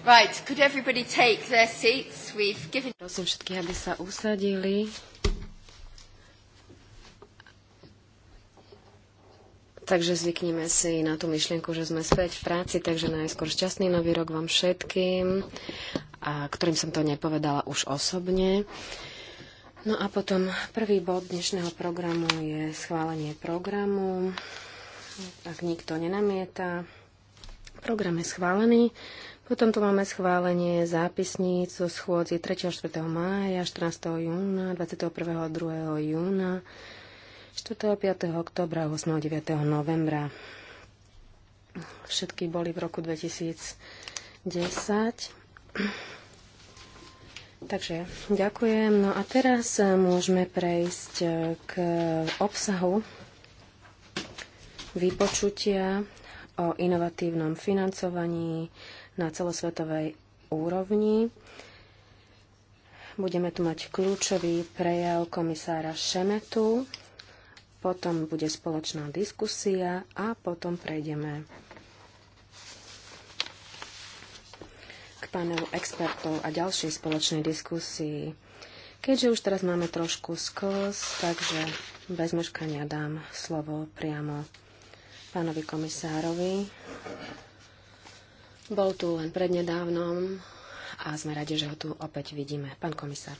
Right, could everybody take their seats? We've given... Prosím všetkých, aby sa usadili. Takže zvykneme si na tú myšlienku, že sme späť v práci, takže najskôr šťastný nový rok vám všetkým, a ktorým som to nepovedala už osobne. No a potom prvý bod dnešného programu je schválenie programu. Ak nikto nenamieta, program je schválený. Potom tu máme schválenie zápisníc zo schôdzi 3. a 4. mája, 14. júna, 21. a 2. júna, 4. a 5. oktobra, 8. a 9. novembra. Všetky boli v roku 2010. Takže ďakujem. No a teraz môžeme prejsť k obsahu vypočutia o inovatívnom financovaní na celosvetovej úrovni. Budeme tu mať kľúčový prejav komisára Šemetu, potom bude spoločná diskusia a potom prejdeme k panelu expertov a ďalšej spoločnej diskusii. Keďže už teraz máme trošku skos, takže bez meškania dám slovo priamo pánovi komisárovi bol tu len prednedávnom a sme radi, že ho tu opäť vidíme. Pán komisár.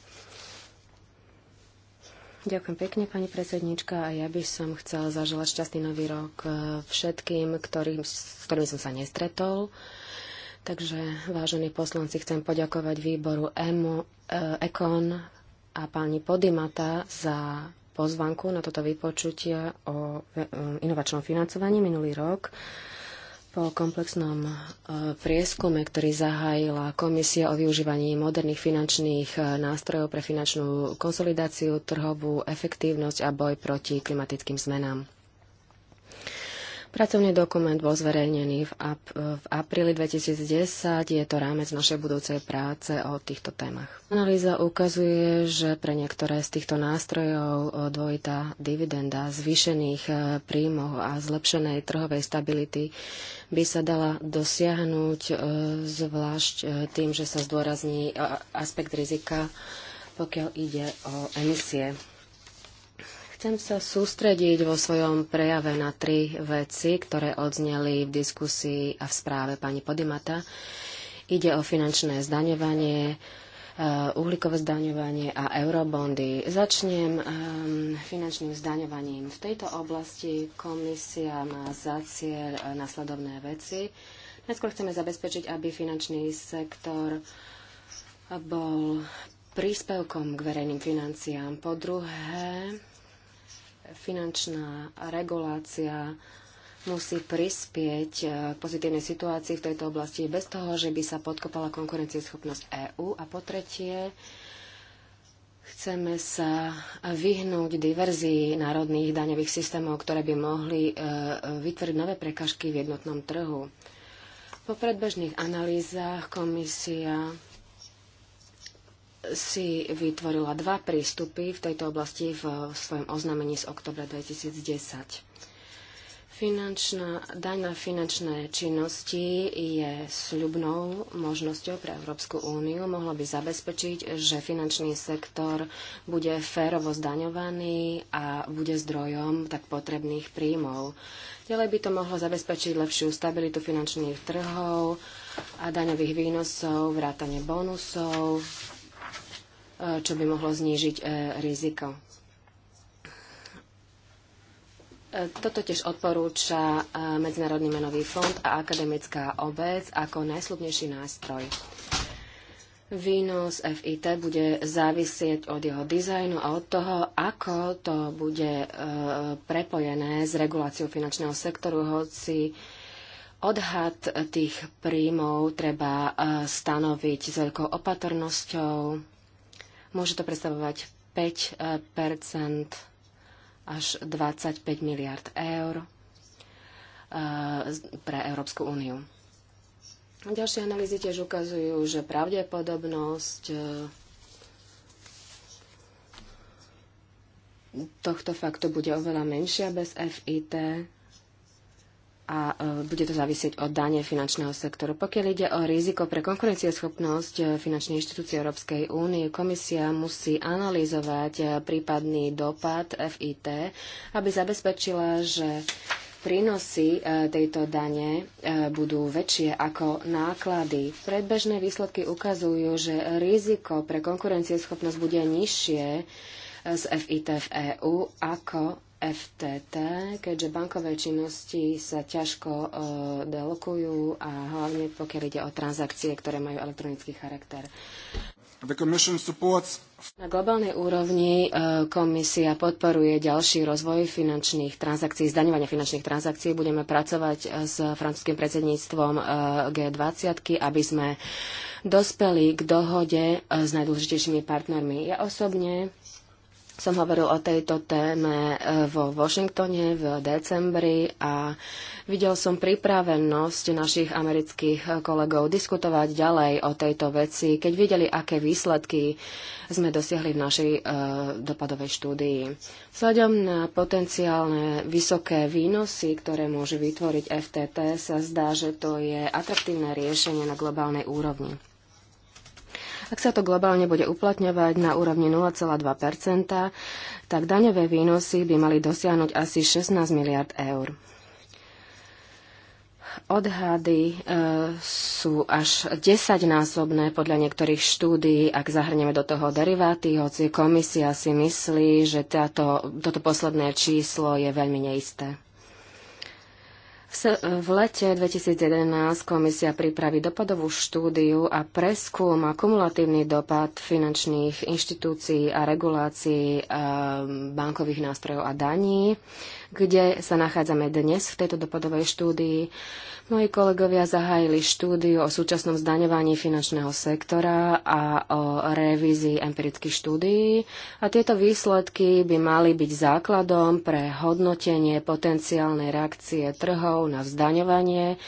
Ďakujem pekne, pani predsednička. A ja by som chcela zaželať šťastný nový rok e, všetkým, ktorým, s ktorými som sa nestretol. Takže, vážení poslanci, chcem poďakovať výboru EMO, e, EKON a pani Podimata za pozvanku na toto vypočutie o e, inovačnom financovaní minulý rok. Po komplexnom e, prieskume, ktorý zahájila Komisia o využívaní moderných finančných e, nástrojov pre finančnú konsolidáciu, trhovú efektívnosť a boj proti klimatickým zmenám. Pracovný dokument bol zverejnený v, ap- v apríli 2010. Je to rámec našej budúcej práce o týchto témach. Analýza ukazuje, že pre niektoré z týchto nástrojov dvojitá dividenda zvýšených e, príjmov a zlepšenej trhovej stability by sa dala dosiahnuť e, zvlášť e, tým, že sa zdôrazní aspekt rizika, pokiaľ ide o emisie. Chcem sa sústrediť vo svojom prejave na tri veci, ktoré odzneli v diskusii a v správe pani Podimata. Ide o finančné zdaňovanie, e, uhlíkové zdaňovanie a eurobondy. Začnem um, finančným zdaňovaním. V tejto oblasti komisia má za cieľ e, nasledovné veci. Najskôr chceme zabezpečiť, aby finančný sektor bol príspevkom k verejným financiám. Po druhé, finančná regulácia musí prispieť eh, k pozitívnej situácii v tejto oblasti bez toho, že by sa podkopala konkurencieschopnosť EÚ. A po tretie, chceme sa vyhnúť diverzii národných daňových systémov, ktoré by mohli eh, vytvoriť nové prekažky v jednotnom trhu. Po predbežných analýzách komisia si vytvorila dva prístupy v tejto oblasti v svojom oznámení z oktobra 2010. Finančná, daň na finančné činnosti je sľubnou možnosťou pre Európsku úniu. Mohla by zabezpečiť, že finančný sektor bude férovo zdaňovaný a bude zdrojom tak potrebných príjmov. Ďalej by to mohlo zabezpečiť lepšiu stabilitu finančných trhov a daňových výnosov, vrátanie bonusov, čo by mohlo znížiť e, riziko. E, toto tiež odporúča e, Medzinárodný menový fond a akademická obec ako najslubnejší nástroj. Výnos FIT bude závisieť od jeho dizajnu a od toho, ako to bude prepojené s reguláciou finančného sektoru, hoci odhad tých príjmov treba stanoviť s veľkou opatrnosťou Môže to predstavovať 5 e, až 25 miliard eur e, pre Európsku úniu. Ďalšie analýzy tiež ukazujú, že pravdepodobnosť e, tohto faktu bude oveľa menšia bez FIT a e, bude to závisieť od dane finančného sektoru. Pokiaľ ide o riziko pre konkurencieschopnosť e, finančnej inštitúcie Európskej únie, komisia musí analyzovať e, prípadný dopad FIT, aby zabezpečila, že prínosy tejto dane budú väčšie ako náklady. Predbežné výsledky ukazujú, že riziko pre konkurencieschopnosť bude nižšie z FIT v EÚ ako FTT, keďže bankové činnosti sa ťažko e, delokujú a hlavne pokiaľ ide o transakcie, ktoré majú elektronický charakter. Supports... Na globálnej úrovni e, komisia podporuje ďalší rozvoj finančných transakcií, zdaňovania finančných transakcií. Budeme pracovať e, s francúzským predsedníctvom G20, aby sme dospeli k dohode s najdôležitejšími partnermi. Ja osobne som hovoril o tejto téme e, vo Washingtone v decembri a videl som pripravenosť našich amerických kolegov diskutovať ďalej o tejto veci, keď videli, aké výsledky sme dosiahli v našej uh, dopadovej štúdii. Vzhľadom na potenciálne vysoké výnosy, ktoré môže vytvoriť FTT, sa zdá, že to je atraktívne riešenie na globálnej úrovni. Ak sa to globálne bude uplatňovať na úrovni 0,2 tak daňové výnosy by mali dosiahnuť asi 16 miliard eur. Odhady e, sú až desaťnásobné podľa niektorých štúdií, ak zahrnieme do toho deriváty, hoci komisia si myslí, že táto, toto posledné číslo je veľmi neisté. V lete 2011 komisia pripraví dopadovú štúdiu a preskúma kumulatívny dopad finančných inštitúcií a regulácií ehm, bankových nástrojov a daní kde sa nachádzame dnes v tejto dopadovej štúdii. Moji kolegovia zahájili štúdiu o súčasnom zdaňovaní finančného sektora a o revízii empirických štúdií a tieto výsledky by mali byť základom pre hodnotenie potenciálnej reakcie trhov na zdaňovanie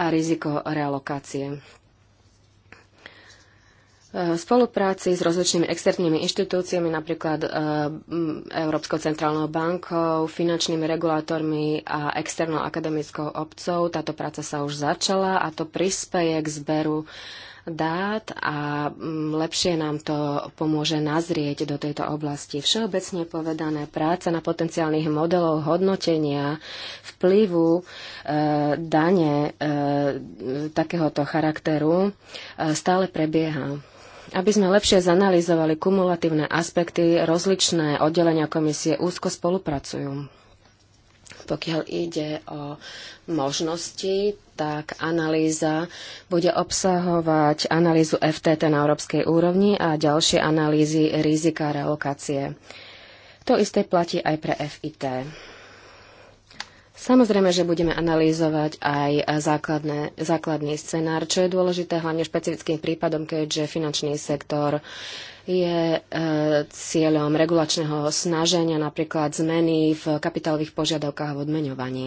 a riziko realokácie spolupráci s rozličnými externými inštitúciami, napríklad eh, Európskou centrálnou bankou, finančnými regulátormi a externou akademickou obcou. Táto práca sa už začala a to prispieje k zberu dát a mm, lepšie nám to pomôže nazrieť do tejto oblasti. Všeobecne povedané práca na potenciálnych modelov hodnotenia vplyvu e, dane e, takéhoto charakteru e, stále prebieha aby sme lepšie zanalizovali kumulatívne aspekty, rozličné oddelenia komisie úzko spolupracujú. Pokiaľ ide o možnosti, tak analýza bude obsahovať analýzu FTT na európskej úrovni a ďalšie analýzy rizika relokácie. To isté platí aj pre FIT. Samozrejme, že budeme analýzovať aj základné, základný scenár, čo je dôležité hlavne špecifickým prípadom, keďže finančný sektor je e, cieľom regulačného snaženia, napríklad zmeny v kapitálových požiadavkách v odmeňovaní.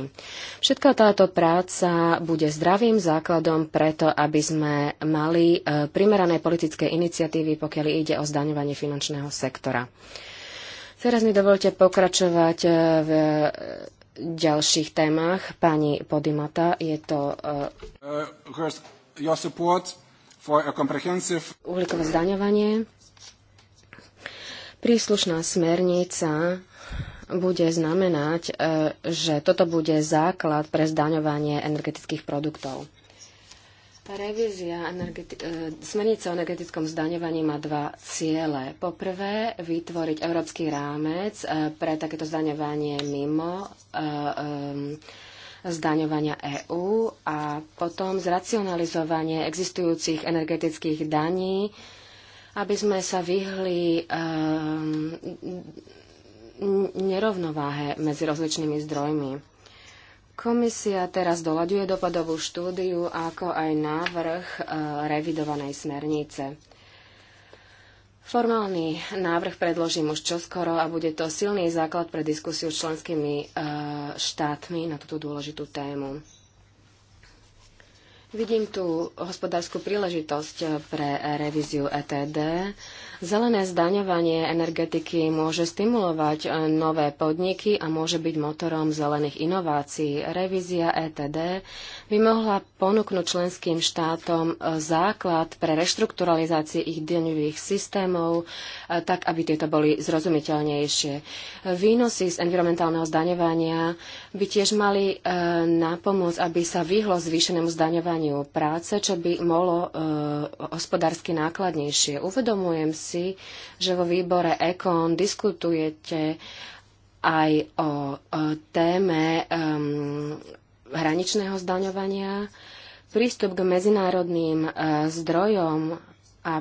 Všetká táto práca bude zdravým základom preto, aby sme mali e, primerané politické iniciatívy, pokiaľ ide o zdaňovanie finančného sektora. Teraz mi dovolte pokračovať e, v ďalších témach. Pani Podimata, je to... Eh, uhlíkové zdaňovanie. Príslušná smernica bude znamenať, eh, že toto bude základ pre zdaňovanie energetických produktov. Tá revízia energeti- e, smernice o energetickom zdaňovaní má dva ciele. Poprvé, vytvoriť európsky rámec e, pre takéto zdaňovanie mimo e, zdaňovania EÚ a potom zracionalizovanie existujúcich energetických daní, aby sme sa vyhli nerovnováhe medzi rozličnými zdrojmi. Komisia teraz doľaďuje dopadovú štúdiu, ako aj návrh e, revidovanej smernice. Formálny návrh predložím už čoskoro a bude to silný základ pre diskusiu s členskými e, štátmi na túto dôležitú tému. Vidím tu hospodárskú príležitosť pre revíziu ETD. Zelené zdaňovanie energetiky môže stimulovať nové podniky a môže byť motorom zelených inovácií. Revízia ETD by mohla ponúknuť členským štátom základ pre reštrukturalizáciu ich daňových systémov, eh, tak aby tieto boli zrozumiteľnejšie. Výnosy z environmentálneho zdaňovania by tiež mali eh, napomôcť, aby sa vyhlo zvýšenému zdaňovaniu trhu práce, čo by bolo e, hospodársky nákladnejšie. Uvedomujem si, že vo výbore EKON diskutujete aj o, o téme e, hraničného zdaňovania, prístup k medzinárodným e, zdrojom a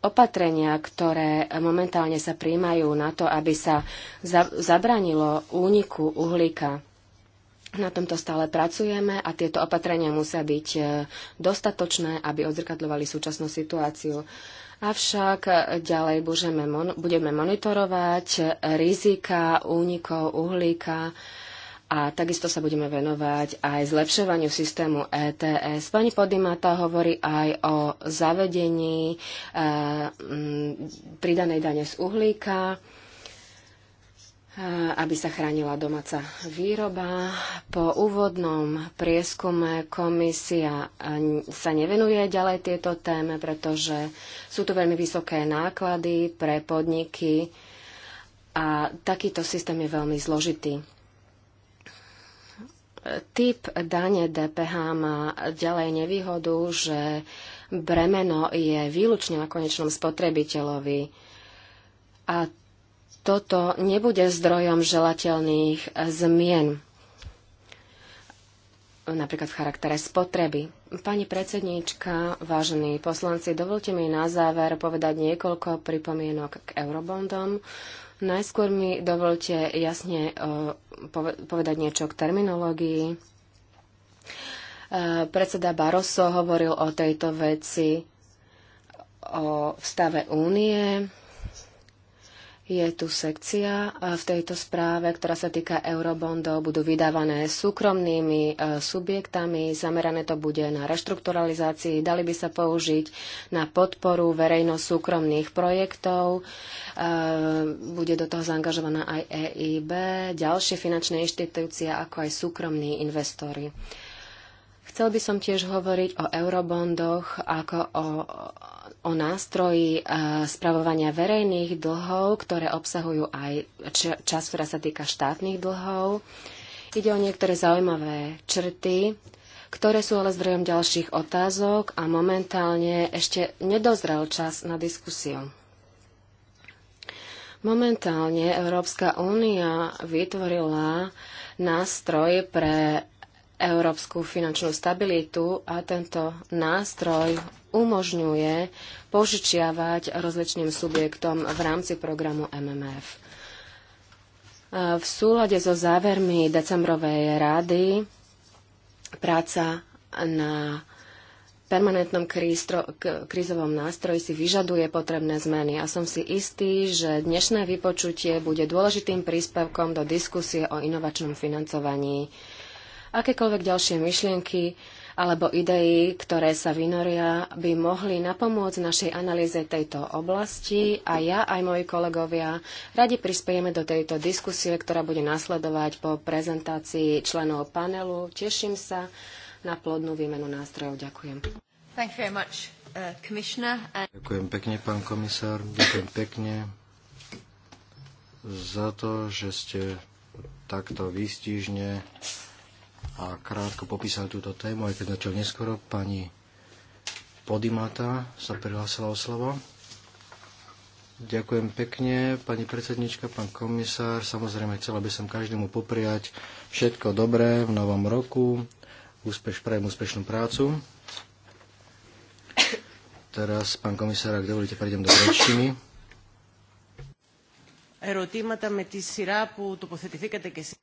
opatrenia, ktoré momentálne sa príjmajú na to, aby sa za, zabranilo úniku uhlíka. Na tomto stále pracujeme a tieto opatrenia musia byť e, dostatočné, aby odzrkadľovali súčasnú situáciu. Avšak e, ďalej budeme, monitorovať rizika únikov uhlíka a takisto sa budeme venovať aj zlepšovaniu systému ETS. Pani Podimata hovorí aj o zavedení e, m, pridanej dane z uhlíka aby sa chránila domáca výroba. Po úvodnom prieskume komisia sa nevenuje ďalej tieto téme, pretože sú to veľmi vysoké náklady pre podniky a takýto systém je veľmi zložitý. Typ dane DPH má ďalej nevýhodu, že bremeno je výlučne na konečnom spotrebiteľovi. A toto nebude zdrojom želateľných eh, zmien napríklad v charaktere spotreby. Pani predsedníčka, vážení poslanci, dovolte mi na záver povedať niekoľko pripomienok k eurobondom. Najskôr mi dovolte jasne eh, povedať niečo k terminológii. Eh, predseda Barroso hovoril o tejto veci o stave únie je tu sekcia e, v tejto správe, ktorá sa týka eurobondov. Budú vydávané súkromnými e, subjektami. Zamerané to bude na reštrukturalizácii. Dali by sa použiť na podporu verejno-súkromných projektov. E, bude do toho zaangažovaná aj EIB, ďalšie finančné inštitúcie, ako aj súkromní investori. Chcel by som tiež hovoriť o eurobondoch ako o, o nástroji e, spravovania verejných dlhov, ktoré obsahujú aj časť, ktorá sa týka štátnych dlhov. Ide o niektoré zaujímavé črty, ktoré sú ale zdrojom ďalších otázok a momentálne ešte nedozrel čas na diskusiu. Momentálne Európska únia vytvorila nástroj pre európsku finančnú stabilitu a tento nástroj umožňuje požičiavať rozličným subjektom v rámci programu MMF. V súlade so závermi decembrovej rady práca na permanentnom krízovom nástroji si vyžaduje potrebné zmeny a som si istý, že dnešné vypočutie bude dôležitým príspevkom do diskusie o inovačnom financovaní Akékoľvek ďalšie myšlienky alebo idei, ktoré sa vynoria, by mohli napomôcť našej analýze tejto oblasti a ja aj moji kolegovia radi prispiejeme do tejto diskusie, ktorá bude nasledovať po prezentácii členov panelu. Teším sa na plodnú výmenu nástrojov. Ďakujem. Thank you very much, uh, and... Ďakujem pekne, pán komisár. Ďakujem pekne za to, že ste takto výstižne a krátko popísali túto tému, aj keď začal neskoro. Pani Podimata sa prihlásila o slovo. Ďakujem pekne, pani predsednička, pán komisár. Samozrejme, chcela by som každému popriať všetko dobré v novom roku. Úspeš, prajem úspešnú prácu. Teraz, pán komisár, ak dovolíte, prejdem do rečtiny. Ερωτήματα με τη σειρά που τοποθετηθήκατε και εσείς.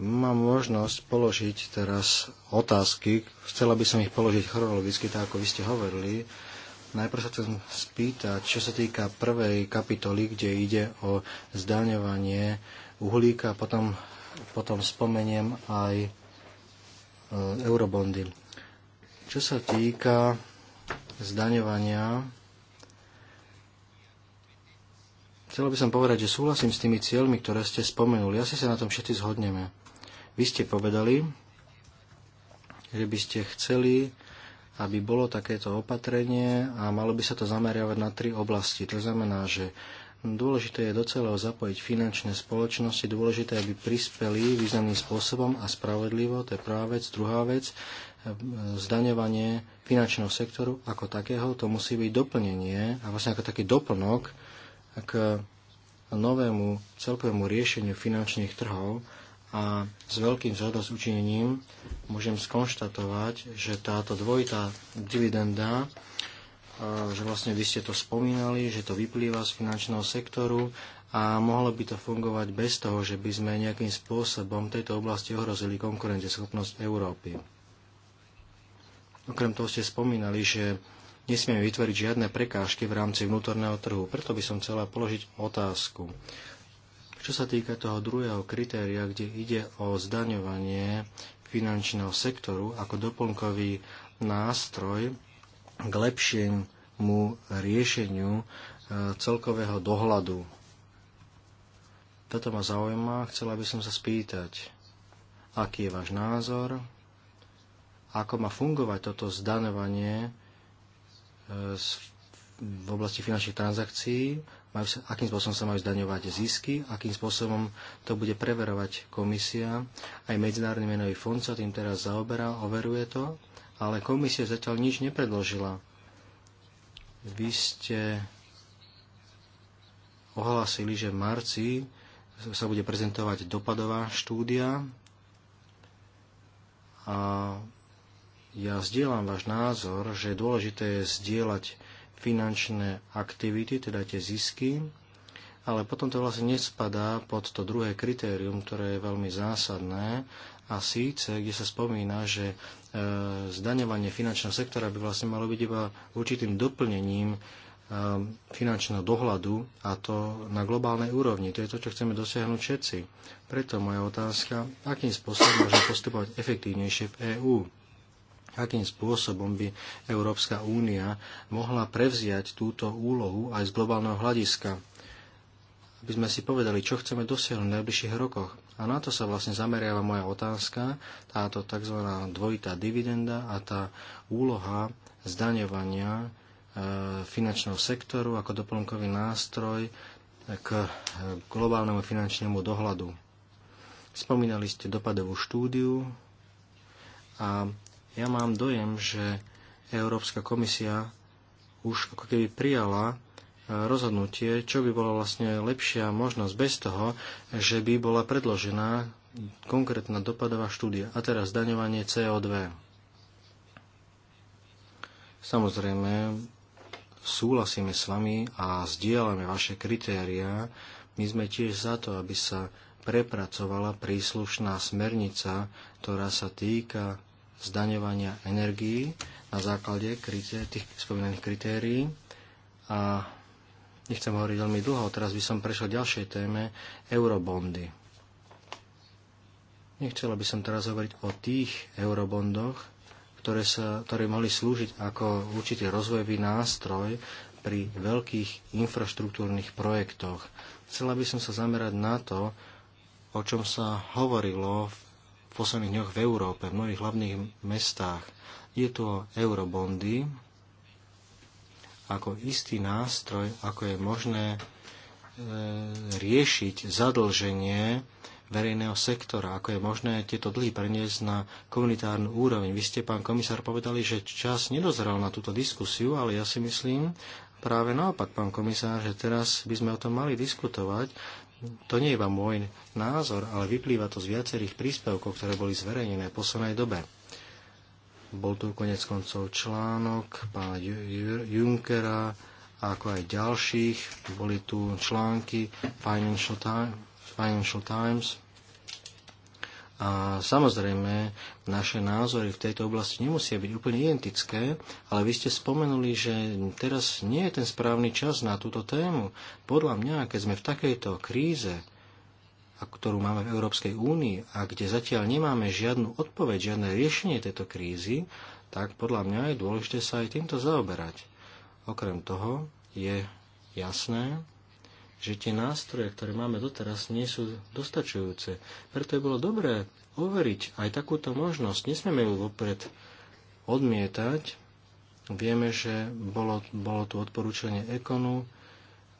Mám možnosť položiť teraz otázky. Chcela by som ich položiť chronologicky, tak ako vy ste hovorili. Najprv sa chcem spýtať, čo sa týka prvej kapitoly, kde ide o zdaňovanie uhlíka, potom, potom spomeniem aj e, eurobondy. Čo sa týka zdaňovania, chcel by som povedať, že súhlasím s tými cieľmi, ktoré ste spomenuli. Asi sa na tom všetci zhodneme. Vy ste povedali, že by ste chceli, aby bolo takéto opatrenie a malo by sa to zameriavať na tri oblasti. To znamená, že dôležité je do celého zapojiť finančné spoločnosti, dôležité, aby prispeli významným spôsobom a spravodlivo, to je prvá vec. Druhá vec, zdaňovanie finančného sektoru ako takého, to musí byť doplnenie a vlastne ako taký doplnok k novému celkovému riešeniu finančných trhov a s veľkým zhodosúčinením môžem skonštatovať, že táto dvojitá dividenda, že vlastne vy ste to spomínali, že to vyplýva z finančného sektoru a mohlo by to fungovať bez toho, že by sme nejakým spôsobom tejto oblasti ohrozili konkurenteschopnosť Európy. Okrem toho ste spomínali, že nesmieme vytvoriť žiadne prekážky v rámci vnútorného trhu. Preto by som chcela položiť otázku. Čo sa týka toho druhého kritéria, kde ide o zdaňovanie finančného sektoru ako doplnkový nástroj k lepšiemu riešeniu e, celkového dohľadu. Toto ma zaujíma, chcela by som sa spýtať, aký je váš názor, ako má fungovať toto zdaňovanie e, v oblasti finančných transakcií majú, akým spôsobom sa majú zdaňovať zisky, akým spôsobom to bude preverovať komisia. Aj Medzinárodný menový fond sa tým teraz zaoberá, overuje to, ale komisia zatiaľ nič nepredložila. Vy ste ohlasili, že v marci sa bude prezentovať dopadová štúdia a ja zdieľam váš názor, že dôležité je zdieľať finančné aktivity, teda tie zisky, ale potom to vlastne nespadá pod to druhé kritérium, ktoré je veľmi zásadné a síce, kde sa spomína, že e, zdaňovanie finančného sektora by vlastne malo byť iba určitým doplnením e, finančného dohľadu a to na globálnej úrovni. To je to, čo chceme dosiahnuť všetci. Preto moja otázka, akým spôsobom môžeme postupovať efektívnejšie v EÚ akým spôsobom by Európska únia mohla prevziať túto úlohu aj z globálneho hľadiska. Aby sme si povedali, čo chceme dosiahnuť v najbližších rokoch. A na to sa vlastne zameriava moja otázka, táto tzv. dvojitá dividenda a tá úloha zdaňovania e, finančného sektoru ako doplnkový nástroj k e, globálnemu finančnému dohľadu. Spomínali ste dopadovú štúdiu a ja mám dojem, že Európska komisia už ako keby prijala e, rozhodnutie, čo by bola vlastne lepšia možnosť bez toho, že by bola predložená konkrétna dopadová štúdia. A teraz daňovanie CO2. Samozrejme, súhlasíme s vami a zdieľame vaše kritériá. My sme tiež za to, aby sa prepracovala príslušná smernica, ktorá sa týka zdaňovania energií na základe tých spomínaných kritérií. A nechcem hovoriť veľmi dlho, teraz by som prešiel ďalšej téme eurobondy. Nechcela by som teraz hovoriť o tých eurobondoch, ktoré, sa, ktoré mohli slúžiť ako určitý rozvojový nástroj pri veľkých infraštruktúrnych projektoch. Chcela by som sa zamerať na to, o čom sa hovorilo v v posledných dňoch v Európe, v mnohých hlavných mestách. Je to eurobondy ako istý nástroj, ako je možné e, riešiť zadlženie verejného sektora, ako je možné tieto dlhy preniesť na komunitárnu úroveň. Vy ste, pán komisár, povedali, že čas nedozrel na túto diskusiu, ale ja si myslím práve naopak, pán komisár, že teraz by sme o tom mali diskutovať, to nie je iba môj názor, ale vyplýva to z viacerých príspevkov, ktoré boli zverejnené v poslednej dobe. Bol tu konec koncov článok pána Junkera, ako aj ďalších. Boli tu články Financial, Time, Financial Times. A samozrejme, naše názory v tejto oblasti nemusia byť úplne identické, ale vy ste spomenuli, že teraz nie je ten správny čas na túto tému. Podľa mňa, keď sme v takejto kríze, ktorú máme v Európskej únii a kde zatiaľ nemáme žiadnu odpoveď, žiadne riešenie tejto krízy, tak podľa mňa je dôležité sa aj týmto zaoberať. Okrem toho je jasné, že tie nástroje, ktoré máme doteraz, nie sú dostačujúce. Preto je bolo dobré overiť aj takúto možnosť. Nesmieme ju vopred odmietať. Vieme, že bolo, bolo tu odporúčanie Ekonu,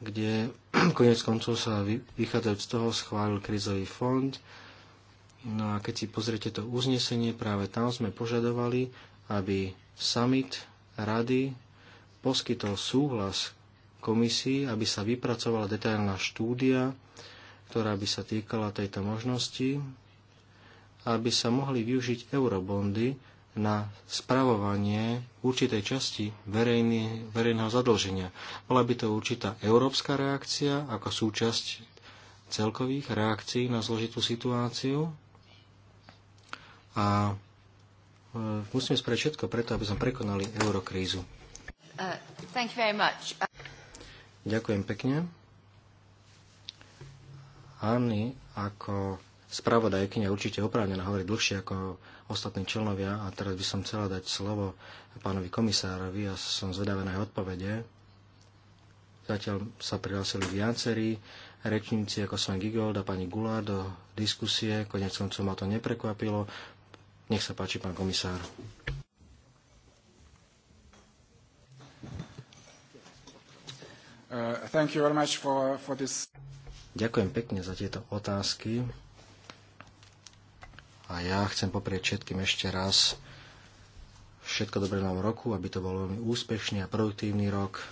kde konec koncov sa vychádzajúc z toho schválil krizový fond. No a keď si pozriete to uznesenie, práve tam sme požadovali, aby summit rady poskytol súhlas komisii, aby sa vypracovala detailná štúdia, ktorá by sa týkala tejto možnosti, aby sa mohli využiť eurobondy na spravovanie určitej časti verejný, verejného zadlženia. Bola by to určitá európska reakcia ako súčasť celkových reakcií na zložitú situáciu a e, musíme spraviť všetko preto, aby sme prekonali eurokrízu. Uh, Ďakujem pekne. Anny ako spravodajkyňa určite oprávnená hovorí dlhšie ako ostatní členovia a teraz by som chcela dať slovo pánovi komisárovi a som zvedavá na odpovede. Zatiaľ sa prihlásili viacerí rečníci ako Sven Gigold a pani Gula do diskusie. Konec koncov ma to neprekvapilo. Nech sa páči, pán komisár. Uh, thank you very much for, for this. Ďakujem pekne za tieto otázky. A ja chcem poprieť všetkým ešte raz všetko dobré nám roku, aby to bol veľmi úspešný a produktívny rok.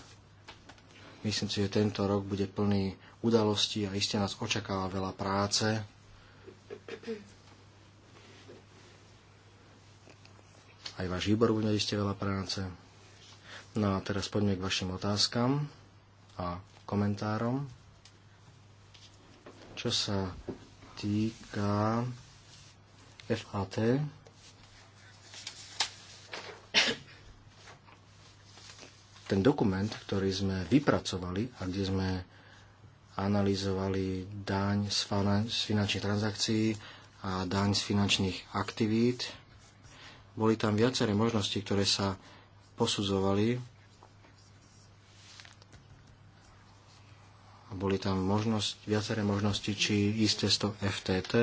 Myslím si, že tento rok bude plný udalostí a iste nás očakáva veľa práce. Aj váš výbor bude iste veľa práce. No a teraz poďme k vašim otázkam a komentárom. Čo sa týka FAT, ten dokument, ktorý sme vypracovali a kde sme analyzovali daň z finančných transakcií a daň z finančných aktivít. Boli tam viaceré možnosti, ktoré sa posudzovali a boli tam možnosť, viaceré možnosti, či ísť to FTT,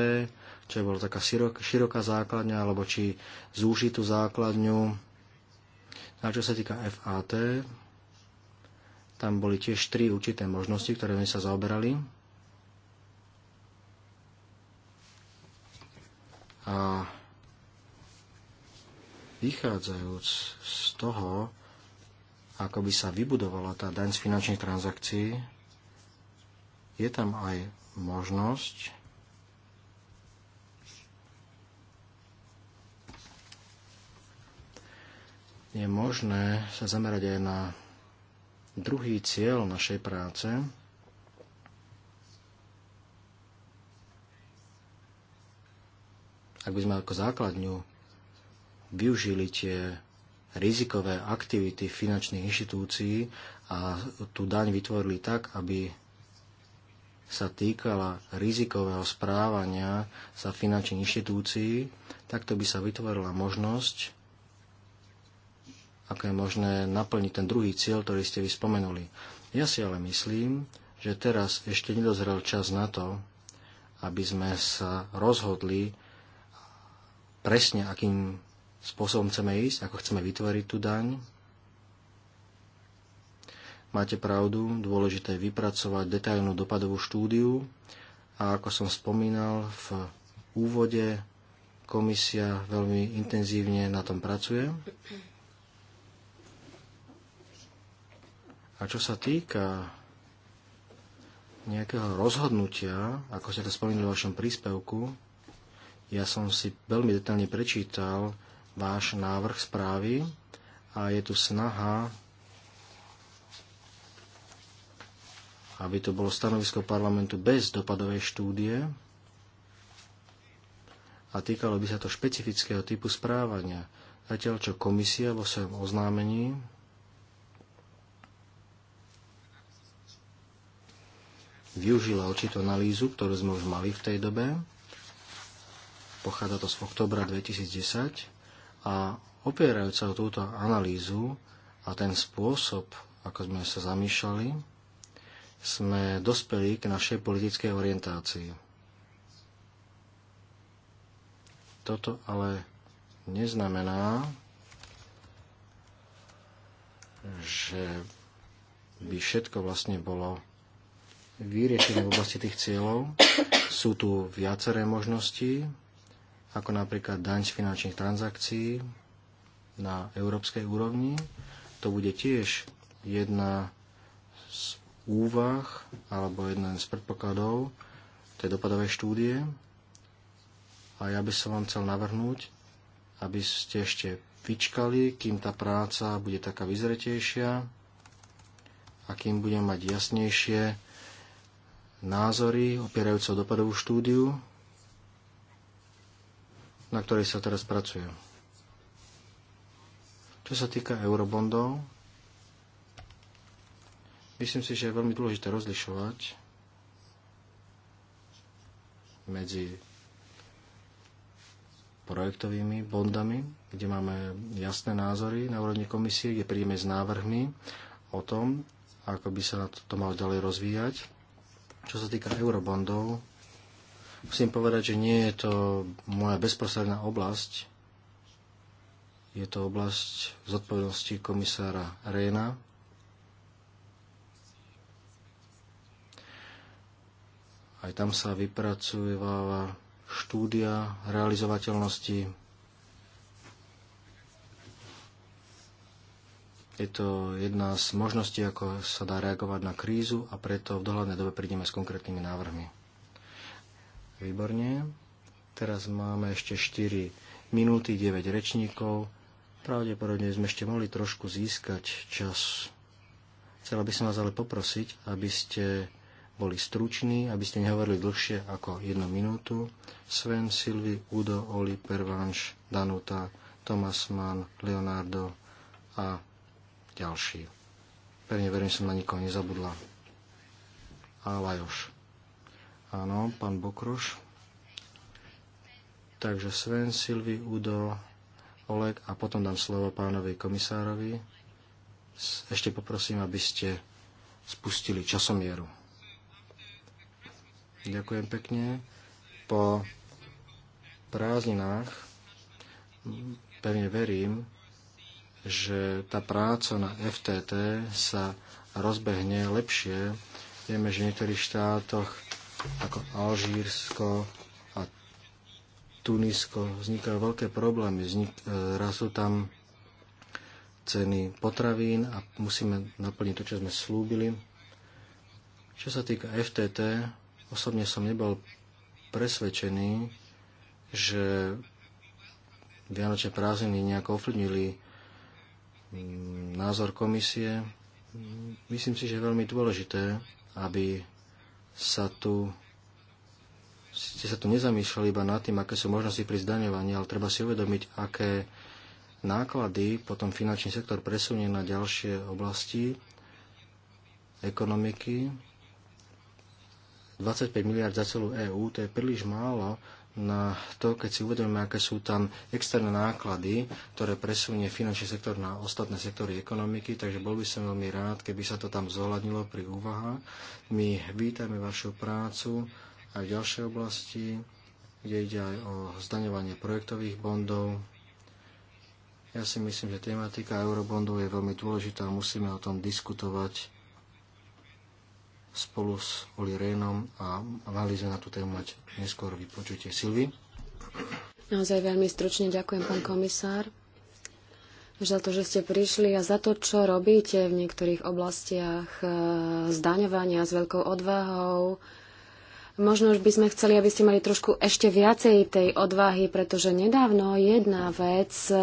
čo bola taká široká základňa, alebo či zúžiť tú základňu. A čo sa týka FAT, tam boli tiež tri určité možnosti, ktoré sme sa zaoberali. A vychádzajúc z toho, ako by sa vybudovala tá daň z finančných transakcií, je tam aj možnosť je možné sa zamerať aj na druhý cieľ našej práce, ak by sme ako základňu využili tie rizikové aktivity finančných inštitúcií a tú daň vytvorili tak, aby sa týkala rizikového správania sa finančných inštitúcií, takto by sa vytvorila možnosť, ako je možné naplniť ten druhý cieľ, ktorý ste vyspomenuli. Ja si ale myslím, že teraz ešte nedozrel čas na to, aby sme sa rozhodli presne, akým spôsobom chceme ísť, ako chceme vytvoriť tú daň, Máte pravdu, dôležité je vypracovať detailnú dopadovú štúdiu a ako som spomínal v úvode, komisia veľmi intenzívne na tom pracuje. A čo sa týka nejakého rozhodnutia, ako ste to spomínali v vašom príspevku, ja som si veľmi detailne prečítal váš návrh správy a je tu snaha aby to bolo stanovisko parlamentu bez dopadovej štúdie a týkalo by sa to špecifického typu správania. Zatiaľ čo komisia vo svojom oznámení využila určitú analýzu, ktorú sme už mali v tej dobe. Pochádza to z oktobra 2010 a opierajúca o túto analýzu a ten spôsob, ako sme sa zamýšľali, sme dospeli k našej politickej orientácii. Toto ale neznamená, že by všetko vlastne bolo vyriešené v oblasti tých cieľov. Sú tu viaceré možnosti, ako napríklad daň z finančných transakcií na európskej úrovni. To bude tiež jedna z úvah alebo jeden z predpokladov tej dopadovej štúdie a ja by som vám chcel navrhnúť, aby ste ešte vyčkali, kým tá práca bude taká vyzretejšia a kým budem mať jasnejšie názory opierajúce o dopadovú štúdiu, na ktorej sa teraz pracuje. Čo sa týka eurobondov, Myslím si, že je veľmi dôležité rozlišovať medzi projektovými bondami, kde máme jasné názory na úrovni komisie, kde príjme s návrhmi o tom, ako by sa to malo ďalej rozvíjať. Čo sa týka eurobondov, musím povedať, že nie je to moja bezprostredná oblasť. Je to oblasť zodpovednosti komisára Réna. Aj tam sa vypracováva štúdia realizovateľnosti. Je to jedna z možností, ako sa dá reagovať na krízu a preto v dohľadnej dobe prídeme s konkrétnymi návrhmi. Výborne. Teraz máme ešte 4 minúty, 9 rečníkov. Pravdepodobne sme ešte mohli trošku získať čas. Chcela by som vás ale poprosiť, aby ste boli struční, aby ste nehovorili dlhšie ako jednu minútu. Sven, Silvi, Udo, Oli, Pervanš, Danuta, Thomas Mann, Leonardo a ďalší. Pevne verím, som na nikoho nezabudla. A Lajoš. Áno, pán Bokroš. Takže Sven, Silvi, Udo, Oleg a potom dám slovo pánovi komisárovi. Ešte poprosím, aby ste spustili časomieru. Ďakujem pekne. Po prázdninách pevne verím, že tá práca na FTT sa rozbehne lepšie. Vieme, že v niektorých štátoch ako Alžírsko a Tunisko vznikajú veľké problémy. Vznik, e, sú tam ceny potravín a musíme naplniť to, čo sme slúbili. Čo sa týka FTT, Osobne som nebol presvedčený, že Vianočné prázdniny nejako ovplyvnili mm, názor komisie. Myslím si, že je veľmi dôležité, aby sa tu ste sa tu nezamýšľali iba nad tým, aké sú možnosti pri zdaňovaní, ale treba si uvedomiť, aké náklady potom finančný sektor presunie na ďalšie oblasti ekonomiky 25 miliard za celú EÚ, to je príliš málo na to, keď si uvedomíme, aké sú tam externé náklady, ktoré presunie finančný sektor na ostatné sektory ekonomiky, takže bol by som veľmi rád, keby sa to tam zohľadnilo pri úvahách. My vítame vašu prácu aj v ďalšej oblasti, kde ide aj o zdaňovanie projektových bondov. Ja si myslím, že tematika eurobondov je veľmi dôležitá, a musíme o tom diskutovať spolu s Oli Rénom a mali sme na tú tému mať neskôr vypočutie Silvy. Naozaj veľmi stručne ďakujem, pán komisár, za to, že ste prišli a za to, čo robíte v niektorých oblastiach e, zdaňovania s veľkou odvahou. Možno už by sme chceli, aby ste mali trošku ešte viacej tej odvahy, pretože nedávno jedna vec e, e,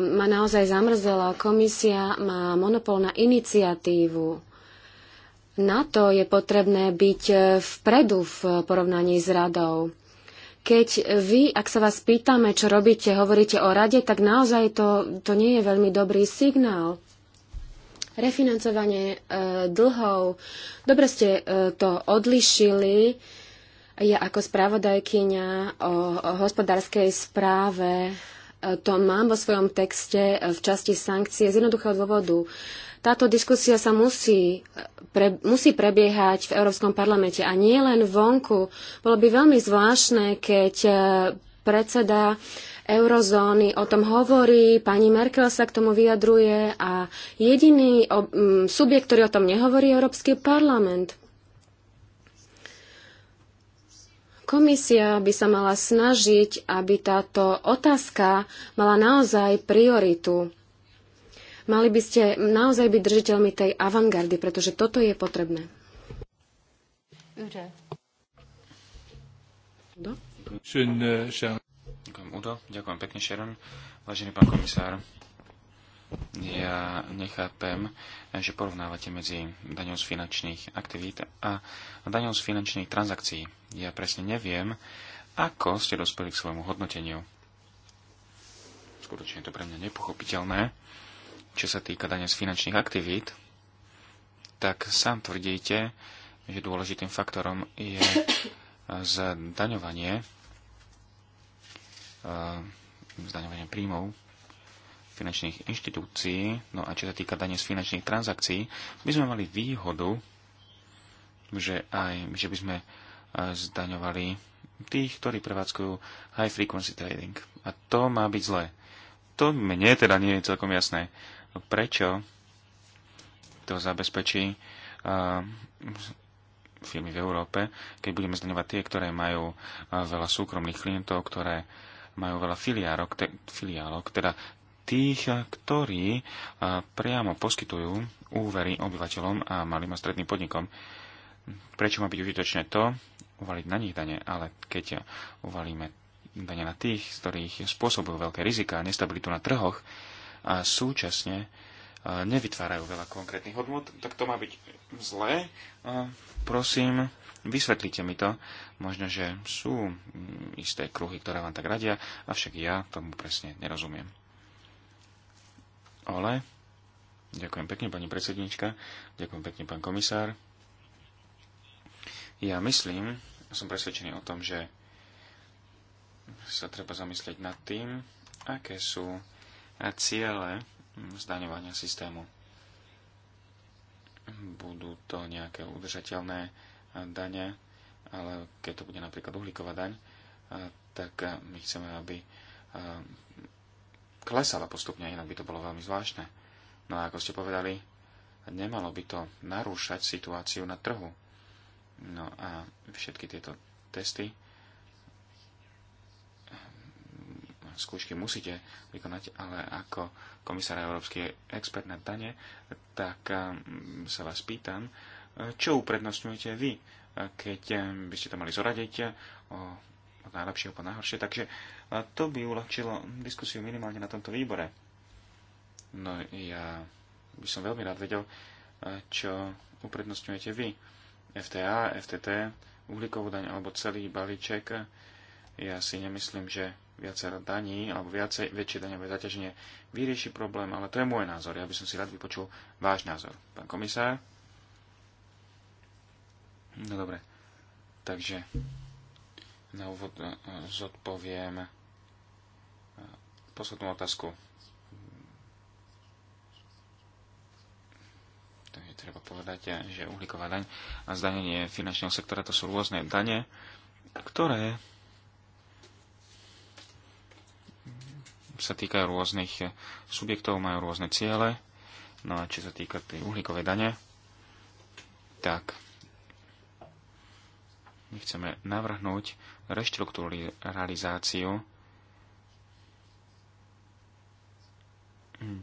ma naozaj zamrzela. Komisia má monopol na iniciatívu na to je potrebné byť e, vpredu v porovnaní s radou. Keď vy, ak sa vás pýtame, čo robíte, hovoríte o rade, tak naozaj to, to nie je veľmi dobrý signál refinancovanie e, dlhov. Dobre ste e, to odlišili. Ja ako spravodajkyňa o, o hospodárskej správe e, to mám vo svojom texte e, v časti sankcie z jednoduchého dôvodu. E, táto diskusia sa musí, pre, musí prebiehať v Európskom parlamente a nie len vonku. Bolo by veľmi zvláštne, keď e, predseda eurozóny o tom hovorí, pani Merkel sa k tomu vyjadruje a jediný subjekt, ktorý o tom nehovorí, je Európsky parlament. Komisia by sa mala snažiť, aby táto otázka mala naozaj prioritu Mali by ste naozaj byť držiteľmi tej avantgardy, pretože toto je potrebné. Äh, Ďakujem, Udo. Ďakujem pekne, Sharon. Vážený pán komisár, ja nechápem, že porovnávate medzi daňou z finančných aktivít a daňou z finančných transakcií. Ja presne neviem, ako ste dospeli k svojmu hodnoteniu. Skutočne je to pre mňa nepochopiteľné čo sa týka dane z finančných aktivít, tak sám tvrdíte, že dôležitým faktorom je eh, zdaňovanie, eh, zdaňovanie príjmov finančných inštitúcií. No a čo sa týka dane z finančných transakcií, by sme mali výhodu, že, aj, že by sme eh, zdaňovali tých, ktorí prevádzkujú high frequency trading. A to má byť zlé. To mne teda nie je celkom jasné prečo to zabezpečí uh, firmy v Európe, keď budeme zdaňovať tie, ktoré majú uh, veľa súkromných klientov, ktoré majú veľa filiárok, te, filiálok, teda tých, ktorí uh, priamo poskytujú úvery obyvateľom a malým a stredným podnikom. Prečo má byť užitočné to, uvaliť na nich dane, ale keď uvalíme dane na tých, z ktorých spôsobujú veľké rizika a nestabilitu na trhoch, a súčasne e, nevytvárajú veľa konkrétnych hodnot, tak to má byť zlé. E, prosím, vysvetlite mi to. Možno, že sú isté kruhy, ktoré vám tak radia, avšak ja tomu presne nerozumiem. Ale, ďakujem pekne, pani predsednička, ďakujem pekne, pán komisár. Ja myslím, som presvedčený o tom, že sa treba zamyslieť nad tým, aké sú ciele hm, zdaňovania systému. Budú to nejaké udržateľné eh, dane, ale keď to bude napríklad uhlíková daň, eh, tak eh, my chceme, aby klesala postupne, inak by to bolo veľmi zvláštne. No a ako ste povedali, nemalo by to narúšať situáciu na trhu. No a všetky tieto testy skúšky musíte vykonať, ale ako komisár Európsky expert na dane, tak um, sa vás pýtam, čo uprednostňujete vy, keď um, by ste to mali zoradiť uh, od najlepšieho po najhoršie. Takže uh, to by uľahčilo diskusiu minimálne na tomto výbore. No ja by som veľmi rád vedel, uh, čo uprednostňujete vy. FTA, FTT, uhlíkovú daň alebo celý balíček. Ja si nemyslím, že viacero daní alebo viacej, väčšie daňové zaťaženie vyrieši problém, ale to je môj názor. Ja by som si rád vypočul váš názor, pán komisár. No dobre, takže na úvod e, zodpoviem e, poslednú otázku. Takže treba povedať, e, že uhlíková daň a zdanenie finančného sektora to sú rôzne dane, ktoré sa týkajú rôznych eh, subjektov, majú rôzne ciele. No a čo sa týka tej uhlíkovej dane, tak my chceme navrhnúť reštrukturalizáciu mm,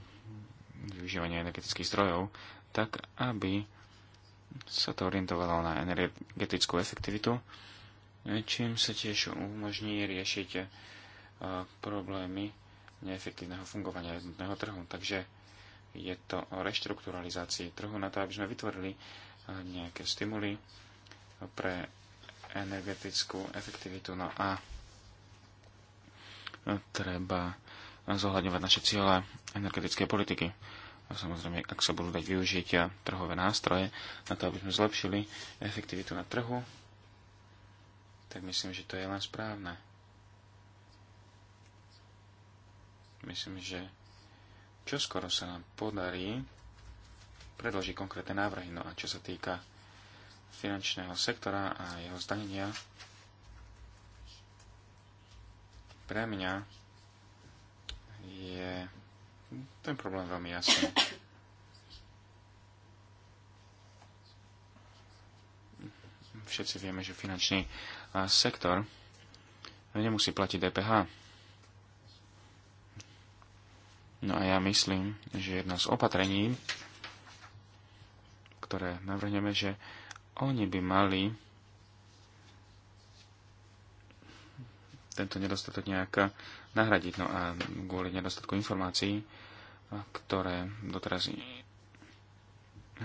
využívania energetických zdrojov, tak aby sa to orientovalo na energetickú efektivitu, eh, čím sa tiež umožní riešiť eh, problémy neefektívneho fungovania jednotného trhu. Takže je to o reštrukturalizácii trhu na to, aby sme vytvorili eh, nejaké stimuly pre energetickú efektivitu. No a treba zohľadňovať naše ciele energetické politiky. A samozrejme, ak sa budú dať využiť trhové nástroje na to, aby sme zlepšili efektivitu na trhu, tak myslím, že to je len správne. Myslím, že čoskoro sa nám podarí predložiť konkrétne návrhy. No a čo sa týka finančného sektora a jeho zdanenia, pre mňa je ten problém veľmi jasný. Všetci vieme, že finančný sektor nemusí platiť DPH. No a ja myslím, že jedno z opatrení, ktoré navrhneme, že oni by mali tento nedostatok nejak nahradiť. No a kvôli nedostatku informácií, ktoré doteraz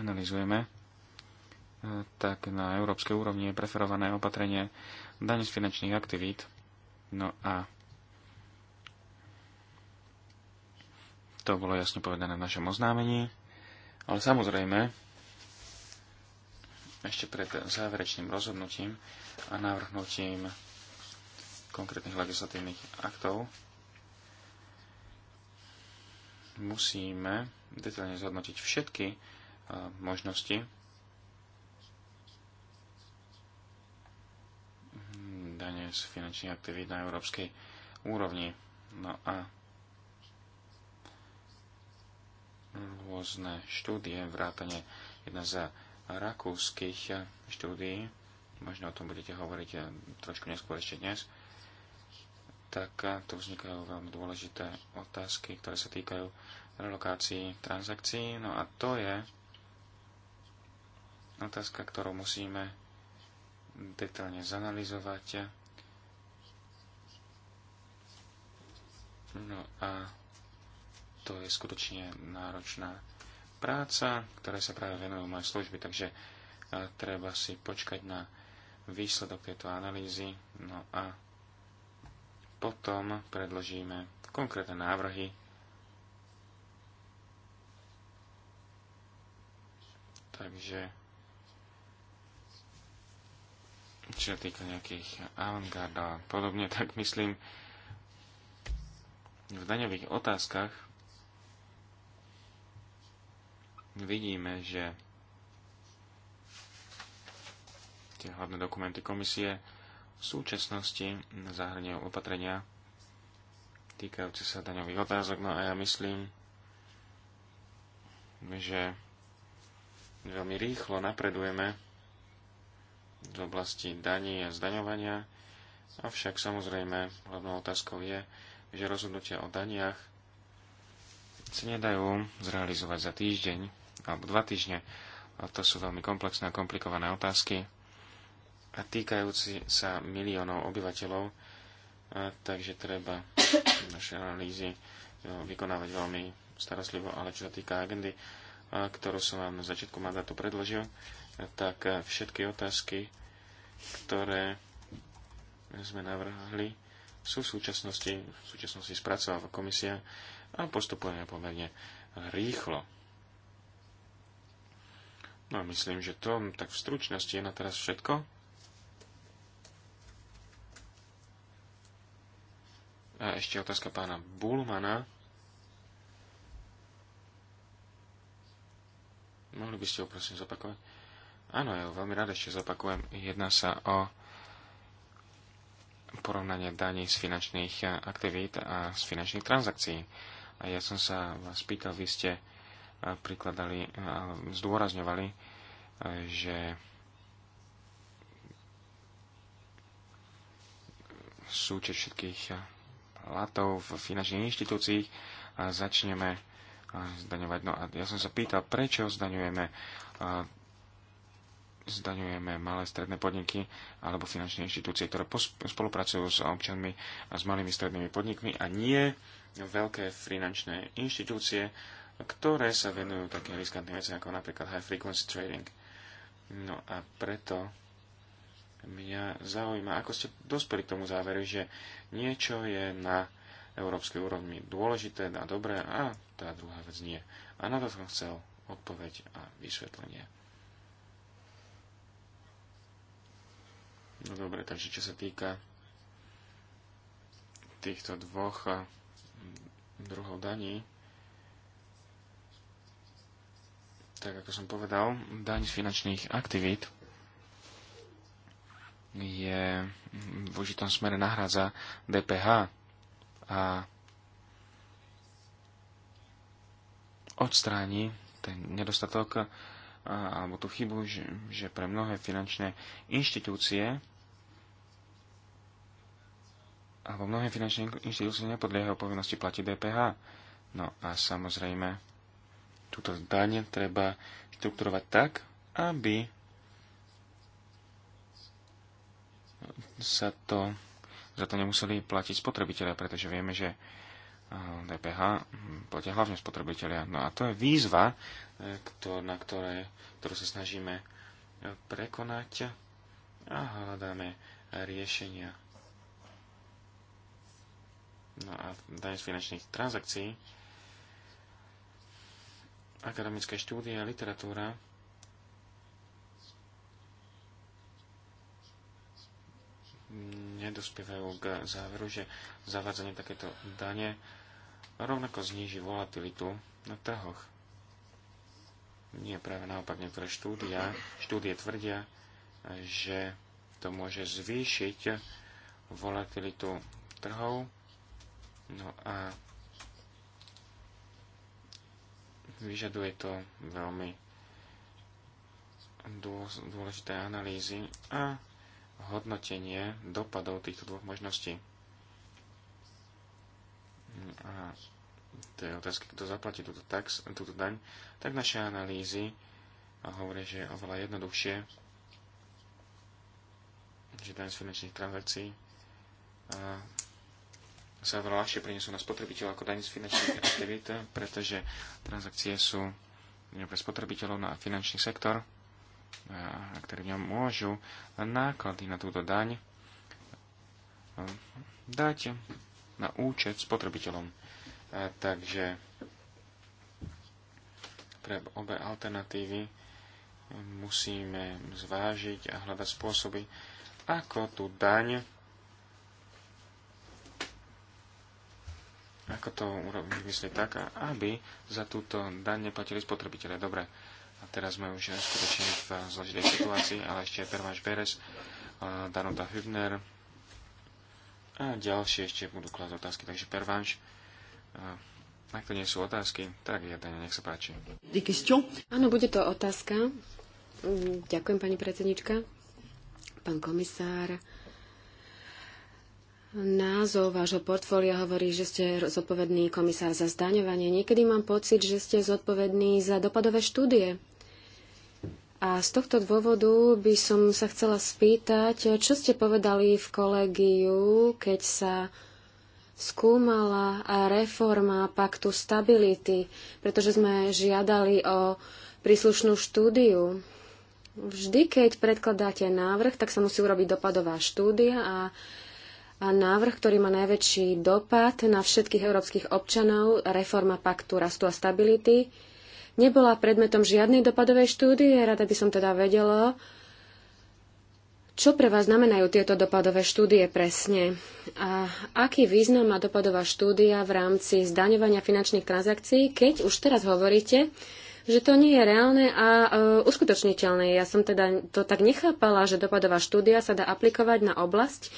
analizujeme, tak na európskej úrovni je preferované opatrenie daň z finančných aktivít. No a To bolo jasne povedané v našom oznámení. Ale samozrejme, ešte pred záverečným rozhodnutím a navrhnutím konkrétnych legislatívnych aktov musíme detailne zhodnotiť všetky e, možnosti dane z finančných aktivít na európskej úrovni. No a rôzne štúdie, vrátane jedna z rakúskych štúdií, možno o tom budete hovoriť eh, trošku neskôr ešte dnes, tak eh, tu vznikajú veľmi dôležité otázky, ktoré sa týkajú relokácií transakcií. No a to je otázka, ktorú musíme detailne zanalizovať. No a to je skutočne náročná práca, ktoré sa práve venujú moje služby, takže e, treba si počkať na výsledok tejto analýzy. No a potom predložíme konkrétne návrhy takže čo sa týka nejakých avantgard a podobne, tak myslím v daňových otázkach vidíme, že tie hlavné dokumenty komisie v súčasnosti zahrňujú opatrenia týkajúce sa daňových otázok. No a ja myslím, že veľmi rýchlo napredujeme z oblasti daní a zdaňovania, avšak samozrejme hlavnou otázkou je, že rozhodnutia o daniach sa nedajú zrealizovať za týždeň, alebo dva týždne. To sú veľmi komplexné a komplikované otázky a týkajúci sa miliónov obyvateľov, a takže treba naše analýzy e, vykonávať veľmi starostlivo, ale čo sa týka agendy, e, ktorú som vám na začiatku mandátu predložil, e, tak všetky otázky, ktoré sme navrhli, sú v súčasnosti, v súčasnosti spracováva komisia a postupujeme pomerne rýchlo. No myslím, že to tak v stručnosti je na teraz všetko. A ešte otázka pána Bulmana. Mohli by ste ho prosím zopakovať? Áno, ja ho veľmi rada ešte zopakujem. Jedná sa o porovnanie daní z finančných aktivít a z finančných transakcií. A ja som sa vás pýtal, vy ste prikladali, zdôrazňovali, e, že súčet všetkých latov v finančných inštitúciách začneme e, zdaňovať. No a ja som sa pýtal, prečo zdaňujeme e, zdaňujeme malé stredné podniky alebo finančné inštitúcie, ktoré spolupracujú s občanmi a s malými strednými podnikmi a nie veľké finančné inštitúcie, ktoré sa venujú takým riskantným veciam ako napríklad high frequency trading. No a preto mňa zaujíma, ako ste dospeli k tomu záveru, že niečo je na európskej úrovni dôležité a dobré a tá druhá vec nie. A na to som chcel odpoveď a vysvetlenie. No dobre, takže čo sa týka týchto dvoch mm, druhov daní, tak ako som povedal, daň z finančných aktivít je v užitom smere nahrádza DPH a odstráni ten nedostatok alebo tú chybu, že, pre mnohé finančné inštitúcie alebo mnohé finančné inštitúcie nepodliehajú povinnosti platiť DPH. No a samozrejme túto daň treba štrukturovať tak, aby sa to, za to nemuseli platiť spotrebitelia, pretože vieme, že DPH hm, platia hlavne spotrebitelia. No a to je výzva, e, na ktoré, ktorú sa snažíme e, prekonať a hľadáme riešenia. No a daň z finančných transakcií akademické štúdie a literatúra nedospievajú k záveru, že zavádzanie takéto dane rovnako zníži volatilitu na trhoch. Nie, práve naopak niektoré štúdia, štúdie tvrdia, že to môže zvýšiť volatilitu trhov. No a Vyžaduje to veľmi dôležité analýzy a hodnotenie dopadov týchto dvoch možností. A to je otázka, kto zaplatí túto, tax, túto daň, tak naše analýzy hovoria, že je oveľa jednoduchšie, že daň z finančných transakcií sa veľa ľahšie prinesú na spotrebiteľa ako daň z finančných aktivít, pretože transakcie sú pre spotrebiteľov na finančný sektor, a ktorí v ňom môžu náklady na túto daň dať na účet spotrebiteľom. A takže pre obe alternatívy musíme zvážiť a hľadať spôsoby, ako tú daň ako to myslí tak, aby za túto daň neplatili spotrebitelia. Dobre, a teraz sme už skutočne v zložitej situácii, ale ešte Permáš Beres, Danota Hübner a ďalšie ešte budú klásť otázky. Takže Perváš, ak to nie sú otázky, tak ja Dania, nech sa páči. Áno, bude to otázka. Mm, ďakujem, pani predsednička. Pán komisár, Názov vášho portfólia hovorí, že ste zodpovedný komisár za zdaňovanie. Niekedy mám pocit, že ste zodpovedný za dopadové štúdie. A z tohto dôvodu by som sa chcela spýtať, čo ste povedali v kolegiu, keď sa skúmala reforma paktu stability, pretože sme žiadali o príslušnú štúdiu. Vždy, keď predkladáte návrh, tak sa musí urobiť dopadová štúdia a a návrh, ktorý má najväčší dopad na všetkých európskych občanov, reforma paktu rastu a stability, nebola predmetom žiadnej dopadovej štúdie. Rada by som teda vedela, čo pre vás znamenajú tieto dopadové štúdie presne? A aký význam má dopadová štúdia v rámci zdaňovania finančných transakcií, keď už teraz hovoríte, že to nie je reálne a e, uskutočniteľné? Ja som teda to tak nechápala, že dopadová štúdia sa dá aplikovať na oblasť,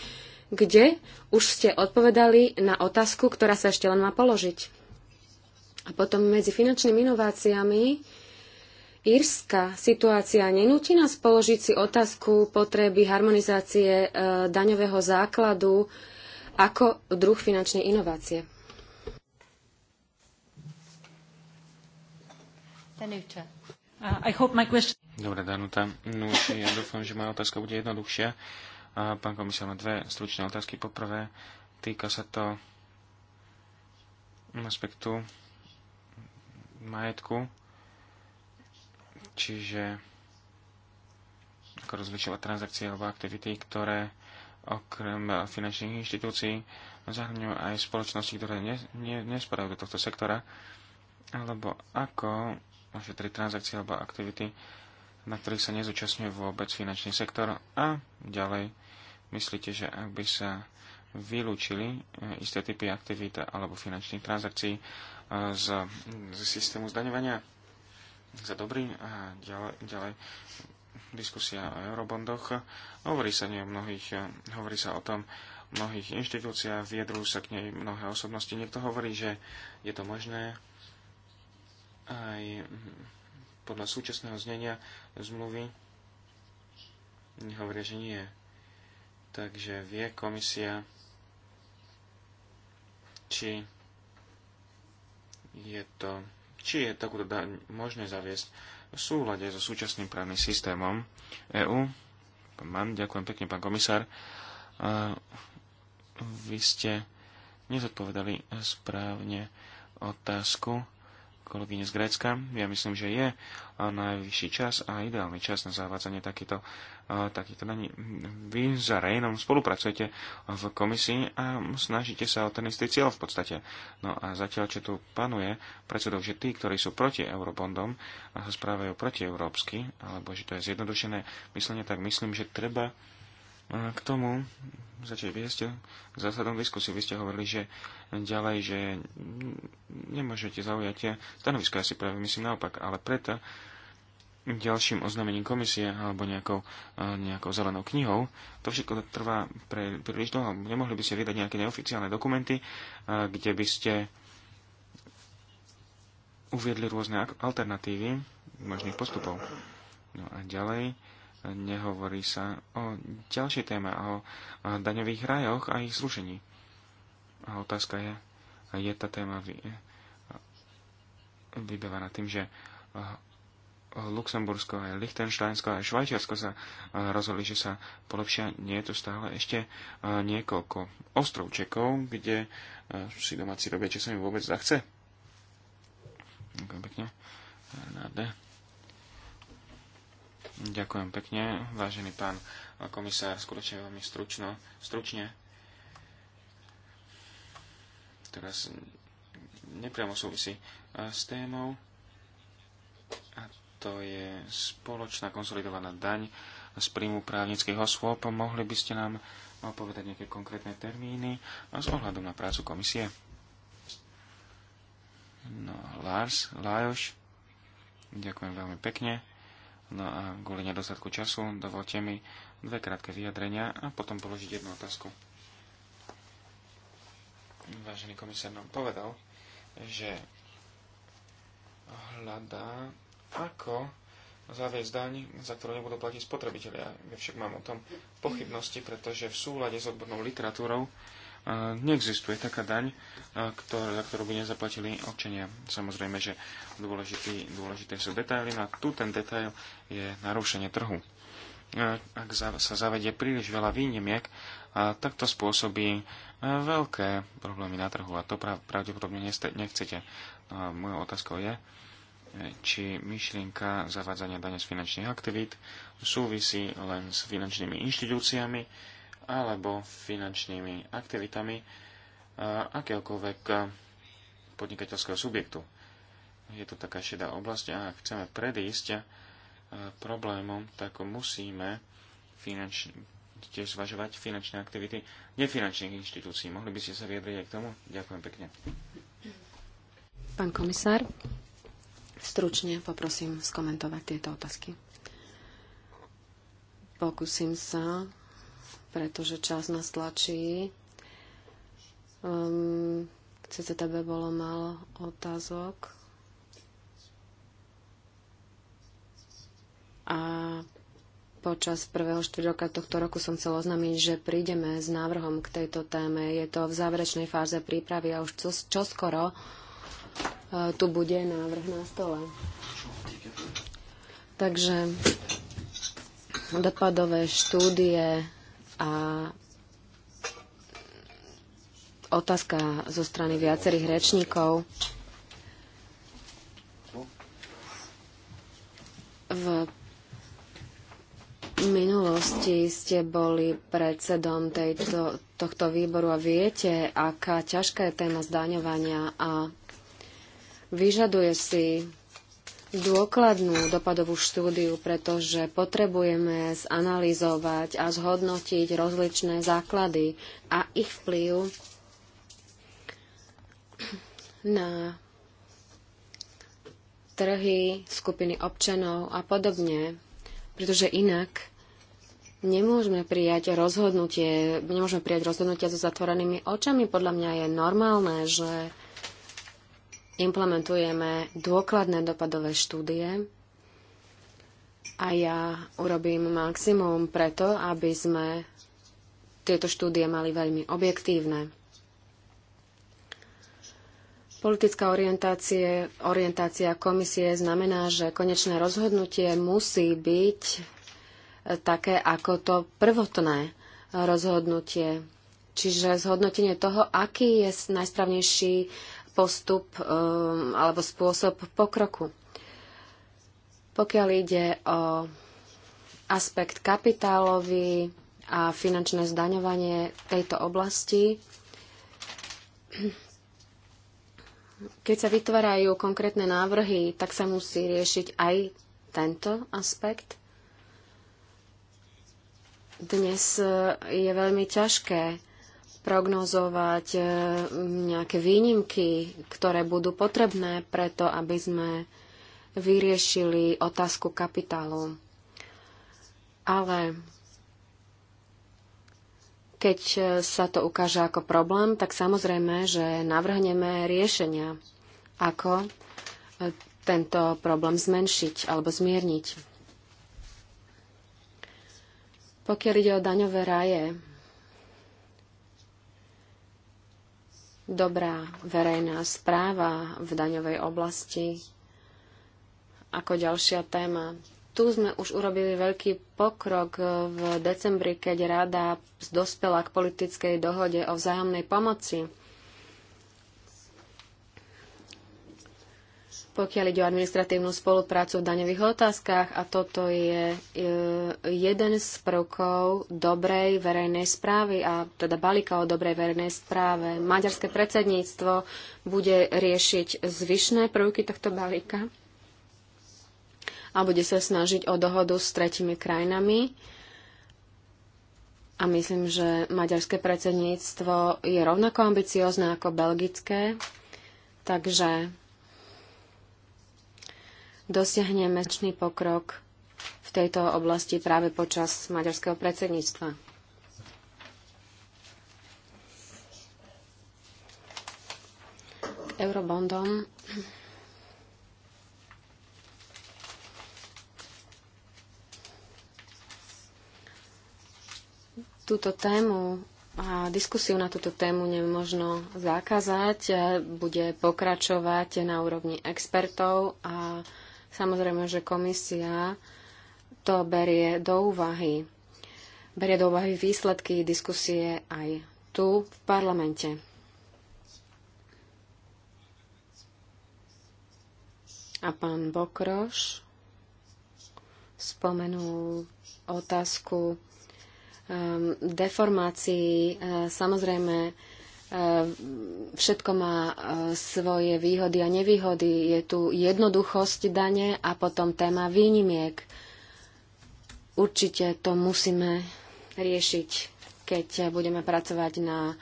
kde už ste odpovedali na otázku, ktorá sa ešte len má položiť. A potom medzi finančnými inováciami írska situácia nenúti nás položiť si otázku potreby harmonizácie e, daňového základu ako druh finančnej inovácie. Uh, Dobre, Danuta. No, ja dúfam, že moja otázka bude jednoduchšia pán komisár má dve stručné otázky. Poprvé, týka sa to aspektu majetku, čiže ako rozličovať transakcie alebo aktivity, ktoré okrem finančných inštitúcií zahrňujú aj spoločnosti, ktoré ne, ne, nespadajú do tohto sektora, alebo ako ošetriť transakcie alebo aktivity, na ktorých sa nezúčastňuje vôbec finančný sektor a ďalej Myslíte, že ak by sa vylúčili e, isté typy aktivít alebo finančných transakcií e, z, z systému zdaňovania za dobrý a ďalej, ďalej diskusia o eurobondoch. Hovorí sa, nie o mnohých, e, hovorí sa o tom mnohých inštitúciách, viedru sa k nej mnohé osobnosti. Niekto hovorí, že je to možné aj podľa súčasného znenia zmluvy. Hovoria, že nie. Takže vie komisia, či je to, či je takúto daň teda možné zaviesť v súhľade so súčasným právnym systémom EÚ. Pán Mann, ďakujem pekne, pán komisár. Vy ste nezodpovedali správne otázku kolegyne z Grécka. Ja myslím, že je najvyšší čas a ideálny čas na zavádzanie takýto, daní. Vy za Rejnom spolupracujete v komisii a snažíte sa o ten istý cieľ v podstate. No a zatiaľ, čo tu panuje predsedov, že tí, ktorí sú proti eurobondom a sa správajú proti európsky, alebo že to je zjednodušené myslenie, tak myslím, že treba k tomu začať viesť zásadom diskusiu. Vy ste hovorili, že ďalej, že nemôžete zaujať stanovisko, ja si práve myslím naopak, ale preto ďalším oznámením komisie alebo nejakou, nejakou zelenou knihou. To všetko trvá pre, príliš dlho. Nemohli by ste vydať nejaké neoficiálne dokumenty, kde by ste uviedli rôzne alternatívy možných postupov. No a ďalej nehovorí sa o ďalšej téme, o daňových rajoch a ich zrušení. A otázka je, je tá téma vy, vyberaná tým, že Luxembursko, aj Lichtensteinsko, aj Švajčiarsko sa rozhodli, že sa polepšia. Nie je to stále ešte niekoľko ostrovčekov, kde si domáci robia, čo sa im vôbec zachce. Ďakujem pekne. D. Ďakujem pekne, vážený pán komisár, skutočne veľmi stručno, stručne. Teraz nepriamo súvisí e, s témou a to je spoločná konsolidovaná daň z príjmu právnických osôb. Mohli by ste nám povedať nejaké konkrétne termíny a s ohľadom na prácu komisie? No, Lars, Lajoš, ďakujem veľmi pekne No a kvôli nedostatku času dovolte mi dve krátke vyjadrenia a potom položiť jednu otázku. Vážený komisár nám povedal, že hľadá, ako zaviesť daň, za ktorú nebudú platiť spotrebitelia. Ja však mám o tom pochybnosti, pretože v súlade s odbornou literatúrou neexistuje taká daň, ktoré, za ktorú by nezaplatili občania. Samozrejme, že dôležitý, dôležité sú detaily, no a tu ten detail je narušenie trhu. Ak sa zavedie príliš veľa výnimiek, tak to spôsobí veľké problémy na trhu a to pravdepodobne nechcete. No a mojou otázkou je, e, či myšlienka zavádzania dane z finančných aktivít súvisí len s finančnými inštitúciami, alebo finančnými aktivitami akéhokoľvek podnikateľského subjektu. Je to taká šedá oblasť a ak chceme predísť problémom, tak musíme finančne, tiež zvažovať finančné aktivity nefinančných inštitúcií. Mohli by ste sa vyjadriť aj k tomu? Ďakujem pekne. Pán komisár, stručne poprosím skomentovať tieto otázky. Pokúsim sa pretože čas nás tlačí. Um, sa tebe bolo málo otázok. A počas prvého štvrťroka tohto roku som chcel oznámiť, že prídeme s návrhom k tejto téme. Je to v záverečnej fáze prípravy a už čoskoro čo uh, tu bude návrh na stole. Takže dopadové štúdie a otázka zo strany viacerých rečníkov. V minulosti ste boli predsedom tejto, tohto výboru a viete, aká ťažká je téma zdaňovania a vyžaduje si dôkladnú dopadovú štúdiu, pretože potrebujeme zanalýzovať a zhodnotiť rozličné základy a ich vplyv na trhy, skupiny občanov a podobne, pretože inak nemôžeme prijať rozhodnutie, nemôžeme prijať rozhodnutia so zatvorenými očami. Podľa mňa je normálne, že implementujeme dôkladné dopadové štúdie a ja urobím maximum preto, aby sme tieto štúdie mali veľmi objektívne. Politická orientácie, orientácia komisie znamená, že konečné rozhodnutie musí byť také ako to prvotné rozhodnutie. Čiže zhodnotenie toho, aký je najsprávnejší postup um, alebo spôsob pokroku. Pokiaľ ide o aspekt kapitálový a finančné zdaňovanie tejto oblasti, keď sa vytvárajú konkrétne návrhy, tak sa musí riešiť aj tento aspekt. Dnes uh, je veľmi ťažké prognozovať eh, nejaké výnimky, ktoré budú potrebné preto, aby sme vyriešili otázku kapitálu. Ale keď eh, sa to ukáže ako problém, tak samozrejme, že navrhneme riešenia, ako eh, tento problém zmenšiť alebo zmierniť. Pokiaľ ide o daňové raje, dobrá verejná správa v daňovej oblasti ako ďalšia téma. Tu sme už urobili veľký pokrok v decembri, keď rada dospela k politickej dohode o vzájomnej pomoci pokiaľ ide o administratívnu spoluprácu v daňových otázkach a toto je e, jeden z prvkov dobrej verejnej správy a teda balíka o dobrej verejnej správe. Maďarské predsedníctvo bude riešiť zvyšné prvky tohto balíka a bude sa snažiť o dohodu s tretimi krajinami. A myslím, že maďarské predsedníctvo je rovnako ambiciozne ako belgické. Takže dosiahneme čný pokrok v tejto oblasti práve počas maďarského predsedníctva. eurobondom túto tému a diskusiu na túto tému nemožno zakázať. Bude pokračovať na úrovni expertov a Samozrejme, že komisia to berie do úvahy. Berie do úvahy výsledky diskusie aj tu v parlamente. A pán Bokroš spomenul otázku um, deformácií. Ehm, samozrejme, Eh, všetko má eh, svoje výhody a nevýhody. Je tu jednoduchosť dane a potom téma výnimiek. Určite to musíme riešiť, keď budeme pracovať na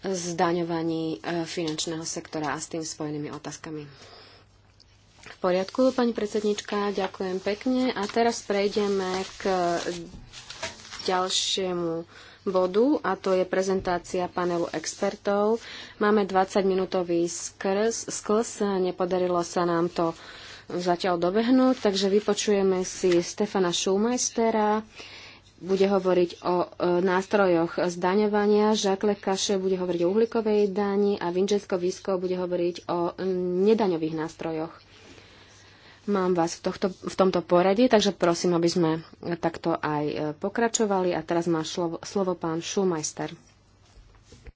zdaňovaní eh, finančného sektora a s tým spojenými otázkami. V poriadku, pani predsednička, ďakujem pekne. A teraz prejdeme k ďalšiemu bodu a to je prezentácia panelu expertov. Máme 20-minútový skrz, nepodarilo sa nám to zatiaľ dobehnúť, takže vypočujeme si Stefana Schumajstera, bude hovoriť o e, nástrojoch zdaňovania, Žakle Kaše bude hovoriť o uhlíkovej dani a Vincenzo Visko bude hovoriť o mm, nedaňových nástrojoch. Mám vás v, tohto, v tomto poradí, takže prosím, aby sme takto aj e, pokračovali. A teraz má šlo, slovo pán Šumajster.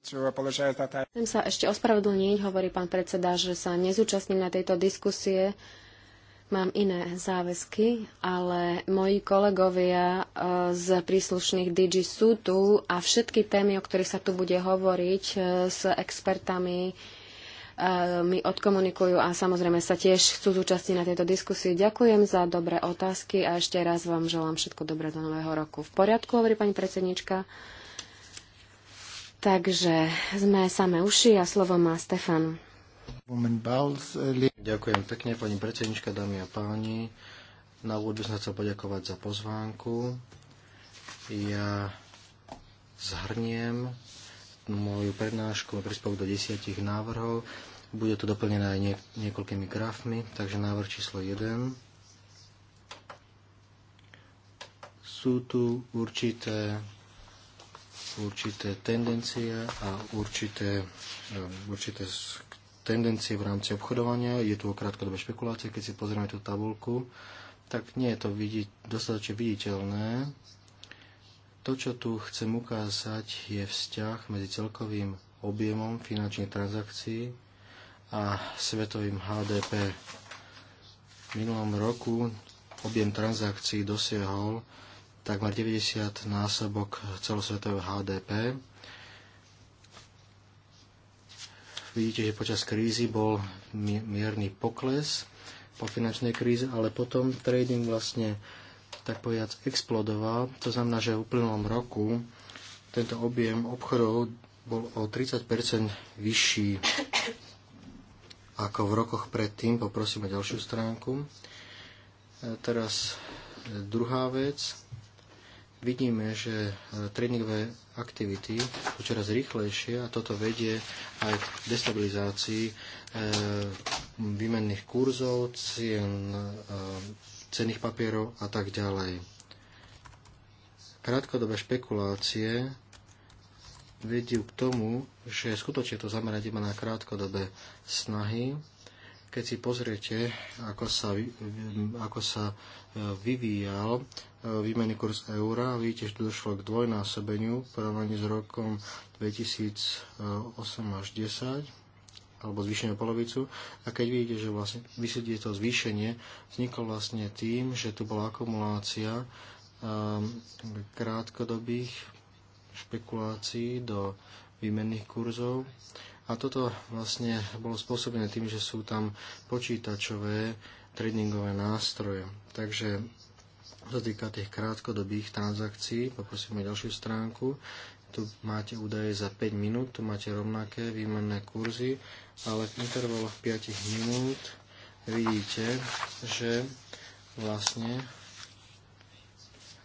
Chcem sa ešte ospravedlniť, hovorí pán predseda, že sa nezúčastním na tejto diskusie. Mám iné záväzky, ale moji kolegovia e, z príslušných DG sú tu a všetky témy, o ktorých sa tu bude hovoriť e, s expertami, mi odkomunikujú a samozrejme sa tiež chcú zúčastniť na tejto diskusii. Ďakujem za dobré otázky a ešte raz vám želám všetko dobré do nového roku. V poriadku, hovorí pani predsednička. Takže sme samé uši a slovo má Stefan. Ďakujem pekne, pani predsednička, dámy a páni. Na úvod by som chcel poďakovať za pozvánku. Ja zhrniem moju prednášku a príspevok do desiatich návrhov. Bude to doplnené aj niekoľkými grafmi, takže návrh číslo 1. Sú tu určité, určité tendencie a určité, um, určité tendencie v rámci obchodovania. Je tu o krátkodobé špekulácie, keď si pozrieme tú tabulku, tak nie je to vidieť, dostatočne viditeľné to, čo tu chcem ukázať, je vzťah medzi celkovým objemom finančných transakcií a svetovým HDP. V minulom roku objem transakcií dosiahol takmer 90 násobok celosvetového HDP. Vidíte, že počas krízy bol mierny pokles po finančnej kríze, ale potom trading vlastne tak povedať, explodoval. To znamená, že v uplynulom roku tento objem obchodov bol o 30 vyšší ako v rokoch predtým. Poprosím o ďalšiu stránku. E, teraz e, druhá vec. Vidíme, že e, tréningové aktivity sú čoraz rýchlejšie a toto vedie aj k destabilizácii výmenných kurzov, cien cených papierov a tak ďalej. Krátkodobé špekulácie vedú k tomu, že skutočne to zamerať iba na krátkodobé snahy. Keď si pozriete, ako sa, ako sa e, vyvíjal e, výmenný kurz eura, vidíte, že došlo k dvojnásobeniu v porovnaní s rokom 2008 až 2010 alebo zvýšenú polovicu. A keď vidíte, že vlastne vysvetlíte to zvýšenie, vzniklo vlastne tým, že tu bola akumulácia um, krátkodobých špekulácií do výmenných kurzov. A toto vlastne bolo spôsobené tým, že sú tam počítačové tradingové nástroje. Takže čo týka tých krátkodobých transakcií, poprosíme ďalšiu stránku, tu máte údaje za 5 minút, tu máte rovnaké výmenné kurzy, ale v intervaloch 5 minút vidíte, že vlastne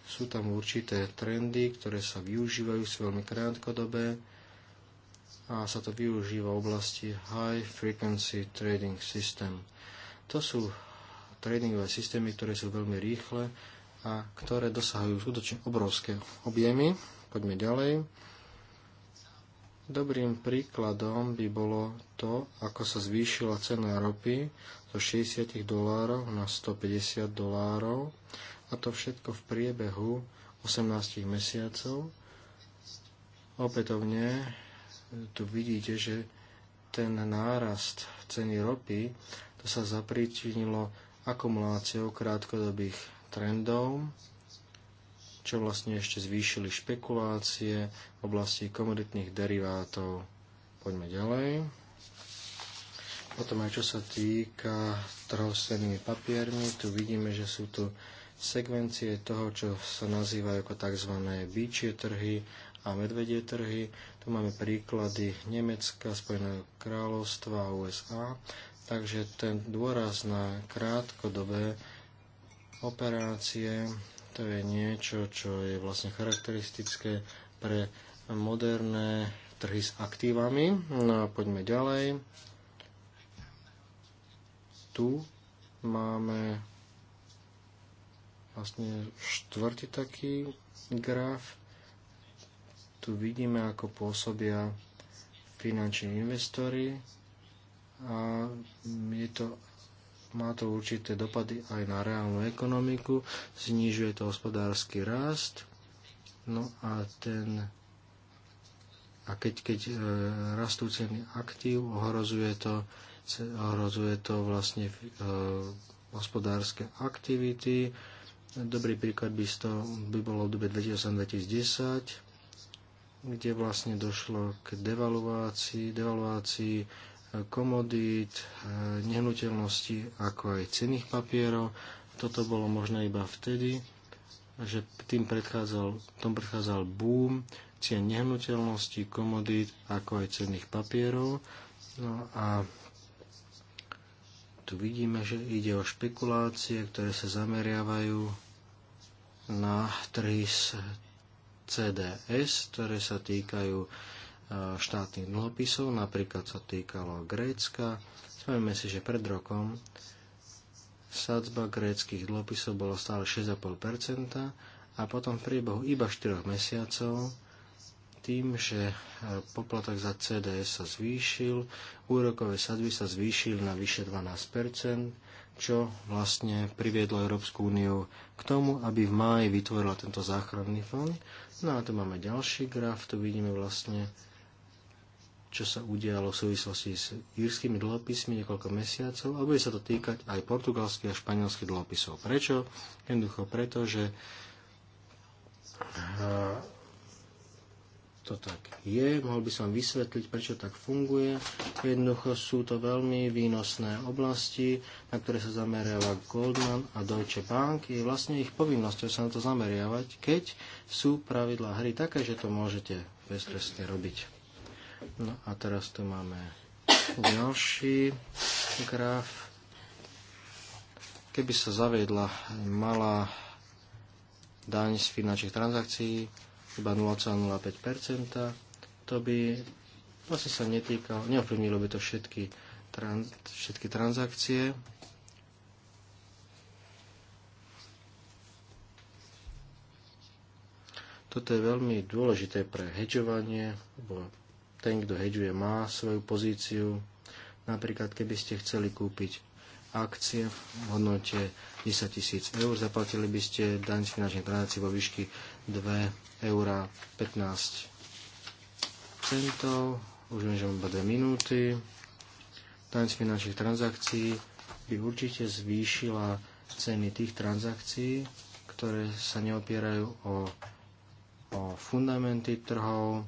sú tam určité trendy, ktoré sa využívajú, sú veľmi krátkodobé a sa to využíva v oblasti High Frequency Trading System. To sú tradingové systémy, ktoré sú veľmi rýchle a ktoré dosahujú skutočne obrovské objemy Poďme ďalej. Dobrým príkladom by bolo to, ako sa zvýšila cena ropy zo 60 dolárov na 150 dolárov a to všetko v priebehu 18 mesiacov. Opätovne tu vidíte, že ten nárast ceny ropy to sa zapričinilo akumuláciou krátkodobých trendov čo vlastne ešte zvýšili špekulácie v oblasti komoditných derivátov. Poďme ďalej. Potom aj čo sa týka trhov s papiermi, tu vidíme, že sú tu sekvencie toho, čo sa nazývajú ako tzv. bíčie trhy a medvedie trhy. Tu máme príklady Nemecka, Spojeného kráľovstva a USA. Takže ten dôraz na krátkodobé operácie to je niečo, čo je vlastne charakteristické pre moderné trhy s aktívami. No a poďme ďalej. Tu máme vlastne štvrtý taký graf. Tu vidíme, ako pôsobia finanční investori a je to má to určité dopady aj na reálnu ekonomiku, znižuje to hospodársky rast, no a ten a keď, keď e, rastú ceny aktív, ohrozuje to, ohrozuje to vlastne e, hospodárske aktivity. Dobrý príklad by, to, by bolo v dobe 2008-2010, kde vlastne došlo k devaluácii, devaluácii komodít, eh, nehnuteľnosti, ako aj cenných papierov. Toto bolo možné iba vtedy, že tým predchádzal, tom predchádzal boom cien nehnuteľnosti, komodít, ako aj cenných papierov. No a tu vidíme, že ide o špekulácie, ktoré sa zameriavajú na trhy s CDS, ktoré sa týkajú štátnych dlhopisov, napríklad sa týkalo Grécka. Spomíname si, že pred rokom sadzba gréckých dlhopisov bola stále 6,5% a potom v priebehu iba 4 mesiacov tým, že e, poplatok za CDS sa zvýšil, úrokové sadby sa zvýšili na vyše 12 čo vlastne priviedlo Európsku úniu k tomu, aby v máji vytvorila tento záchranný fond. No a tu máme ďalší graf, tu vidíme vlastne čo sa udialo v súvislosti s írskymi dlhopismi niekoľko mesiacov a bude sa to týkať aj portugalských a španielských dlhopisov. Prečo? Jednoducho preto, že to tak je, mohol by som vysvetliť, prečo tak funguje. Jednoducho sú to veľmi výnosné oblasti, na ktoré sa zameriava Goldman a Deutsche Bank. Je vlastne ich povinnosťou sa na to zameriavať, keď sú pravidlá hry také, že to môžete beztrestne robiť. No a teraz tu máme ďalší graf. Keby sa zaviedla malá daň z finančných transakcií, iba 0,05%, to by vlastne sa netýkalo, neovplyvnilo by to všetky, trans, všetky transakcie. Toto je veľmi dôležité pre hedžovanie, ten, kto hedžuje, má svoju pozíciu. Napríklad, keby ste chceli kúpiť akcie v hodnote 10 tisíc eur, zaplatili by ste daň z finančných transakcií vo výšky 2,15 eur. Centov. Už viem, že mám iba 2 minúty. Daň z finančných transakcií by určite zvýšila ceny tých transakcií, ktoré sa neopierajú o, o fundamenty trhov,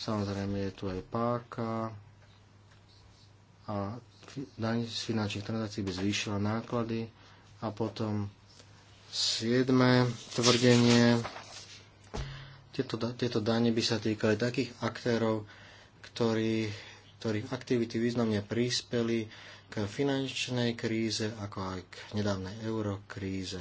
Samozrejme je tu aj páka a daň z finančných transakcií by zvýšila náklady a potom siedme tvrdenie. Tieto, tieto dane by sa týkali takých aktérov, ktorí, ktorých aktivity významne prispeli k finančnej kríze, ako aj k nedávnej eurokríze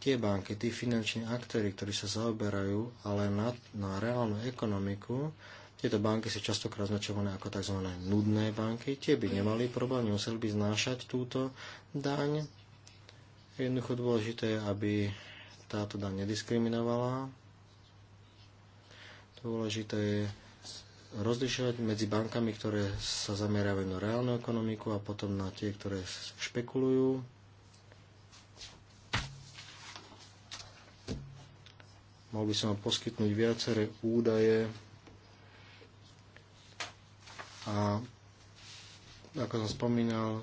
tie banky, tí finanční aktéry, ktorí sa zaoberajú ale na, na reálnu ekonomiku, tieto banky sú častokrát značované ako tzv. nudné banky, tie by nemali problém, nemuseli by znášať túto daň. Jednoducho dôležité je, aby táto daň nediskriminovala. Dôležité je rozlišovať medzi bankami, ktoré sa zameriavajú na reálnu ekonomiku a potom na tie, ktoré špekulujú Mohol by som vám poskytnúť viaceré údaje a ako som spomínal,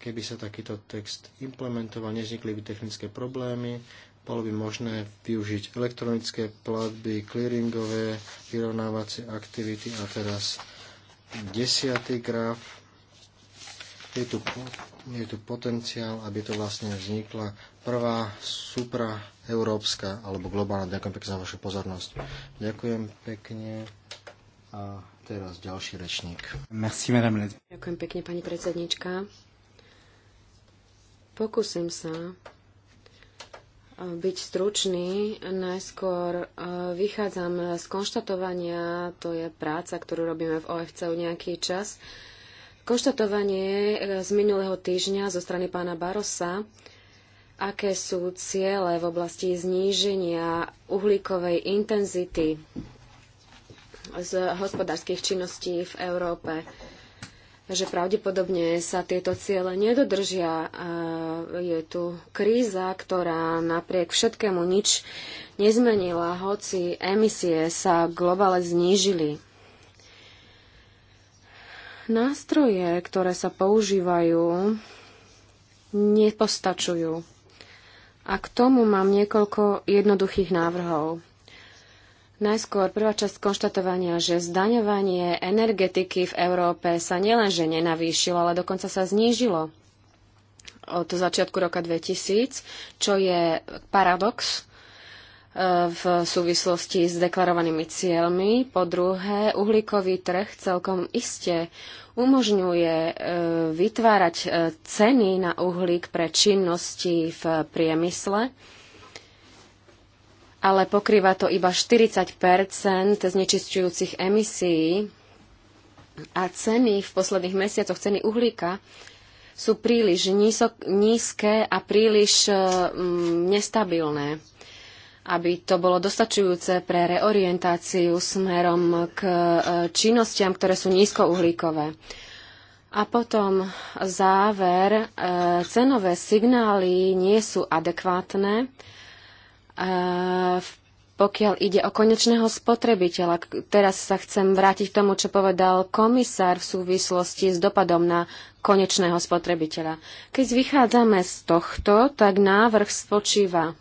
keby sa takýto text implementoval, nevznikli by technické problémy, bolo by možné využiť elektronické platby, clearingové, vyrovnávacie aktivity a teraz desiatý graf. Je tu, je tu potenciál, aby to vlastne vznikla prvá supra európska alebo globálna. Ďakujem pekne za vašu pozornosť. Ďakujem pekne a teraz ďalší rečník. Merci, madame. Ďakujem pekne, pani predsednička. Pokúsim sa eh, byť stručný. Najskôr eh, vychádzam z konštatovania, to je práca, ktorú robíme v OFC nejaký čas. Konštatovanie e, z minulého týždňa zo strany pána Barosa, aké sú ciele v oblasti zníženia uhlíkovej intenzity z hospodárskych činností v Európe, že pravdepodobne sa tieto ciele nedodržia. Je tu kríza, ktorá napriek všetkému nič nezmenila, hoci emisie sa globálne znížili nástroje, ktoré sa používajú, nepostačujú. A k tomu mám niekoľko jednoduchých návrhov. Najskôr prvá časť konštatovania, že zdaňovanie energetiky v Európe sa nielenže nenavýšilo, ale dokonca sa znížilo od začiatku roka 2000, čo je paradox, v súvislosti s deklarovanými cieľmi. Po druhé, uhlíkový trh celkom iste umožňuje e, vytvárať e, ceny na uhlík pre činnosti v priemysle, ale pokrýva to iba 40 znečistujúcich emisí a ceny v posledných mesiacoch, ceny uhlíka, sú príliš nízke a príliš e, nestabilné aby to bolo dostačujúce pre reorientáciu smerom k e, činnostiam, ktoré sú nízkouhlíkové. A potom záver, e, cenové signály nie sú adekvátne, e, pokiaľ ide o konečného spotrebiteľa. Teraz sa chcem vrátiť k tomu, čo povedal komisár v súvislosti s dopadom na konečného spotrebiteľa. Keď vychádzame z tohto, tak návrh spočíva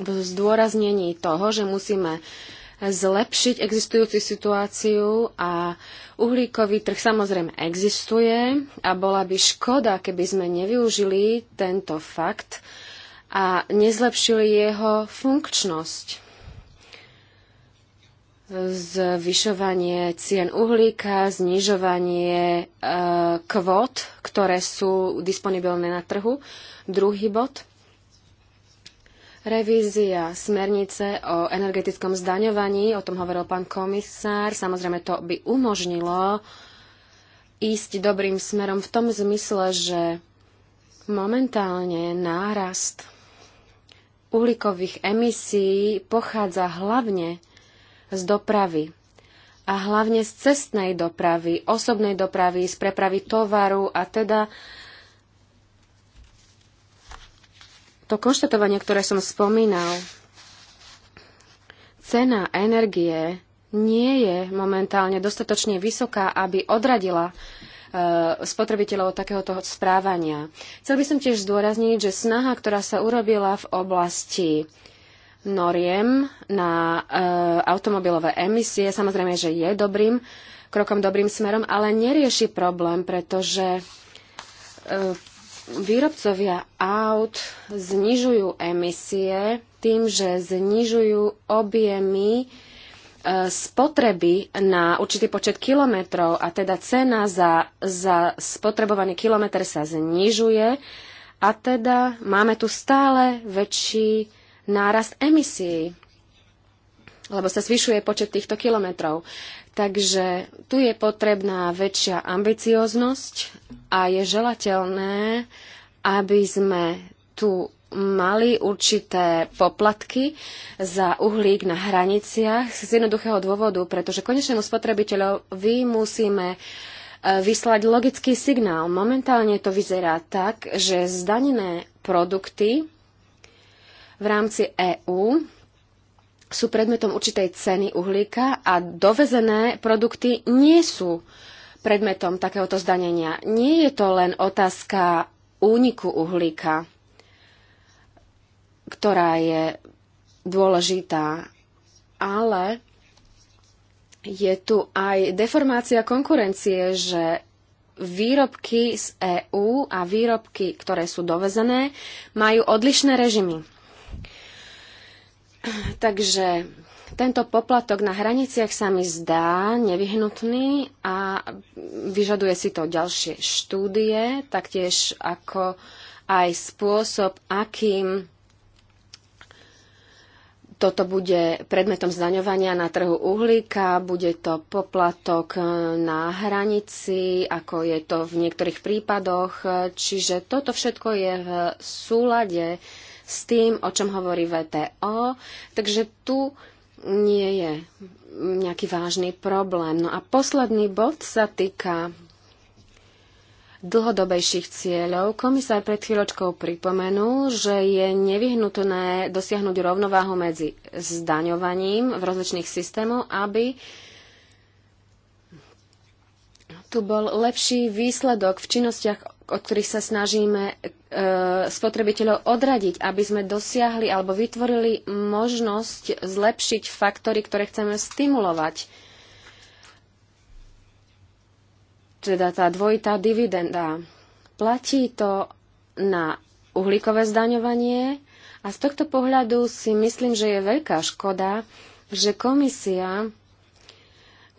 v zdôraznení toho, že musíme zlepšiť existujúcu situáciu a uhlíkový trh samozrejme existuje a bola by škoda, keby sme nevyužili tento fakt a nezlepšili jeho funkčnosť. Zvyšovanie cien uhlíka, znižovanie e, kvót, ktoré sú disponibilné na trhu. Druhý bod – Revízia smernice o energetickom zdaňovaní, o tom hovoril pán komisár, samozrejme to by umožnilo ísť dobrým smerom v tom zmysle, že momentálne nárast uhlíkových emisí pochádza hlavne z dopravy a hlavne z cestnej dopravy, osobnej dopravy, z prepravy tovaru a teda to konštatovanie, ktoré som spomínal, cena energie nie je momentálne dostatočne vysoká, aby odradila e, spotrebiteľov od takéhoto správania. Chcel by som tiež zdôrazniť, že snaha, ktorá sa urobila v oblasti noriem na e, automobilové emisie, samozrejme, že je dobrým krokom, dobrým smerom, ale nerieši problém, pretože e, výrobcovia aut znižujú emisie tým, že znižujú objemy e, spotreby na určitý počet kilometrov a teda cena za, za spotrebovaný kilometr sa znižuje a teda máme tu stále väčší nárast emisí alebo sa zvyšuje počet týchto kilometrov. Takže tu je potrebná väčšia ambicioznosť a je želateľné, aby sme tu mali určité poplatky za uhlík na hraniciach z jednoduchého dôvodu, pretože konečnému spotrebiteľovi musíme e, vyslať logický signál. Momentálne to vyzerá tak, že zdanené produkty v rámci EÚ sú predmetom určitej ceny uhlíka a dovezené produkty nie sú predmetom takéhoto zdanenia. Nie je to len otázka úniku uhlíka, ktorá je dôležitá, ale je tu aj deformácia konkurencie, že výrobky z EÚ a výrobky, ktoré sú dovezené, majú odlišné režimy. Takže tento poplatok na hraniciach sa mi zdá nevyhnutný a vyžaduje si to ďalšie štúdie, taktiež ako aj spôsob, akým toto bude predmetom zdaňovania na trhu uhlíka, bude to poplatok na hranici, ako je to v niektorých prípadoch. Čiže toto všetko je v súlade s tým, o čom hovorí VTO. Takže tu nie je nejaký vážny problém. No a posledný bod sa týka dlhodobejších cieľov. Komisár pred chvíľočkou pripomenul, že je nevyhnutné dosiahnuť rovnováhu medzi zdaňovaním v rozličných systémov, aby tu bol lepší výsledok v činnostiach od ktorých sa snažíme e, spotrebiteľov odradiť, aby sme dosiahli alebo vytvorili možnosť zlepšiť faktory, ktoré chceme stimulovať. Teda tá dvojitá dividenda. Platí to na uhlíkové zdaňovanie a z tohto pohľadu si myslím, že je veľká škoda, že komisia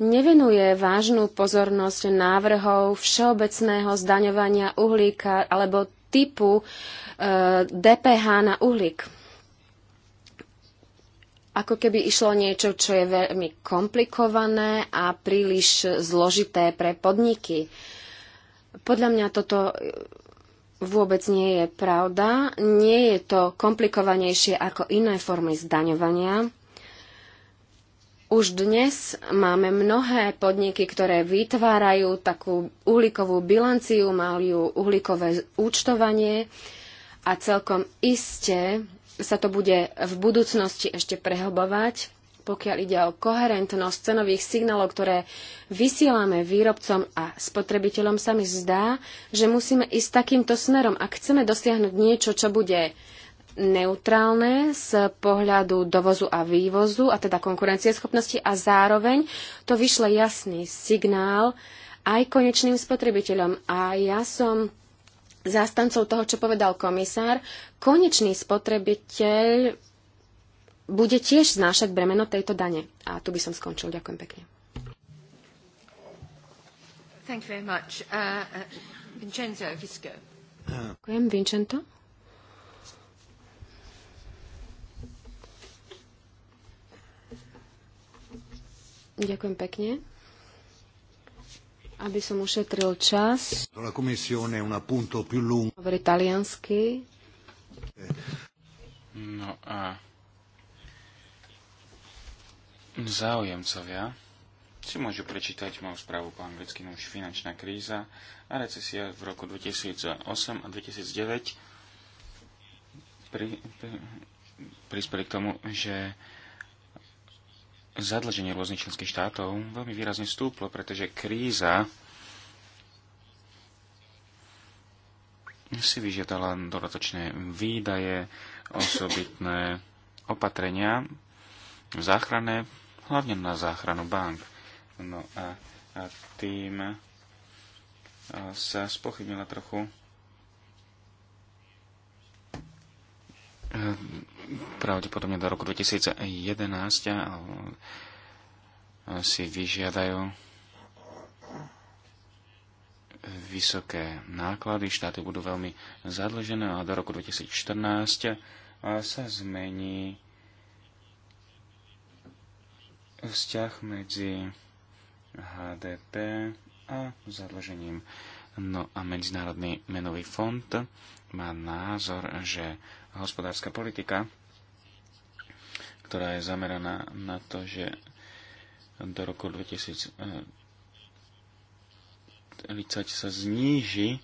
nevenuje vážnu pozornosť návrhov všeobecného zdaňovania uhlíka alebo typu e, DPH na uhlík. Ako keby išlo niečo, čo je veľmi komplikované a príliš zložité pre podniky. Podľa mňa toto vôbec nie je pravda. Nie je to komplikovanejšie ako iné formy zdaňovania už dnes máme mnohé podniky, ktoré vytvárajú takú uhlíkovú bilanciu, majú uhlíkové účtovanie a celkom iste sa to bude v budúcnosti ešte prehlbovať, pokiaľ ide o koherentnosť cenových signálov, ktoré vysielame výrobcom a spotrebiteľom, sa mi zdá, že musíme ísť takýmto smerom. Ak chceme dosiahnuť niečo, čo bude neutrálne z pohľadu dovozu a vývozu, a teda konkurencieschopnosti a zároveň to vyšle jasný signál aj konečným spotrebiteľom. A ja som zástancov toho, čo povedal komisár. Konečný spotrebiteľ bude tiež znášať bremeno tejto dane. A tu by som skončil. Ďakujem pekne. Thank you very much. Uh, uh Vincenzo Visco. Ďakujem, Vincenzo. Ďakujem pekne. Aby som ušetril čas. La commissione un appunto più lungo. Hovorí taliansky. No a záujemcovia si môžu prečítať moju správu po anglicky, no už finančná kríza a recesia v roku 2008 a 2009 pri, pri, prispeli k tomu, že zadlženie rôznych členských štátov veľmi výrazne stúplo, pretože kríza si vyžiadala dodatočné výdaje, osobitné opatrenia záchranné, hlavne na záchranu bank. No a, a tým sa spochybnila trochu pravdepodobne do roku 2011 si vyžiadajú vysoké náklady, štáty budú veľmi zadlžené a do roku 2014 sa zmení vzťah medzi HDP a zadlžením. No a Medzinárodný menový fond má názor, že hospodárska politika, ktorá je zameraná na to, že do roku 2030 sa zníži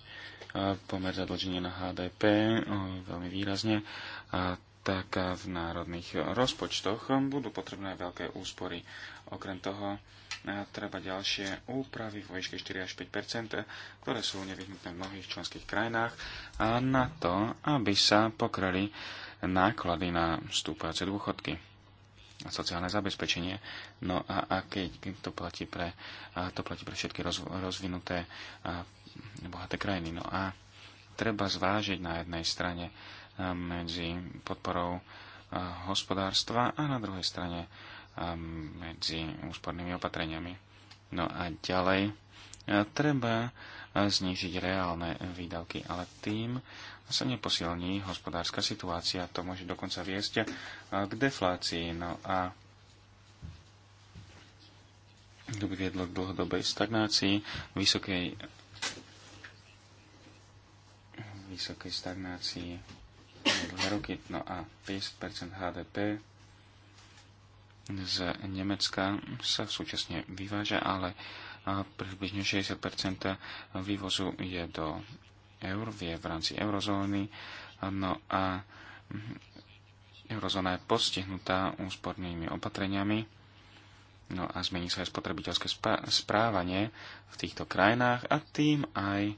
pomer zadlženia na HDP veľmi výrazne, tak v národných rozpočtoch budú potrebné veľké úspory. Okrem toho eh, treba ďalšie úpravy v výške 4 až 5 eh, ktoré sú nevyhnutné v mnohých členských krajinách a na to, aby sa pokrali náklady na vstúpajúce dôchodky a sociálne zabezpečenie. No a, a keď to platí pre, a to platí pre všetky roz, rozvinuté a bohaté krajiny. No a treba zvážiť na jednej strane eh, medzi podporou hospodárstva a na druhej strane medzi úspornými opatreniami. No a ďalej treba znižiť reálne výdavky, ale tým sa neposilní hospodárska situácia. To môže dokonca viesť k deflácii. No a to by viedlo k dlhodobej stagnácii, vysokej, vysokej stagnácii dlhé roky, no a 50% HDP z Nemecka sa súčasne vyváža, ale približne 60 vývozu je do eur, je v rámci eurozóny. No a mhm, eurozóna je postihnutá úspornými opatreniami. No a zmení sa aj spotrebiteľské správanie v týchto krajinách a tým aj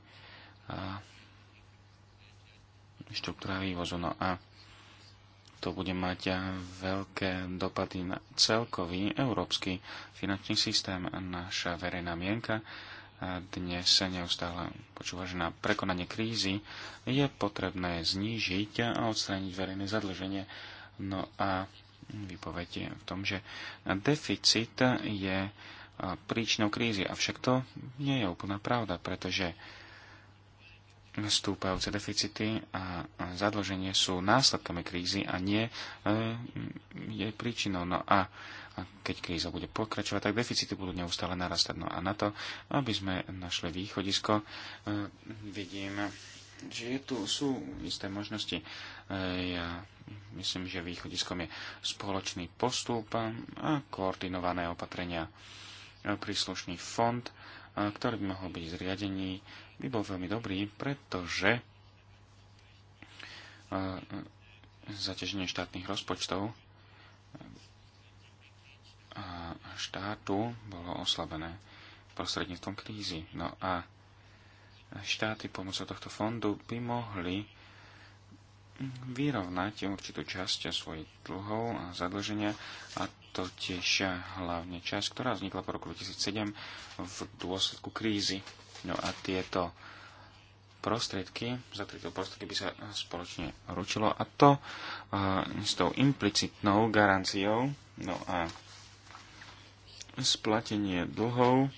štruktúra vývozu. No a to bude mať veľké dopady na celkový európsky finančný systém. Naša verejná mienka dnes sa neustále počúva, že na prekonanie krízy je potrebné znížiť a odstrániť verejné zadlženie. No a výpoveď je v tom, že deficit je príčnou krízy, avšak to nie je úplná pravda, pretože stúpajúce deficity a zadlženie sú následkami krízy a nie e, jej príčinou. No a keď kríza bude pokračovať, tak deficity budú neustále narastať. No a na to, aby sme našli východisko, e, vidím, že je tu, sú isté možnosti. E, ja myslím, že východiskom je spoločný postup a koordinované opatrenia príslušný fond, ktorý by mohol byť zriadený by bol veľmi dobrý, pretože e, zaťaženie štátnych rozpočtov e, a štátu bolo oslabené prostredníctvom krízy. No a štáty pomocou tohto fondu by mohli vyrovnať určitú časť svojich dlhov a zadlženia a to tiež hlavne časť, ktorá vznikla po roku 2007 v dôsledku krízy. No a tieto prostriedky, za tieto prostriedky by sa spoločne ručilo a to a, s tou implicitnou garanciou, no a splatenie dlhov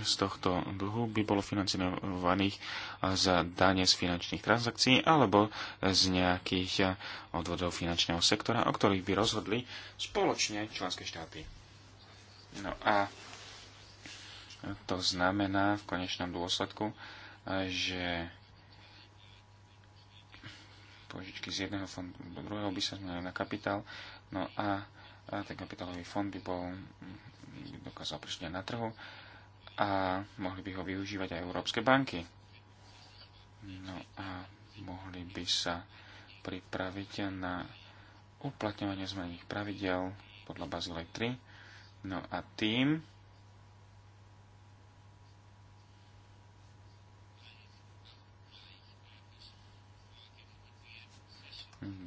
z tohto dlhu by bolo financovaných za dane z finančných transakcií alebo z nejakých odvodov finančného sektora, o ktorých by rozhodli spoločne členské štáty. No a to znamená v konečnom dôsledku, že požičky z jedného fondu do druhého by sa zmenili na kapitál, no a, ten kapitálový fond by bol by dokázal prežiť na trhu a mohli by ho využívať aj európske banky. No a mohli by sa pripraviť na uplatňovanie zmených pravidel podľa Bazilej 3 No a tým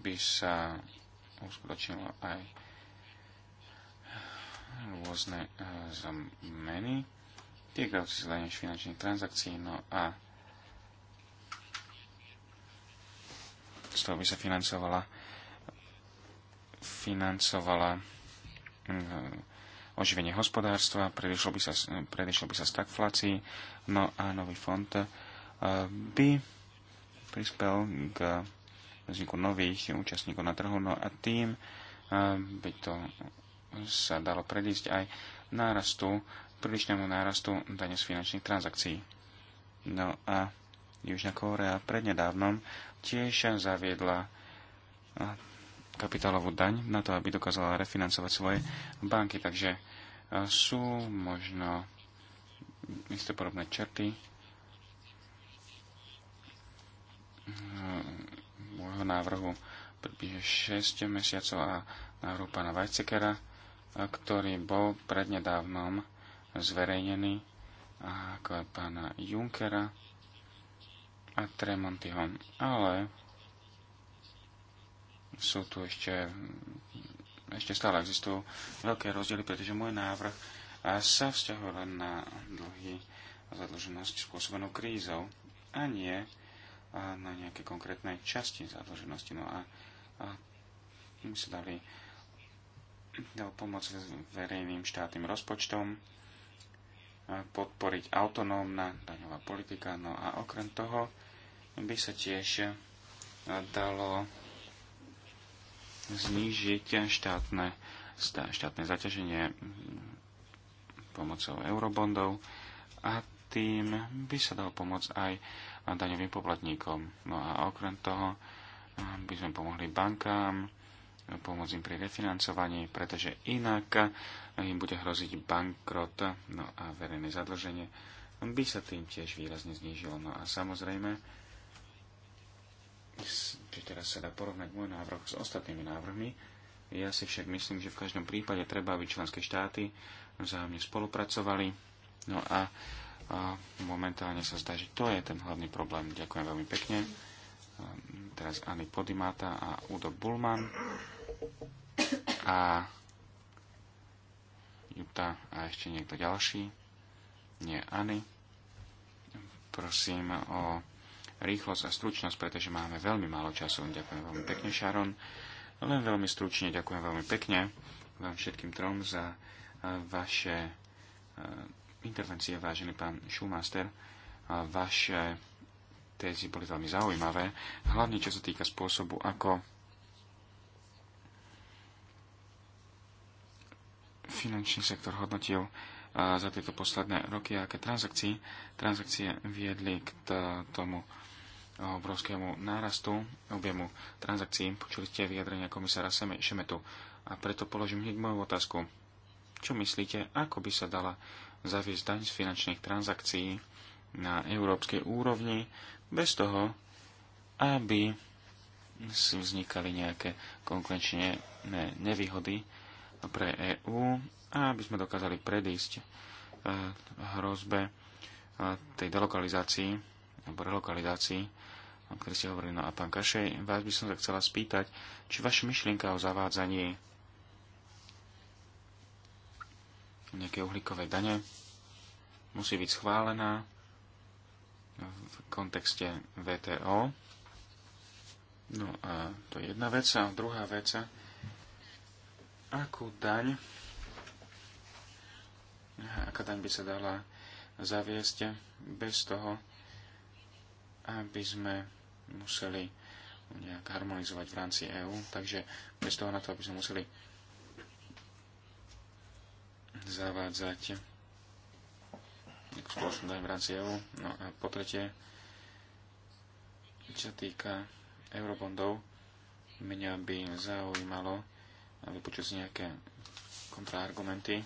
by sa uskutočnilo aj rôzne eh, zmeny týkajúce sa finančných transakcií. No a z toho by sa financovala financovala eh, oživenie hospodárstva, predešlo by sa, predišlo by sa stagflácii, no a nový fond eh, by prispel k vzniku nových účastníkov na trhu, no a tým eh, by to sa dalo predísť aj nárastu, prílišnému nárastu dane z finančných transakcií. No a Južná Kórea prednedávnom tiež zaviedla kapitálovú daň na to, aby dokázala refinancovať svoje banky. Takže e, sú možno isté podobné črty môjho e, návrhu približne 6 mesiacov a návrhu pána Vajcekera, e, ktorý bol prednedávnom zverejnený ako aj pána Junkera a Tremontyho. Ale sú tu ešte, ešte stále existujú veľké rozdiely, pretože môj návrh sa vzťahuje len na dlhy a zadlženosť spôsobenú krízou a nie na nejaké konkrétnej časti zadlženosti. No a, a my sa dali dal pomoc verejným štátnym rozpočtom, podporiť autonómna daňová politika. No a okrem toho by sa tiež dalo znížiť štátne, štátne zaťaženie pomocou eurobondov a tým by sa dal pomôcť aj daňovým poplatníkom. No a okrem toho eh, by sme pomohli bankám, pomôcť im pri refinancovaní, pretože inak eh, im bude hroziť bankrot, no a verejné zadlženie by sa tým tiež výrazne znížilo. No a samozrejme, či teraz sa dá porovnať môj návrh s ostatnými návrhmi. Ja si však myslím, že v každom prípade treba, aby členské štáty vzájomne spolupracovali. No a, a momentálne sa zdá, že to je ten hlavný problém. Ďakujem veľmi pekne. Ehm, teraz Ani Podimata a Udo Bulman a Juta a ešte niekto ďalší. Nie Ani. Prosím o rýchlosť a stručnosť, pretože máme veľmi málo času. Ďakujem veľmi pekne, Sharon. Len veľmi stručne ďakujem veľmi pekne vám všetkým trom za eh, vaše eh, intervencie, vážený pán Schumaster. Vaše tézy boli veľmi zaujímavé, hlavne čo sa týka spôsobu, ako finančný sektor hodnotil eh, za tieto posledné roky, aké transakcie, transakcie viedli k tomu obrovskému nárastu objemu transakcií. Počuli ste vyjadrenia komisára Šemetu. A preto položím hneď moju otázku. Čo myslíte, ako by sa dala zaviesť daň z finančných transakcií na európskej úrovni bez toho, aby vznikali nejaké konkurenčne nevýhody pre EÚ a aby sme dokázali predísť eh, hrozbe eh, tej delokalizácii alebo relokalizácii, o ktorej ste hovorili. No a pán Kašej, vás by som sa chcela spýtať, či vaša myšlienka o zavádzaní nejaké uhlíkové dane musí byť schválená v kontexte VTO. No a to je jedna vec. A druhá vec, akú daň, aká daň by sa dala zaviesť bez toho, aby sme museli nejak harmonizovať v rámci EÚ, takže bez toho na to, aby sme museli zavádzať spoločnú daň v rámci EÚ. No a po tretie, čo sa týka eurobondov, mňa by zaujímalo vypočuť nejaké kontraargumenty,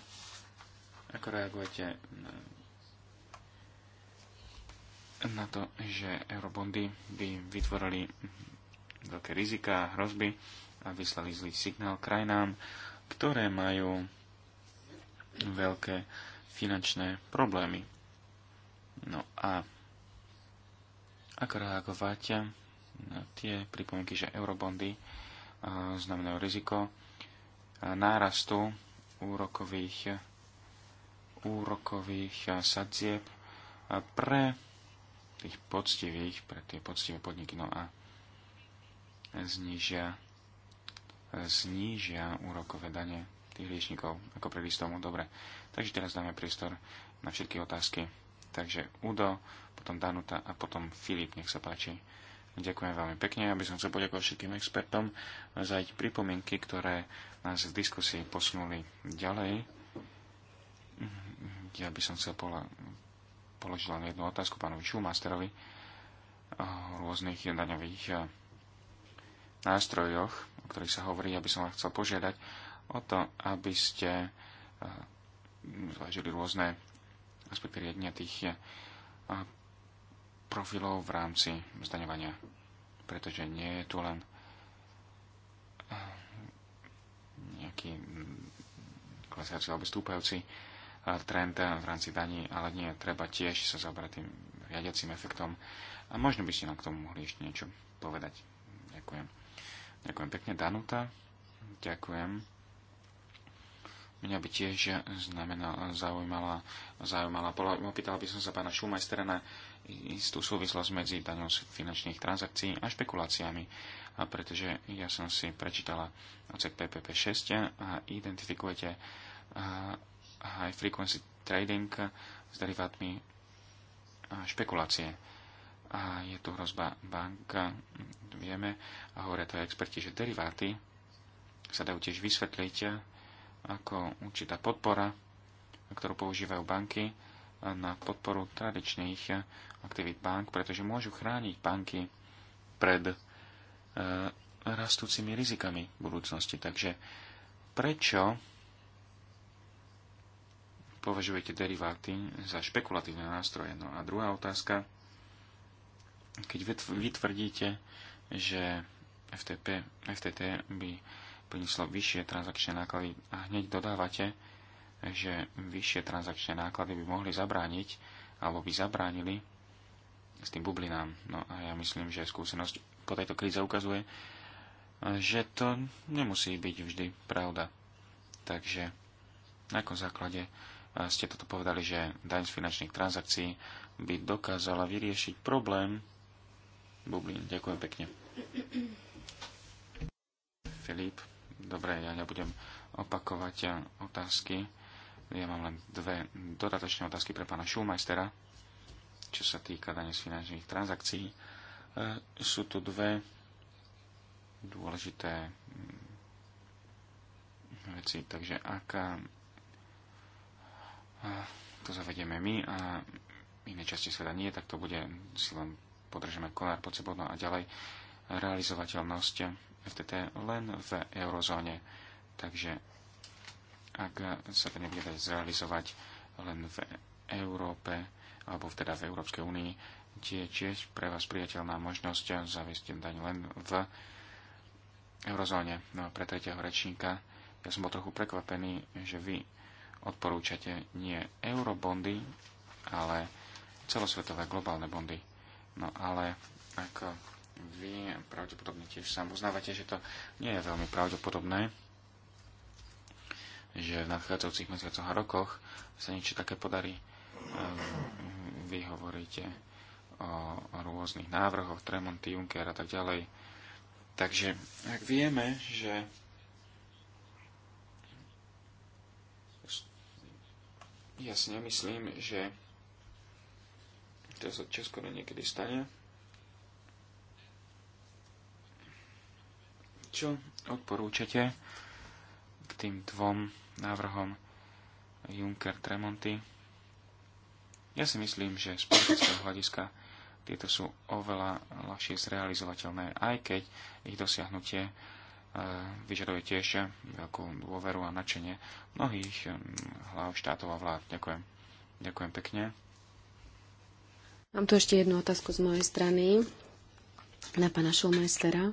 ako reagujete na na to, že eurobondy by vytvorili veľké rizika a hrozby a vyslali zlý signál krajinám, ktoré majú veľké finančné problémy. No a ako reagovať na tie pripomienky, že eurobondy znamenajú riziko nárastu úrokových, úrokových sadzieb pre tých poctivých, pre tie poctivé podniky, no a znížia, znižia úrokové dane tých riešnikov, ako pre tomu, dobre. Takže teraz dáme priestor na všetky otázky. Takže Udo, potom Danuta a potom Filip, nech sa páči. Ďakujem veľmi pekne, aby som chcel poďakovať všetkým expertom za ich pripomienky, ktoré nás v diskusii posunuli ďalej. Ja by som chcel položil len jednu otázku pánovi Schumasterovi o rôznych daňových eh, nástrojoch, o ktorých sa hovorí. aby som vás chcel požiadať o to, aby ste eh, zvážili rôzne aspekty riadenia tých eh, profilov v rámci zdaňovania, pretože nie je tu len nejaký mm, klesajúci alebo stúpajúci trend eh, v rámci daní, ale nie, treba tiež sa zabrať tým riadiacím efektom. A možno by ste nám k tomu mohli ešte niečo povedať. Ďakujem. Ďakujem pekne, Danuta. Ďakujem. Mňa by tiež znamenala, zaujímala, zaujímala, opýtal by som sa pána Šumajstera na istú súvislosť medzi daňou finančných transakcií a špekuláciami, a pretože ja som si prečítala odsek PPP 6 a identifikujete a High frequency trading s derivátmi špekulácie. A je tu hrozba banka, vieme, a hovoria to aj experti, že deriváty sa dajú tiež vysvetliť ako určitá podpora, ktorú používajú banky na podporu tradičných aktivít bank, pretože môžu chrániť banky pred e, rastúcimi rizikami v budúcnosti. Takže prečo považujete deriváty za špekulatívne nástroje? No a druhá otázka, keď vy tvrdíte, že FTP, FTT by prinieslo vyššie transakčné náklady a hneď dodávate, že vyššie transakčné náklady by mohli zabrániť alebo by zabránili s tým bublinám. No a ja myslím, že skúsenosť po tejto kríze ukazuje, že to nemusí byť vždy pravda. Takže na akom základe ste toto povedali, že daň z finančných transakcií by dokázala vyriešiť problém bublín. Ďakujem pekne. Filip, dobre, ja nebudem opakovať otázky. Ja mám len dve dodatočné otázky pre pána Schulmeistera, čo sa týka dane z finančných transakcií. E, sú tu dve dôležité mm, veci. Takže aká to zavedieme my a iné časti sveta nie, tak to bude si len podržeme konár pod sebou no a ďalej realizovateľnosť FTT len v eurozóne. Takže ak sa to nebude dať zrealizovať len v Európe, alebo teda v Európskej únii, tie tiež pre vás priateľná možnosť zaviesť daň len v eurozóne. No a pre tretieho rečníka, ja som bol trochu prekvapený, že vy odporúčate nie eurobondy, ale celosvetové globálne bondy. No ale ako vy pravdepodobne tiež sám uznávate, že to nie je veľmi pravdepodobné, že v nadchádzajúcich mesiacoch a rokoch sa niečo také podarí. Ehm, vy hovoríte o rôznych návrhoch, Tremonty, Juncker a tak ďalej. Takže ak vieme, že Ja si nemyslím, že to sa čoskoro niekedy stane. Čo odporúčate k tým dvom návrhom Juncker Tremonty? Ja si myslím, že z politického hľadiska tieto sú oveľa ľahšie zrealizovateľné, aj keď ich dosiahnutie vyžaduje tiež veľkú dôveru a nadšenie mnohých hlav štátov a vlád. Ďakujem. Ďakujem pekne. Mám tu ešte jednu otázku z mojej strany na pána Šulmajstera.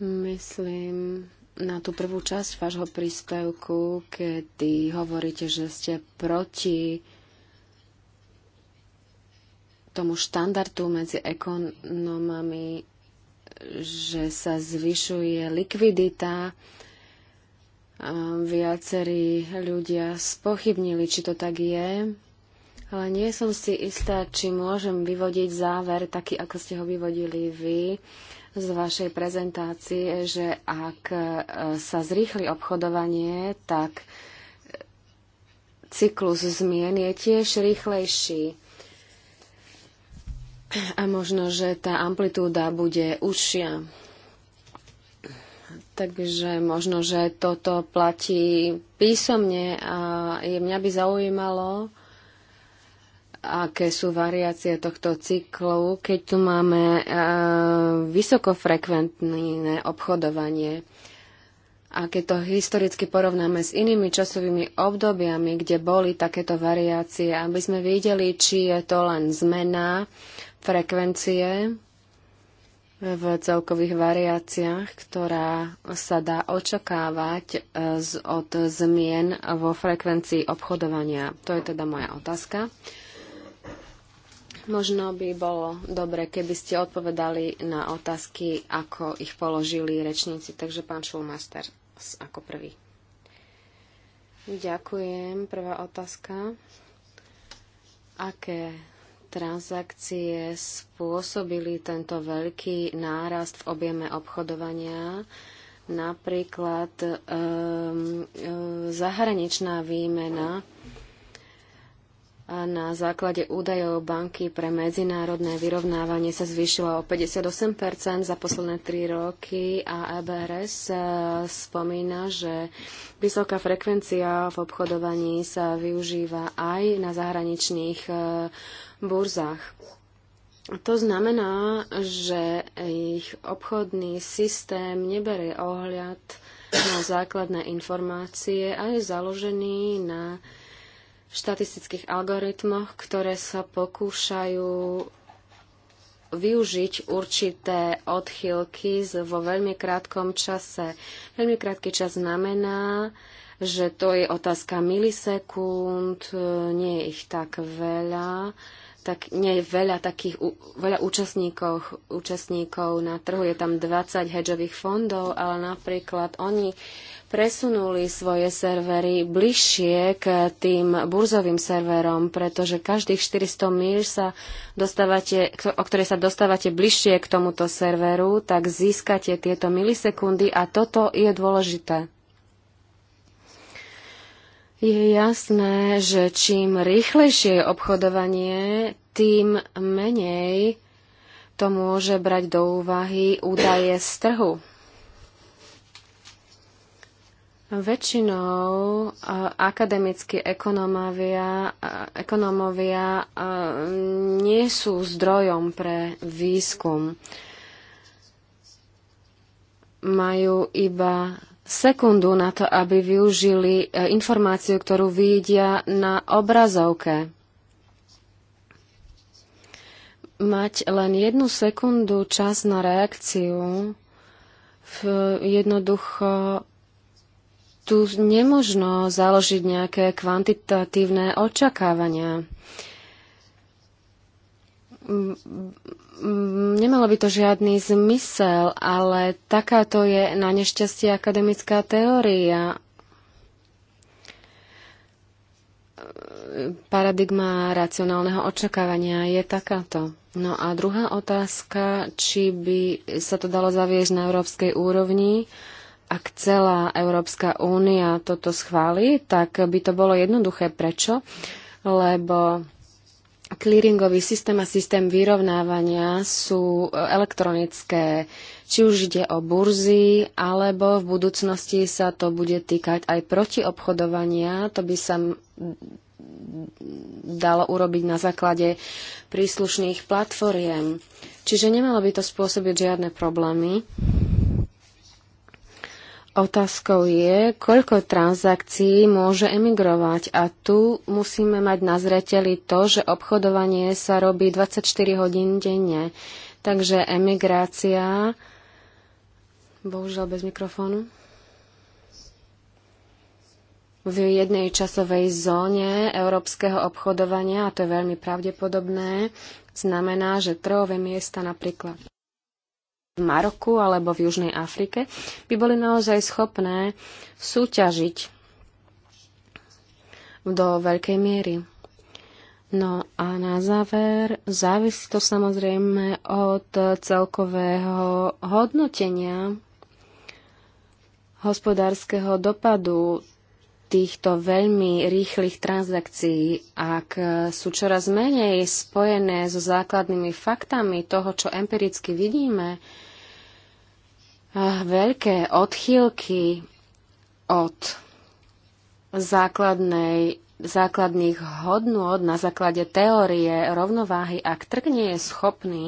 Myslím na tú prvú časť vášho príspevku, kedy hovoríte, že ste proti tomu štandardu medzi ekonomami že sa zvyšuje likvidita. Viacerí ľudia spochybnili, či to tak je, ale nie som si istá, či môžem vyvodiť záver taký, ako ste ho vyvodili vy z vašej prezentácie, že ak e, sa zrýchli obchodovanie, tak e, cyklus zmien je tiež rýchlejší. A možno, že tá amplitúda bude užšia. Takže možno, že toto platí písomne a mňa by zaujímalo, aké sú variácie tohto cyklu, keď tu máme e, vysokofrekventné obchodovanie. A keď to historicky porovnáme s inými časovými obdobiami, kde boli takéto variácie, aby sme videli, či je to len zmena frekvencie v celkových variáciách, ktorá sa dá očakávať e, od zmien vo frekvencii obchodovania. To je teda moja otázka. Možno by bolo dobre, keby ste odpovedali na otázky, ako ich položili rečníci. Takže pán Šulmaster ako prvý. Ďakujem. Prvá otázka. Aké transakcie spôsobili tento veľký nárast v objeme obchodovania. Napríklad um, e, e, zahraničná výmena na základe údajov banky pre medzinárodné vyrovnávanie sa zvýšila o 58 za posledné tri roky a EBRS e, spomína, že vysoká frekvencia v obchodovaní sa využíva aj na zahraničných e, burzách. To znamená, že ich obchodný systém neberie ohľad na základné informácie a je založený na štatistických algoritmoch, ktoré sa pokúšajú využiť určité odchylky vo veľmi krátkom čase. Veľmi krátky čas znamená, že to je otázka milisekúnd, e, nie je ich tak veľa, tak nie je veľa takých, veľa účastníkov, účastníkov na trhu, je tam 20 hedžových fondov, ale napríklad oni presunuli svoje servery bližšie k tým burzovým serverom, pretože každých 400 míl sa dostávate, o ktoré sa dostávate bližšie k tomuto serveru, tak získate tieto milisekundy a toto je dôležité. Je jasné, že čím rýchlejšie je obchodovanie, tým menej to môže brať do úvahy údaje z trhu. Väčšinou e, akademickí ekonomovia, e, ekonomovia e, nie sú zdrojom pre výskum. Majú iba sekundu na to, aby využili informáciu, ktorú vidia na obrazovke. Mať len jednu sekundu čas na reakciu jednoducho tu nemožno založiť nejaké kvantitatívne očakávania. Nemalo by to žiadny zmysel, ale takáto je na nešťastie akademická teória. Paradigma racionálneho očakávania je takáto. No a druhá otázka, či by sa to dalo zaviesť na európskej úrovni. Uh, ak celá Európska únia toto schváli, tak by to bolo jednoduché. Prečo? Lebo clearingový systém a systém vyrovnávania sú elektronické. Či už ide o burzy, alebo v budúcnosti sa to bude týkať aj protiobchodovania. To by sa dalo urobiť na základe príslušných platformiem. Čiže nemalo by to spôsobiť žiadne problémy. Otázkou je, koľko transakcií môže emigrovať a tu musíme mať na zreteli to, že obchodovanie sa robí 24 hodín denne. Takže emigrácia... Bohužiaľ bez mikrofónu. V jednej časovej zóne európskeho obchodovania, a to je veľmi pravdepodobné, znamená, že trhové miesta napríklad Maroku alebo v Južnej Afrike, by boli naozaj schopné súťažiť do veľkej miery. No a na záver závisí to samozrejme od celkového hodnotenia hospodárskeho dopadu týchto veľmi rýchlych transakcií, ak sú čoraz menej spojené so základnými faktami toho, čo empiricky vidíme, Eh, veľké odchýlky od základnej, základných hodnôt na základe teórie rovnováhy, ak trh nie je schopný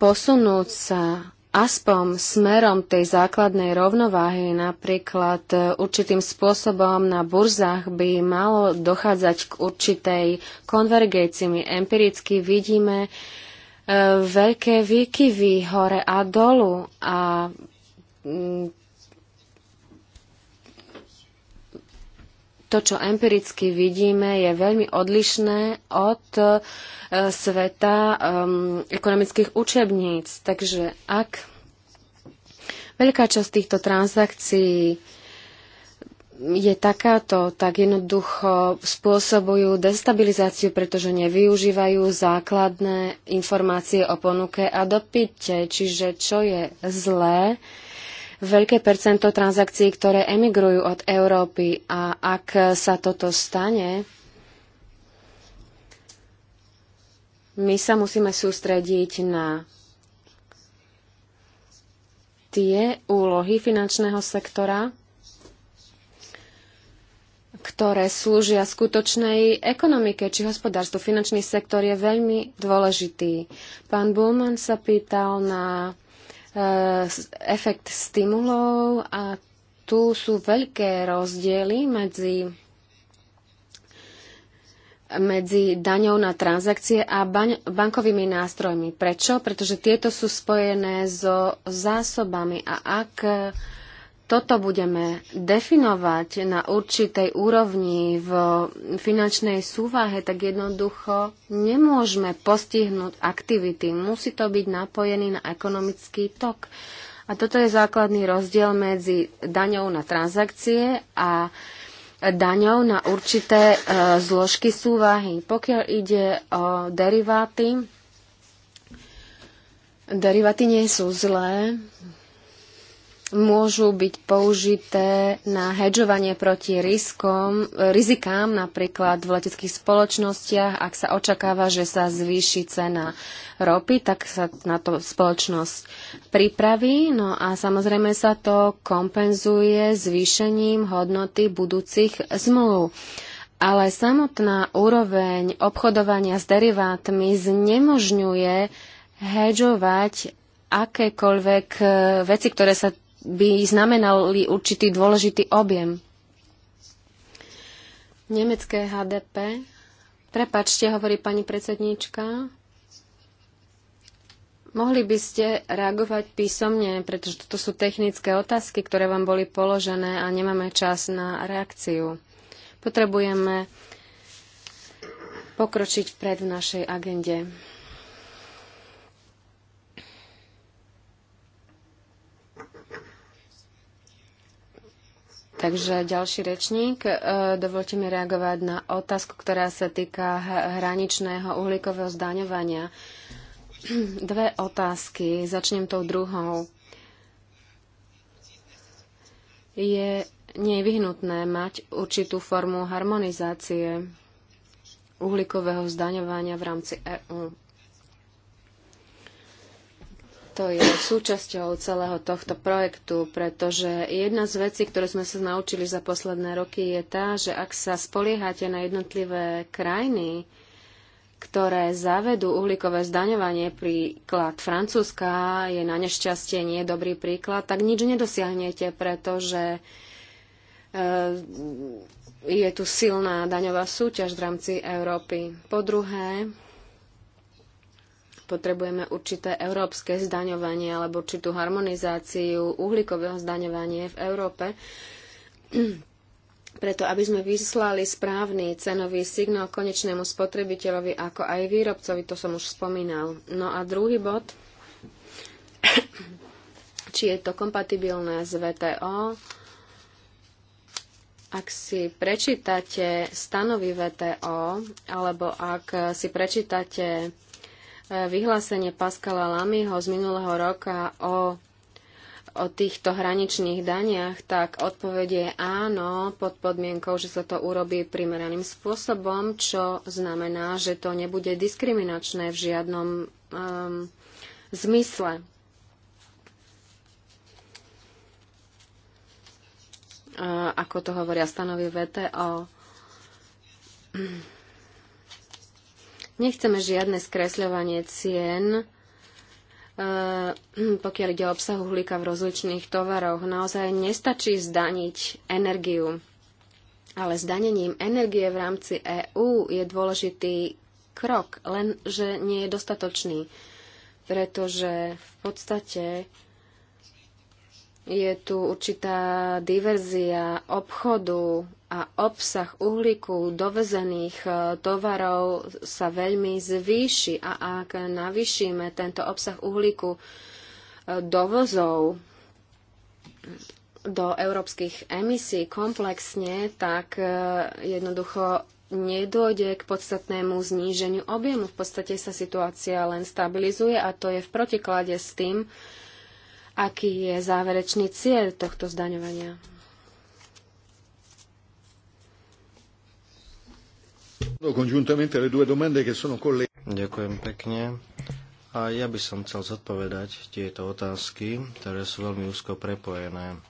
posunúť sa aspoň smerom tej základnej rovnováhy, napríklad eh, určitým spôsobom na burzách by malo dochádzať k určitej konvergencii. My empiricky vidíme, E, veľké výkyvy hore a dolu a mm, to, čo empiricky vidíme, je veľmi odlišné od e, sveta um, ekonomických učebníc. Takže ak veľká časť týchto transakcií je takáto, tak jednoducho spôsobujú destabilizáciu, pretože nevyužívajú základné informácie o ponuke a dopite. Čiže čo je zlé, veľké percento transakcií, ktoré emigrujú od Európy a ak sa toto stane, my sa musíme sústrediť na tie úlohy finančného sektora, ktoré slúžia skutočnej ekonomike či hospodárstvu. Finančný sektor je veľmi dôležitý. Pán Bulman sa pýtal na e, efekt stimulov a tu sú veľké rozdiely medzi medzi daňou na transakcie a baň, bankovými nástrojmi. Prečo? Pretože tieto sú spojené so zásobami a ak toto budeme definovať na určitej úrovni v finančnej súvahe, tak jednoducho nemôžeme postihnúť aktivity. Musí to byť napojený na ekonomický tok. A toto je základný rozdiel medzi daňou na transakcie a daňou na určité e, zložky súvahy. Pokiaľ ide o deriváty, deriváty nie sú zlé, môžu byť použité na hedžovanie proti riskom, rizikám, napríklad v leteckých spoločnostiach. Ak sa očakáva, že sa zvýši cena ropy, tak sa na to spoločnosť pripraví. No a samozrejme sa to kompenzuje zvýšením hodnoty budúcich zmluv. Ale samotná úroveň obchodovania s derivátmi znemožňuje hedžovať akékoľvek eh, veci, ktoré sa by znamenali určitý dôležitý objem. Nemecké HDP. Prepačte, hovorí pani predsedníčka. Mohli by ste reagovať písomne, pretože toto sú technické otázky, ktoré vám boli položené a nemáme čas na reakciu. Potrebujeme pokročiť pred v našej agende. Takže ďalší rečník, e, dovolte mi reagovať na otázku, ktorá sa týka hraničného uhlíkového zdaňovania. Dve otázky, začnem tou druhou. Je nevyhnutné mať určitú formu harmonizácie uhlíkového zdaňovania v rámci EÚ to je súčasťou celého tohto projektu, pretože jedna z vecí, ktoré sme sa naučili za posledné roky, je tá, že ak sa spoliehate na jednotlivé krajiny, ktoré zavedú uhlíkové zdaňovanie, príklad Francúzska je na nešťastie nie dobrý príklad, tak nič nedosiahnete, pretože e, je tu silná daňová súťaž v rámci Európy. Po druhé, potrebujeme určité európske zdaňovanie alebo určitú harmonizáciu uhlíkového zdaňovania v Európe, preto aby sme vyslali správny cenový signál konečnému spotrebiteľovi ako aj výrobcovi, to som už spomínal. No a druhý bod, či je to kompatibilné s VTO, ak si prečítate stanovy VTO, alebo ak si prečítate vyhlásenie Paskala Lamyho z minulého roka o, o týchto hraničných daniach, tak odpovedie áno, pod podmienkou, že sa to urobí primeraným spôsobom, čo znamená, že to nebude diskriminačné v žiadnom um, zmysle. Uh, ako to hovoria stanovy VTO. Nechceme žiadne skresľovanie cien, eh, pokiaľ ide o obsah uhlíka v rozličných tovaroch. Naozaj nestačí zdaniť energiu. Ale zdanením energie v rámci EÚ je dôležitý krok, lenže nie je dostatočný, pretože v podstate je tu určitá diverzia obchodu a obsah uhlíku dovezených e, tovarov sa veľmi zvýši a ak navýšime tento obsah uhlíku e, dovozov do európskych emisí komplexne, tak e, jednoducho nedôjde k podstatnému zníženiu objemu. V podstate sa situácia len stabilizuje a to je v protiklade s tým, aký je záverečný cieľ tohto zdaňovania. Ďakujem pekne. A ja by som chcel zodpovedať tieto otázky, ktoré sú veľmi úzko prepojené.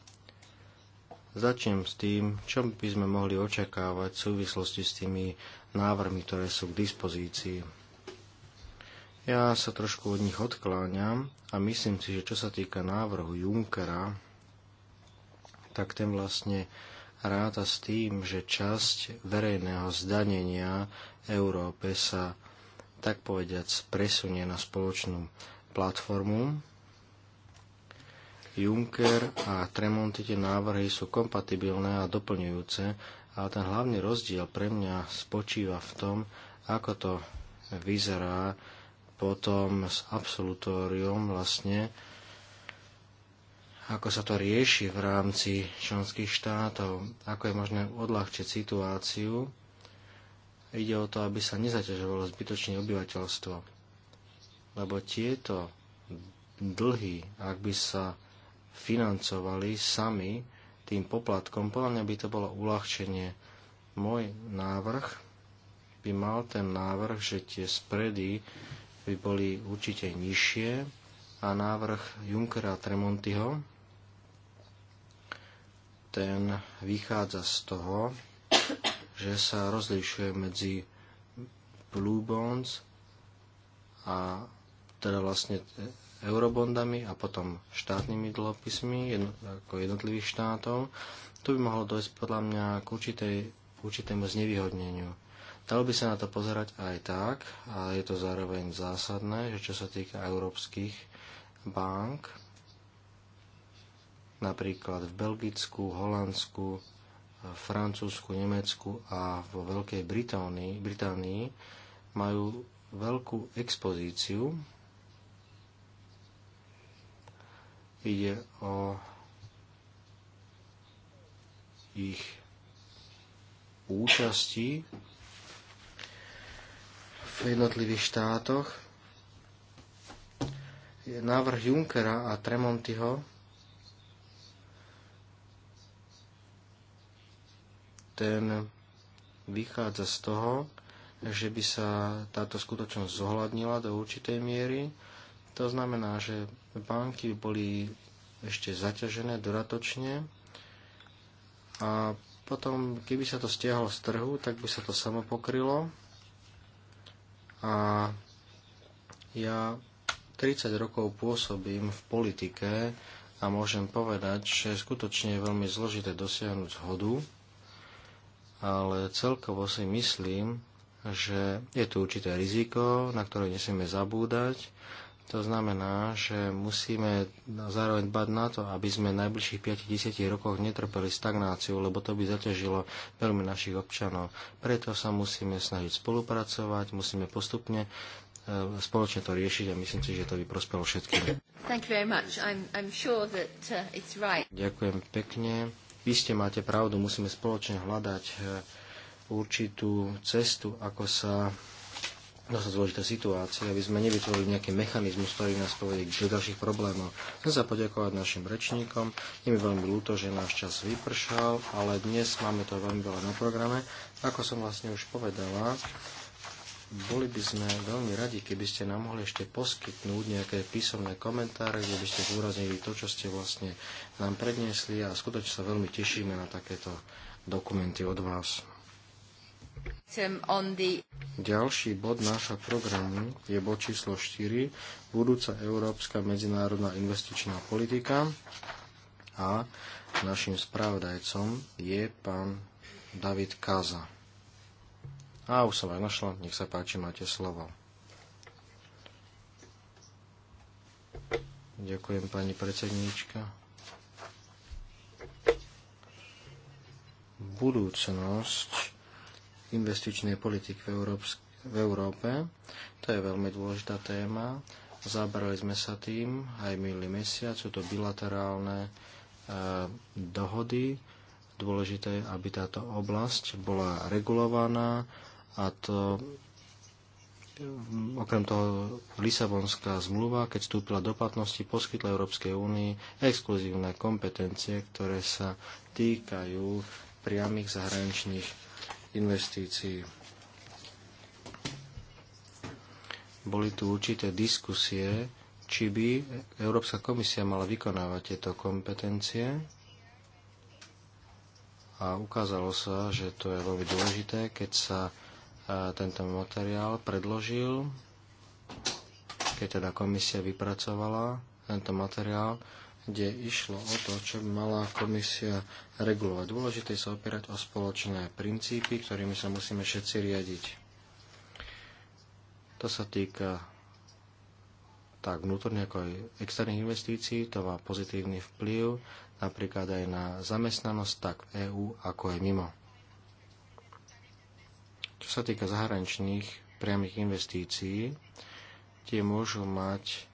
Začnem s tým, čo by sme mohli očakávať v súvislosti s tými návrhmi, ktoré sú k dispozícii. Ja sa trošku od nich odkláňam a myslím si, že čo sa týka návrhu Junkera, tak ten vlastne ráta s tým, že časť verejného zdanenia Európe sa tak povediac presunie na spoločnú platformu. Juncker a Tremonti tie návrhy sú kompatibilné a doplňujúce, ale ten hlavný rozdiel pre mňa spočíva v tom, ako to vyzerá potom s absolutórium vlastne, ako sa to rieši v rámci členských štátov, ako je možné odľahčiť situáciu. Ide o to, aby sa nezaťažovalo zbytočne obyvateľstvo. Lebo tieto dlhy, ak by sa financovali sami tým poplatkom, podľa mňa by to bolo uľahčenie. Môj návrh by mal ten návrh, že tie spredy by boli určite nižšie a návrh Junckera Tremontyho ten vychádza z toho, že sa rozlišuje medzi blue bonds a teda vlastne eurobondami a potom štátnymi dlhopismi jedno, ako jednotlivých štátov. Tu by mohlo dojsť podľa mňa k určitej, určitému znevýhodneniu. Dalo by sa na to pozerať aj tak, ale je to zároveň zásadné, že čo sa týka európskych bank, napríklad v Belgicku, Holandsku, Francúzsku, Nemecku a vo Veľkej Británii, Británii majú veľkú expozíciu. Ide o ich účasti v jednotlivých štátoch. Je návrh Junckera a Tremontyho ten vychádza z toho, že by sa táto skutočnosť zohľadnila do určitej miery. To znamená, že banky boli ešte zaťažené dodatočne a potom, keby sa to stiahlo z trhu, tak by sa to samo pokrylo a ja 30 rokov pôsobím v politike a môžem povedať, že je skutočne je veľmi zložité dosiahnuť zhodu, ale celkovo si myslím, že je tu určité riziko, na ktoré nesieme zabúdať to znamená, že musíme zároveň dbať na to, aby sme v najbližších 5-10 rokoch netrpeli stagnáciu, lebo to by zaťažilo veľmi našich občanov. Preto sa musíme snažiť spolupracovať, musíme postupne e, spoločne to riešiť a myslím si, že to by prospelo všetkým. I'm, I'm sure that, uh, right. Ďakujem pekne. Vy ste máte pravdu, musíme spoločne hľadať e, určitú cestu, ako sa dosť zložitá situácia, aby sme nevytvorili nejaký mechanizmus, ktorý nás povedie k ďalších problémov. Chcem sa poďakovať našim rečníkom. Je mi veľmi ľúto, že náš čas vypršal, ale dnes máme to veľmi veľa na programe. Ako som vlastne už povedala, boli by sme veľmi radi, keby ste nám mohli ešte poskytnúť nejaké písomné komentáre, kde by ste zúraznili to, čo ste vlastne nám predniesli a skutočne sa veľmi tešíme na takéto dokumenty od vás. Ďalší bod nášho programu je bod číslo 4, budúca európska medzinárodná investičná politika. A našim spravodajcom je pán David Kaza. A už som aj našla, nech sa páči, máte slovo. Ďakujem, pani predsedníčka. Budúcnosť investičnej politiky v, Európsk- v Európe. To je veľmi dôležitá téma. Zabrali sme sa tým aj minulý mesiac. Sú to bilaterálne e, dohody. Dôležité je, aby táto oblasť bola regulovaná a to okrem toho Lisabonská zmluva, keď vstúpila do platnosti, poskytla Európskej únii exkluzívne kompetencie, ktoré sa týkajú priamých zahraničných investícií. Boli tu určité diskusie, či by Európska komisia mala vykonávať tieto kompetencie a ukázalo sa, že to je veľmi dôležité, keď sa e, tento materiál predložil, keď teda komisia vypracovala tento materiál, kde išlo o to, čo by mala komisia regulovať. Dôležité sa opierať o spoločné princípy, ktorými sa musíme všetci riadiť. To sa týka tak vnútorných ako aj externých investícií, to má pozitívny vplyv napríklad aj na zamestnanosť tak v EÚ ako aj mimo. Čo sa týka zahraničných priamých investícií, tie môžu mať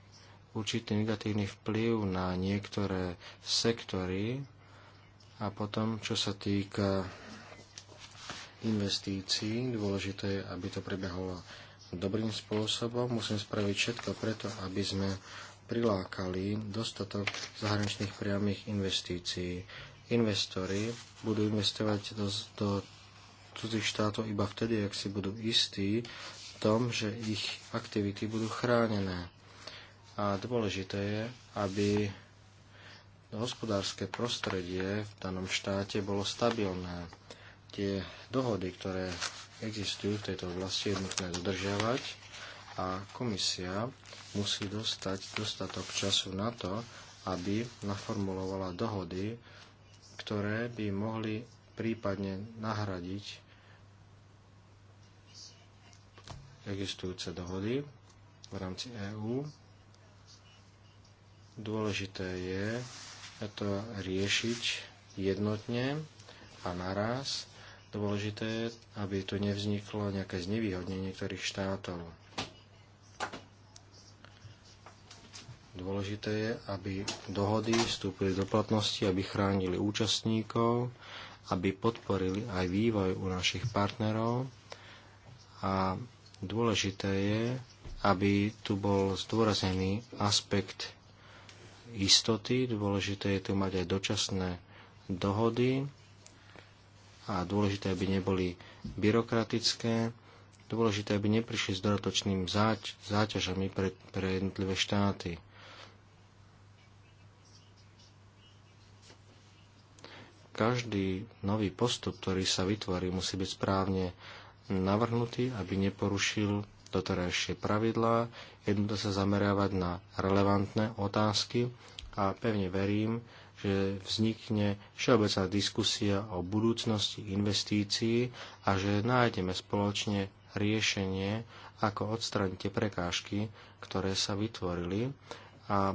určitý negatívny vplyv na niektoré sektory a potom, čo sa týka investícií, dôležité je, aby to prebehlo dobrým spôsobom. Musím spraviť všetko preto, aby sme prilákali dostatok zahraničných priamých investícií. Investori budú investovať do, do cudzích štátov iba vtedy, ak si budú istí v tom, že ich aktivity budú chránené. A dôležité je, aby hospodárske prostredie v danom štáte bolo stabilné. Tie dohody, ktoré existujú v tejto oblasti, je nutné dodržiavať a komisia musí dostať dostatok času na to, aby naformulovala dohody, ktoré by mohli prípadne nahradiť existujúce dohody v rámci EÚ Dôležité je to riešiť jednotne a naraz. Dôležité je, aby tu nevzniklo nejaké znevýhodnenie niektorých štátov. Dôležité je, aby dohody vstúpili do platnosti, aby chránili účastníkov, aby podporili aj vývoj u našich partnerov a dôležité je, aby tu bol zdôraznený aspekt istoty, dôležité je tu mať aj dočasné dohody a dôležité, aby neboli byrokratické, dôležité, aby neprišli s dodatočným záť, záťažami pre, pre jednotlivé štáty. Každý nový postup, ktorý sa vytvorí, musí byť správne navrhnutý, aby neporušil doterajšie pravidlá, jednoducho sa zamerávať na relevantné otázky a pevne verím, že vznikne všeobecná diskusia o budúcnosti investícií a že nájdeme spoločne riešenie, ako odstraniť tie prekážky, ktoré sa vytvorili a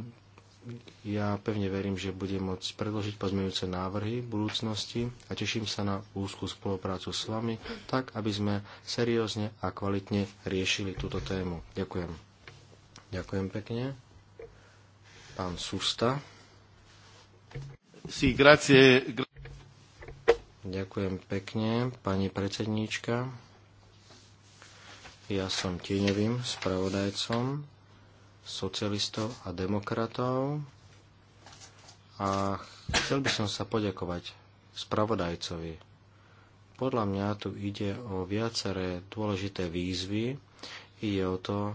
ja pevne verím, že budem môcť predložiť pozmeňujúce návrhy v budúcnosti a teším sa na úzkú spoluprácu s vami, tak aby sme seriózne a kvalitne riešili túto tému. Ďakujem. Ďakujem pekne. Pán Susta. Sí, grazie. Ďakujem pekne, pani predsedníčka. Ja som tieňovým spravodajcom socialistov a demokratov a chcel by som sa poďakovať spravodajcovi. Podľa mňa tu ide o viaceré dôležité výzvy. Ide o to,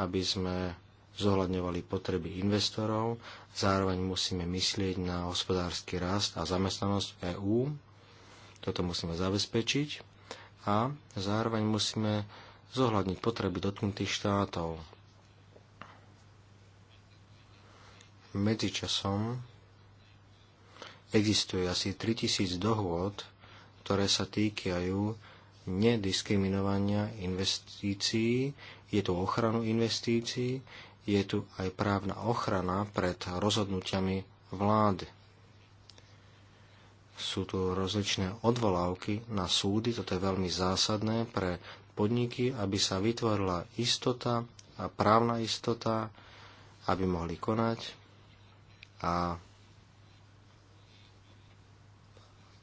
aby sme zohľadňovali potreby investorov, zároveň musíme myslieť na hospodársky rast a zamestnanosť EÚ, toto musíme zabezpečiť a zároveň musíme zohľadniť potreby dotknutých štátov Medzičasom existuje asi 3000 dohôd, ktoré sa týkajú nediskriminovania investícií, je tu ochranu investícií, je tu aj právna ochrana pred rozhodnutiami vlády. Sú tu rozličné odvolávky na súdy, toto je veľmi zásadné pre podniky, aby sa vytvorila istota a právna istota, aby mohli konať a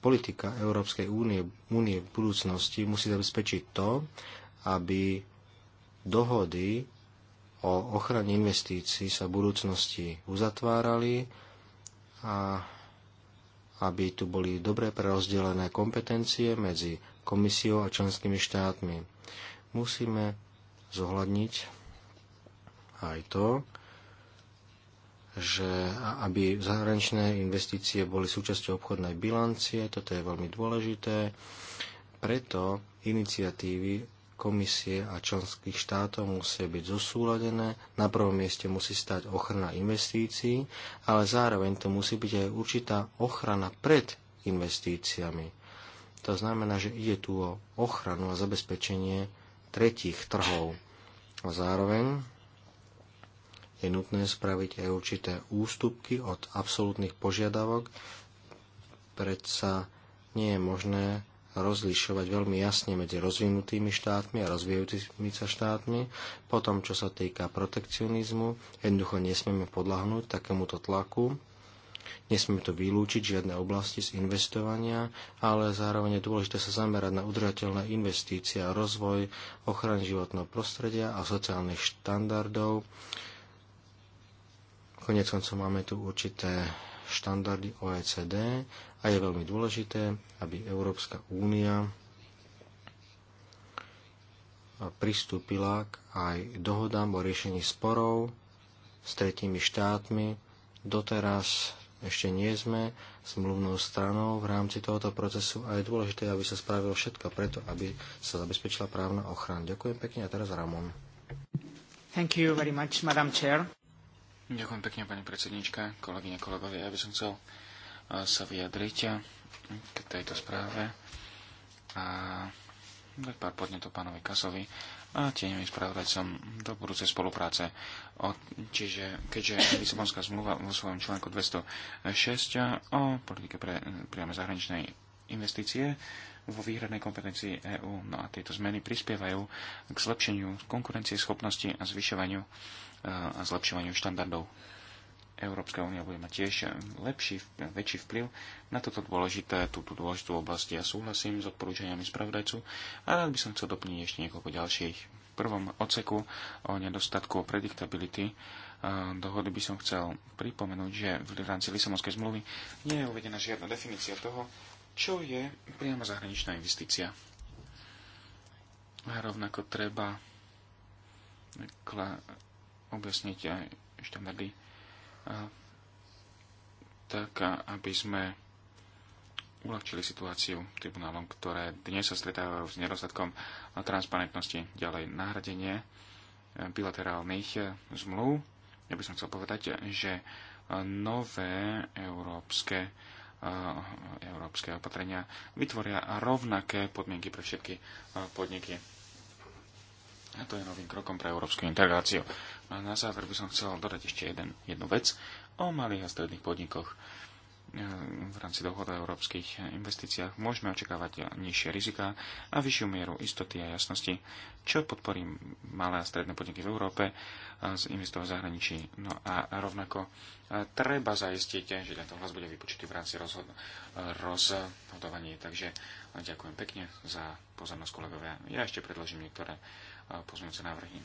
politika Európskej únie, únie v budúcnosti musí zabezpečiť to, aby dohody o ochrane investícií sa v budúcnosti uzatvárali a aby tu boli dobre prerozdelené kompetencie medzi komisiou a členskými štátmi. Musíme zohľadniť aj to, že aby zahraničné investície boli súčasťou obchodnej bilancie, toto je veľmi dôležité. Preto iniciatívy komisie a členských štátov musia byť zosúladené. Na prvom mieste musí stať ochrana investícií, ale zároveň to musí byť aj určitá ochrana pred investíciami. To znamená, že ide tu o ochranu a zabezpečenie tretích trhov. A zároveň je nutné spraviť aj určité ústupky od absolútnych požiadavok. Predsa nie je možné rozlišovať veľmi jasne medzi rozvinutými štátmi a rozvíjajúcimi sa štátmi. Potom, čo sa týka protekcionizmu, jednoducho nesmieme podľahnúť takémuto tlaku. Nesmieme to vylúčiť žiadne oblasti z investovania, ale zároveň je dôležité sa zamerať na udržateľné investície a rozvoj ochrany životného prostredia a sociálnych štandardov Konec koncov máme tu určité štandardy OECD a je veľmi dôležité, aby Európska únia pristúpila k aj dohodám o riešení sporov s tretími štátmi. Doteraz ešte nie sme mluvnou stranou v rámci tohoto procesu a je dôležité, aby sa spravilo všetko preto, aby sa zabezpečila právna ochrana. Ďakujem pekne a teraz Ramon. Thank you very much, Madam Chair. Ďakujem pekne, pani predsednička, kolegyne, kolegovia. Ja by som chcel sa vyjadriť k tejto správe a dať pár podnetov pánovi Kasovi a tieňovým spravodajcom do budúcej spolupráce. O, čiže keďže Lisabonská zmluva vo svojom článku 206 o politike pre priame zahraničnej investície vo výhradnej kompetencii EÚ. No a tieto zmeny prispievajú k zlepšeniu konkurencie schopnosti a zvyšovaniu a zlepšovaniu štandardov. Európska únia bude mať tiež lepší, väčší vplyv na toto dôležité, túto dôležitú oblasť. Ja súhlasím s odporúčaniami spravodajcu a rád by som chcel doplniť ešte niekoľko ďalších. V prvom odseku o nedostatku prediktability dohody by som chcel pripomenúť, že v rámci Lisabonskej zmluvy nie je uvedená žiadna definícia toho, čo je priama zahraničná investícia. A rovnako treba objasniť aj štandardy tak, aby sme uľahčili situáciu tribunálom, ktoré dnes sa stretávajú s nedostatkom transparentnosti. Ďalej nahradenie e, bilaterálnych e, zmluv. Ja by som chcel povedať, že nové európske, e, európske opatrenia vytvoria rovnaké podmienky pre všetky podniky. A to je novým krokom pre európsku integráciu. A na záver by som chcel dodať ešte jeden, jednu vec o malých a stredných podnikoch. E, v rámci dohoda o európskych investíciách môžeme očakávať nižšie rizika a vyššiu mieru istoty a jasnosti, čo podporí malé a stredné podniky v Európe z investov v zahraničí. No a rovnako e, treba zaistiť, že tento hlas bude vypočutý v rámci rozhod- rozhodovaní. Takže ďakujem pekne za pozornosť kolegovia. Ja ešte predložím niektoré e, pozmeňujúce návrhy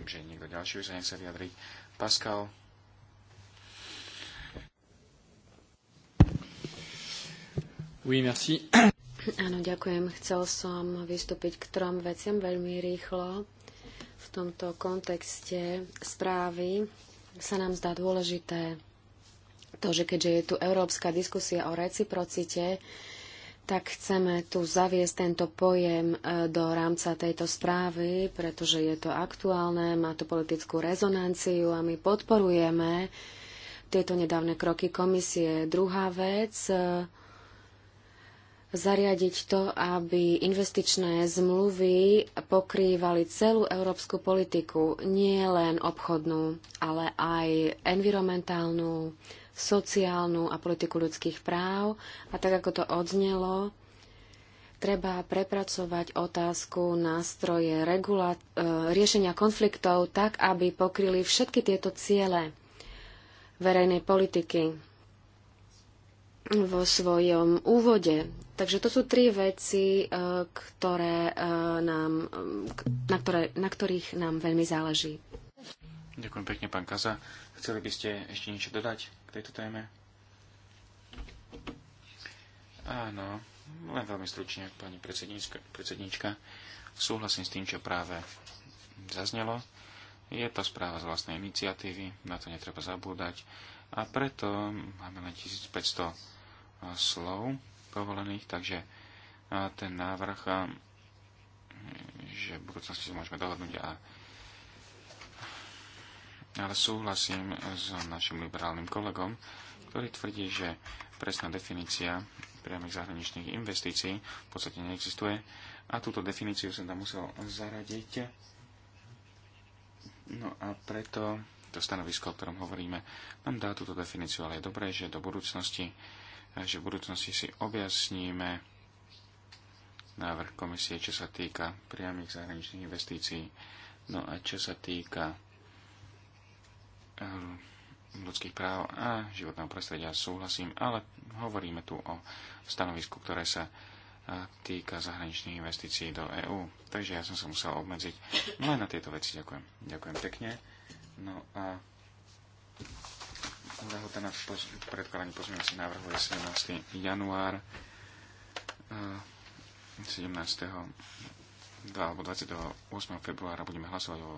Vidím, že niekto ďalší už sa nechce vyjadriť. Pascal. Oui, merci. Áno, ďakujem. Chcel som vystúpiť k trom veciam veľmi rýchlo. V tomto kontexte správy sa nám zdá dôležité to, že keďže je tu európska diskusia o reciprocite, tak chceme tu zaviesť tento pojem e, do rámca tejto správy, pretože je to aktuálne, má to politickú rezonanciu a my podporujeme tieto nedávne kroky komisie. Druhá vec, e, zariadiť to, aby investičné zmluvy pokrývali celú európsku politiku, nie len obchodnú, ale aj environmentálnu, sociálnu a politiku ľudských práv. A tak, ako to odznelo, treba prepracovať otázku nástroje regula- e, riešenia konfliktov tak, aby pokryli všetky tieto ciele verejnej politiky vo svojom úvode. Takže to sú tri veci, e, ktoré e, nám, na, ktoré, na ktorých nám veľmi záleží. Ďakujem pekne, pán Kaza. Chceli by ste ešte niečo dodať k tejto téme? Áno, len veľmi stručne, pani predsednička, Súhlasím s tým, čo práve zaznelo. Je to správa z vlastnej iniciatívy, na to netreba zabúdať. A preto máme len 1500 eh, slov povolených, takže eh, ten návrh, eh, že v budúcnosti sa môžeme dohodnúť a ale súhlasím s našim liberálnym kolegom, ktorý tvrdí, že presná definícia priamých zahraničných investícií v podstate neexistuje a túto definíciu som tam musel zaradiť. No a preto to stanovisko, o ktorom hovoríme, nám dá túto definíciu, ale je dobré, že do budúcnosti, že v budúcnosti si objasníme návrh komisie, čo sa týka priamých zahraničných investícií. No a čo sa týka Eh, ľudských práv a životného prostredia súhlasím, ale hovoríme tu o stanovisku, ktoré sa eh, týka zahraničných investícií do EÚ. Takže ja som sa musel obmedziť len na tieto veci. Ďakujem. Ďakujem pekne. No a lehota na poz- predkladaní pozmeňovacích návrhu je 17. január 17. Eh, 2 alebo 28. februára budeme hlasovať o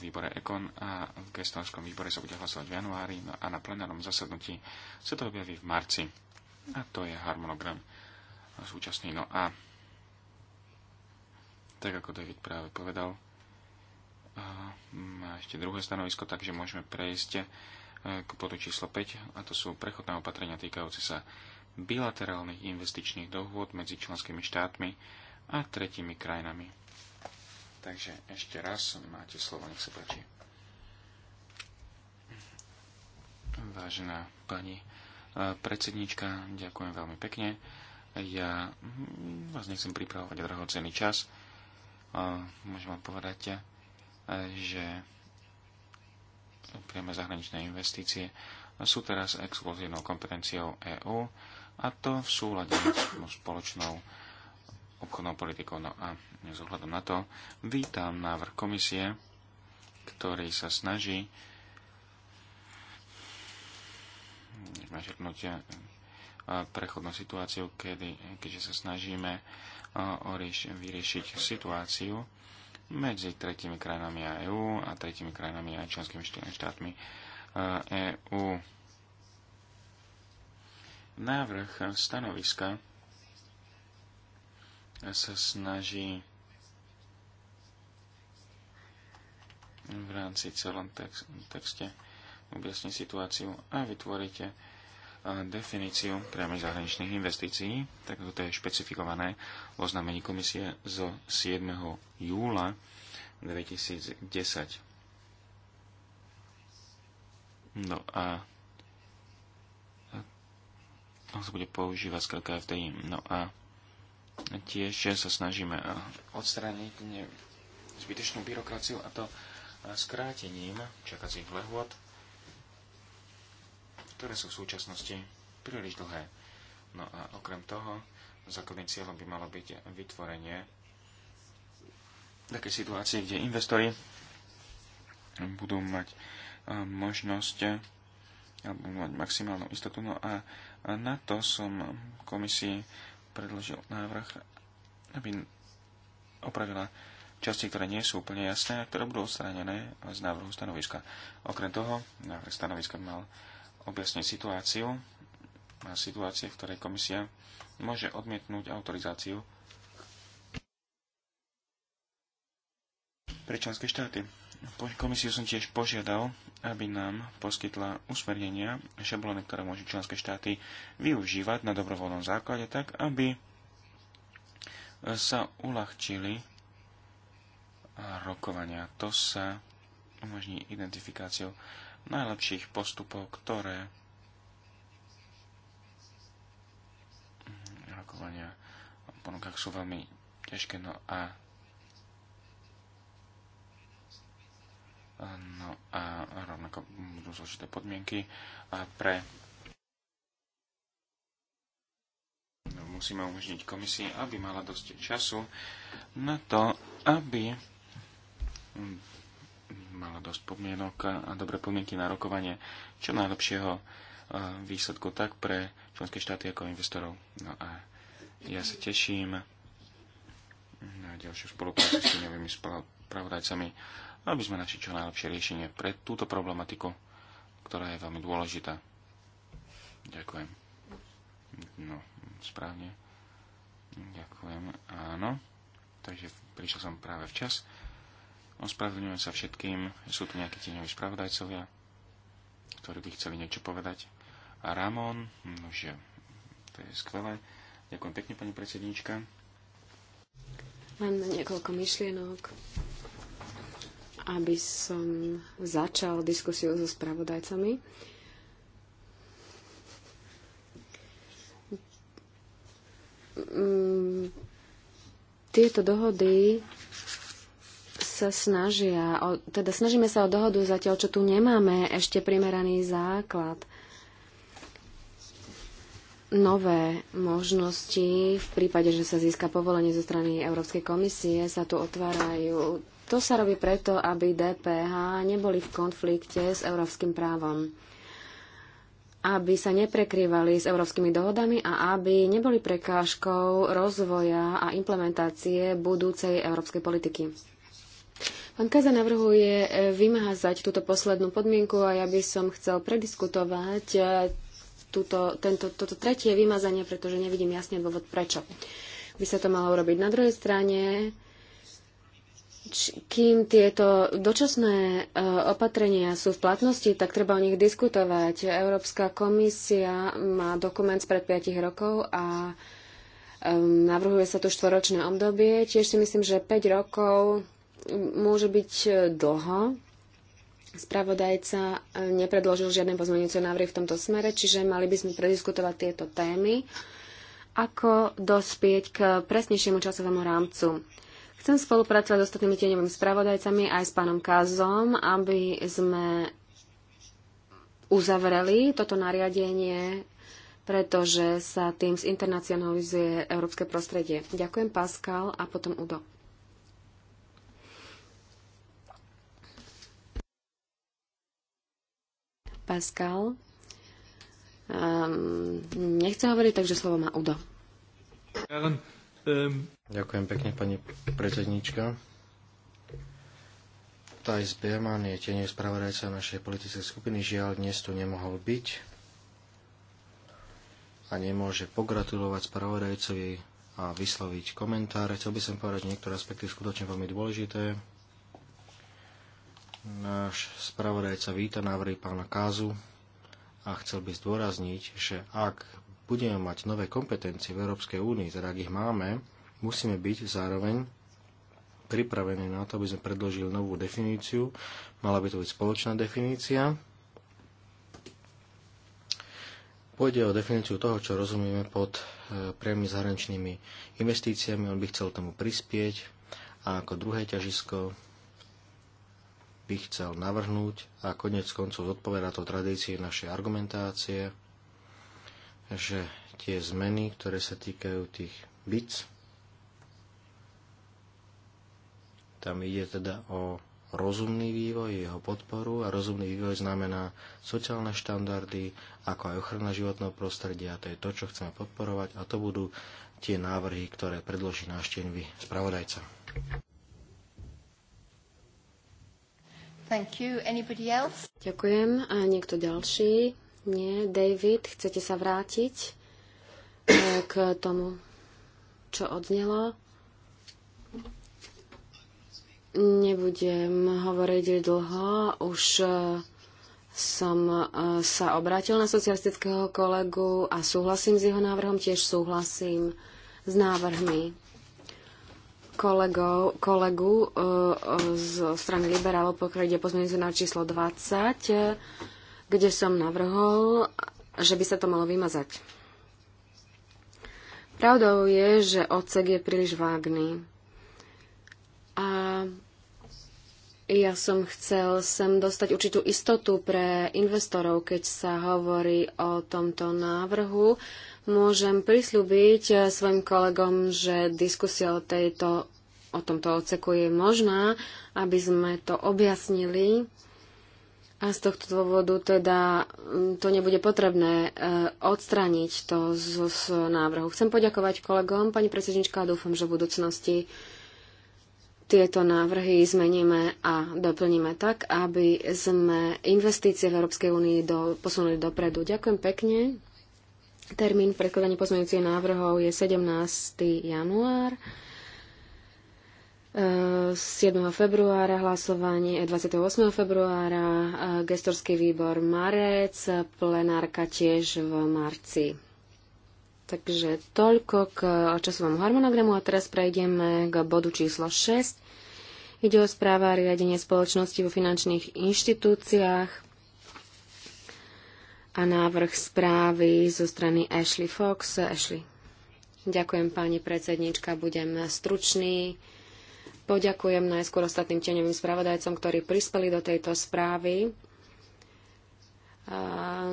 výbore EKON a v gestorskom výbore sa bude hlasovať v januári no a na plenárnom zasadnutí sa to objaví v marci. A to je harmonogram súčasný. No a tak ako David práve povedal, má ešte druhé stanovisko, takže môžeme prejsť e, k podu číslo 5 a to sú prechodné opatrenia týkajúce sa bilaterálnych investičných dohôd medzi členskými štátmi a tretími krajinami. Takže ešte raz máte slovo, nech sa páči. Vážená pani e, predsedníčka, ďakujem veľmi pekne. Ja hm, vás nechcem pripravovať drahocený čas. E, môžem vám povedať, e, že priame zahraničné investície sú teraz exkluzívnou kompetenciou EÚ a to v súlade s spoločnou obchodnou politikou. No a z ohľadom na to vítam návrh komisie, ktorý sa snaží eh, prechodnú situáciu, kedy, keďže sa snažíme eh, o rieš, vyriešiť situáciu medzi tretimi krajinami a EÚ a tretimi krajinami a členskými štátmi EÚ. Eh, e návrh stanoviska sa snaží v rámci celom texte objasniť situáciu a vytvoríte eh, definíciu priamých zahraničných investícií, tak toto je špecifikované v oznámení komisie zo 7. júla 2010. No a on sa bude používať skrátka FDI. No a Tiež sa snažíme eh, odstrániť zbytečnú byrokraciu a to eh, skrátením čakacích lehôd, ktoré sú v súčasnosti príliš dlhé. No a okrem toho, základným cieľom by malo byť vytvorenie také situácie, kde investori budú mať eh, možnosť alebo mať maximálnu istotu. No a na to som komisii predložil návrh, aby opravila časti, ktoré nie sú úplne jasné a ktoré budú odstránené z návrhu stanoviska. Okrem toho, návrh stanoviska mal objasniť situáciu a situácie, v ktorej komisia môže odmietnúť autorizáciu pre členské štáty. Komisiu som tiež požiadal, aby nám poskytla usmernenia šablóny, ktoré môžu členské štáty využívať na dobrovoľnom základe, tak aby sa uľahčili rokovania. To sa umožní identifikáciou najlepších postupov, ktoré rokovania o ponukách sú veľmi ťažké. No a No a rovnako budú zložité podmienky pre musíme umožniť komisii, aby mala dosť času na to, aby mala dosť podmienok a dobré podmienky na rokovanie čo najlepšieho e, výsledku tak pre členské štáty ako investorov. No a ja sa teším na ďalšiu spoluprácu s tými spravodajcami aby sme našli čo najlepšie riešenie pre túto problematiku, ktorá je veľmi dôležitá. Ďakujem. No, správne. Ďakujem. Áno. Takže prišiel som práve včas. Ospravedlňujem sa všetkým. Sú tu nejakí tieňoví spravodajcovia, ktorí by chceli niečo povedať. A Ramon, nože, to je skvelé. Ďakujem pekne, pani predsednička. Mám na niekoľko myšlienok aby som začal diskusiu so spravodajcami. Mm, tieto dohody sa snažia, o, teda snažíme sa o dohodu zatiaľ, čo tu nemáme ešte primeraný základ. Nové možnosti v prípade, že sa získa povolenie zo strany Európskej komisie, sa tu otvárajú to sa robí preto, aby DPH neboli v konflikte s európskym právom aby sa neprekrývali s európskymi dohodami a aby neboli prekážkou rozvoja a implementácie budúcej európskej politiky. Pán Kaza navrhuje vymázať túto poslednú podmienku a ja by som chcel prediskutovať e, túto, tento, toto tretie vymazanie, pretože nevidím jasne dôvod prečo. By sa to malo urobiť na druhej strane kým tieto dočasné e, opatrenia sú v platnosti, tak treba o nich diskutovať. Európska komisia má dokument spred 5 rokov a e, navrhuje sa tu štvoročné obdobie. Tiež si myslím, že 5 rokov môže byť e, dlho. Spravodajca nepredložil žiadne pozmeňujúce návrhy v tomto smere, čiže mali by sme prediskutovať tieto témy, ako dospieť k presnejšiemu časovému rámcu. Chcem spolupracovať s ostatnými tieňovými spravodajcami aj s pánom Kazom, aby sme uzavreli toto nariadenie, pretože sa tým zinternacionalizuje európske prostredie. Ďakujem, Pascal, a potom Udo. Pascal. Um, nechce hovoriť, takže slovo má Udo. Um... Ďakujem pekne, pani predsednička. Tajs Berman je tieňou spravodajca našej politickej skupiny. Žiaľ, dnes tu nemohol byť a nemôže pogratulovať spravodajcovi a vysloviť komentáre. Chcel by som povedať, že niektoré aspekty sú skutočne veľmi dôležité. Náš spravodajca víta návrhy pána Kázu a chcel by zdôrazniť, že ak budeme mať nové kompetencie v Európskej únii, teda ak ich máme, musíme byť zároveň pripravení na to, aby sme predložili novú definíciu. Mala by to byť spoločná definícia. Pôjde o definíciu toho, čo rozumieme pod e, priamými zahraničnými investíciami. On by chcel tomu prispieť a ako druhé ťažisko by chcel navrhnúť a konec koncov zodpovedá to tradícii našej argumentácie, že tie zmeny, ktoré sa týkajú tých bic, tam ide teda o rozumný vývoj, jeho podporu a rozumný vývoj znamená sociálne štandardy, ako aj ochrana životného prostredia, to je to, čo chceme podporovať a to budú tie návrhy, ktoré predloží náš tenvý spravodajca. Thank you. Anybody else? Ďakujem. A niekto ďalší? Nie, David, chcete sa vrátiť eh, k tomu, čo odnelo? Nebudem hovoriť dlho, už eh, som eh, sa obrátil na socialistického kolegu a súhlasím s jeho návrhom, tiež súhlasím s návrhmi kolegov, kolegu zo strany liberálov, pokiaľ ide pozmeňujúce na číslo 20 kde som navrhol, že by sa to malo vymazať. Pravdou je, že odsek je príliš vágný. A ja som chcel sem dostať určitú istotu pre investorov, keď sa hovorí o tomto návrhu. Môžem prislúbiť eh, svojim kolegom, že diskusia o, tejto, o tomto odseku je možná, aby sme to objasnili a z tohto dôvodu teda mm, to nebude potrebné e, odstrániť to z, z návrhu. Chcem poďakovať kolegom, pani predsednička, a dúfam, že v budúcnosti tieto návrhy zmeníme a doplníme tak, aby sme investície v Európskej únii do, posunuli dopredu. Ďakujem pekne. Termín predkladania pozmeňujúcich návrhov je 17. január. 7. februára hlasovanie, 28. februára gestorský výbor Marec, plenárka tiež v marci. Takže toľko k časovému harmonogramu a teraz prejdeme k bodu číslo 6. Ide o správa riadenie spoločnosti vo finančných inštitúciách a návrh správy zo strany Ashley Fox. Ashley. Ďakujem, pani predsednička, budem stručný. Poďakujem najskôr ostatným tieňovým spravodajcom, ktorí prispeli do tejto správy. A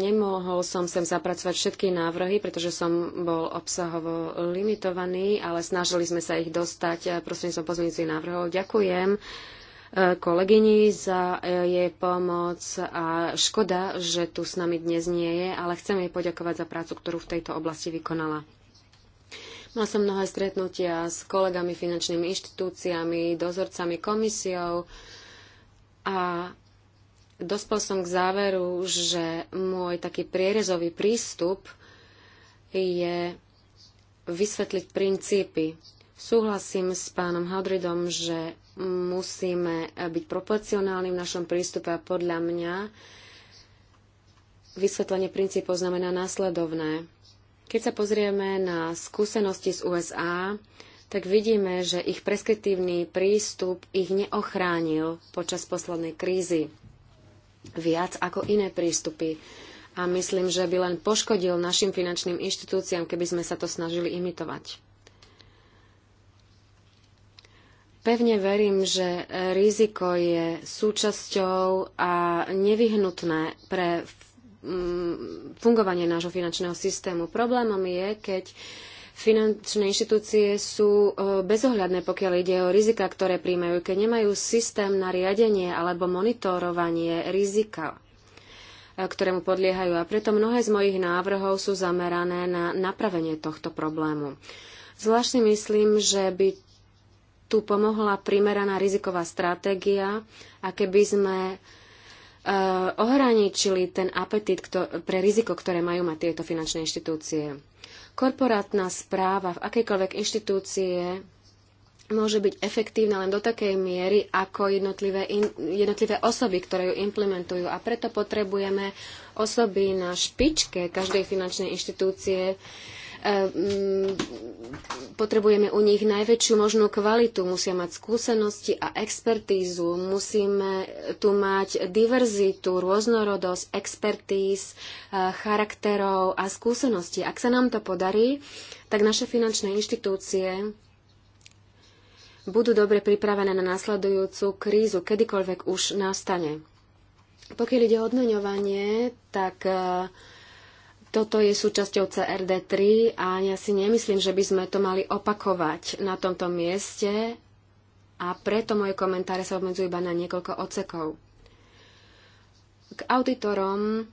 nemohol som sem zapracovať všetky návrhy, pretože som bol obsahovo limitovaný, ale snažili sme sa ich dostať eh, prostredníctvom pozmeňujúcich návrhov. Ďakujem eh, kolegyni za eh, jej pomoc a škoda, že tu s nami dnes nie je, ale chcem jej poďakovať za prácu, ktorú v tejto oblasti vykonala. Mal som mnohé stretnutia s kolegami, finančnými inštitúciami, dozorcami, komisiou a dospel som k záveru, že môj taký prierezový prístup je vysvetliť princípy. Súhlasím s pánom Hadridom, že musíme byť proporcionálni v našom prístupe a podľa mňa vysvetlenie princípov znamená následovné keď sa pozrieme na skúsenosti z USA, tak vidíme, že ich preskriptívny prístup ich neochránil počas poslednej krízy viac ako iné prístupy. A myslím, že by len poškodil našim finančným inštitúciám, keby sme sa to snažili imitovať. Pevne verím, že riziko je súčasťou a nevyhnutné pre Mm, fungovanie nášho finančného systému. Problémom je, keď finančné inštitúcie sú e, bezohľadné, pokiaľ ide o rizika, ktoré príjmajú, keď nemajú systém na riadenie alebo monitorovanie rizika e, ktorému podliehajú a preto mnohé z mojich návrhov sú zamerané na napravenie tohto problému. Zvlášť si myslím, že by tu pomohla primeraná riziková stratégia a keby sme Eh, ohraničili ten apetit pre riziko, ktoré majú mať tieto finančné inštitúcie. Korporátna správa v akejkoľvek inštitúcie môže byť efektívna len do takej miery, ako jednotlivé, in, jednotlivé osoby, ktoré ju implementujú. A preto potrebujeme osoby na špičke každej finančnej inštitúcie, uh, Ehm, potrebujeme u nich najväčšiu možnú kvalitu, musia mať skúsenosti a expertízu, musíme tu mať diverzitu, rôznorodosť, expertíz, eh, charakterov a skúseností. Ak sa nám to podarí, tak naše finančné inštitúcie budú dobre pripravené na následujúcu krízu, kedykoľvek už nastane. Pokiaľ ide o odmeňovanie, tak uh, toto je súčasťou CRD3 a ja si nemyslím, že by sme to mali opakovať na tomto mieste a preto moje komentáre sa obmedzujú iba na niekoľko odsekov. K auditorom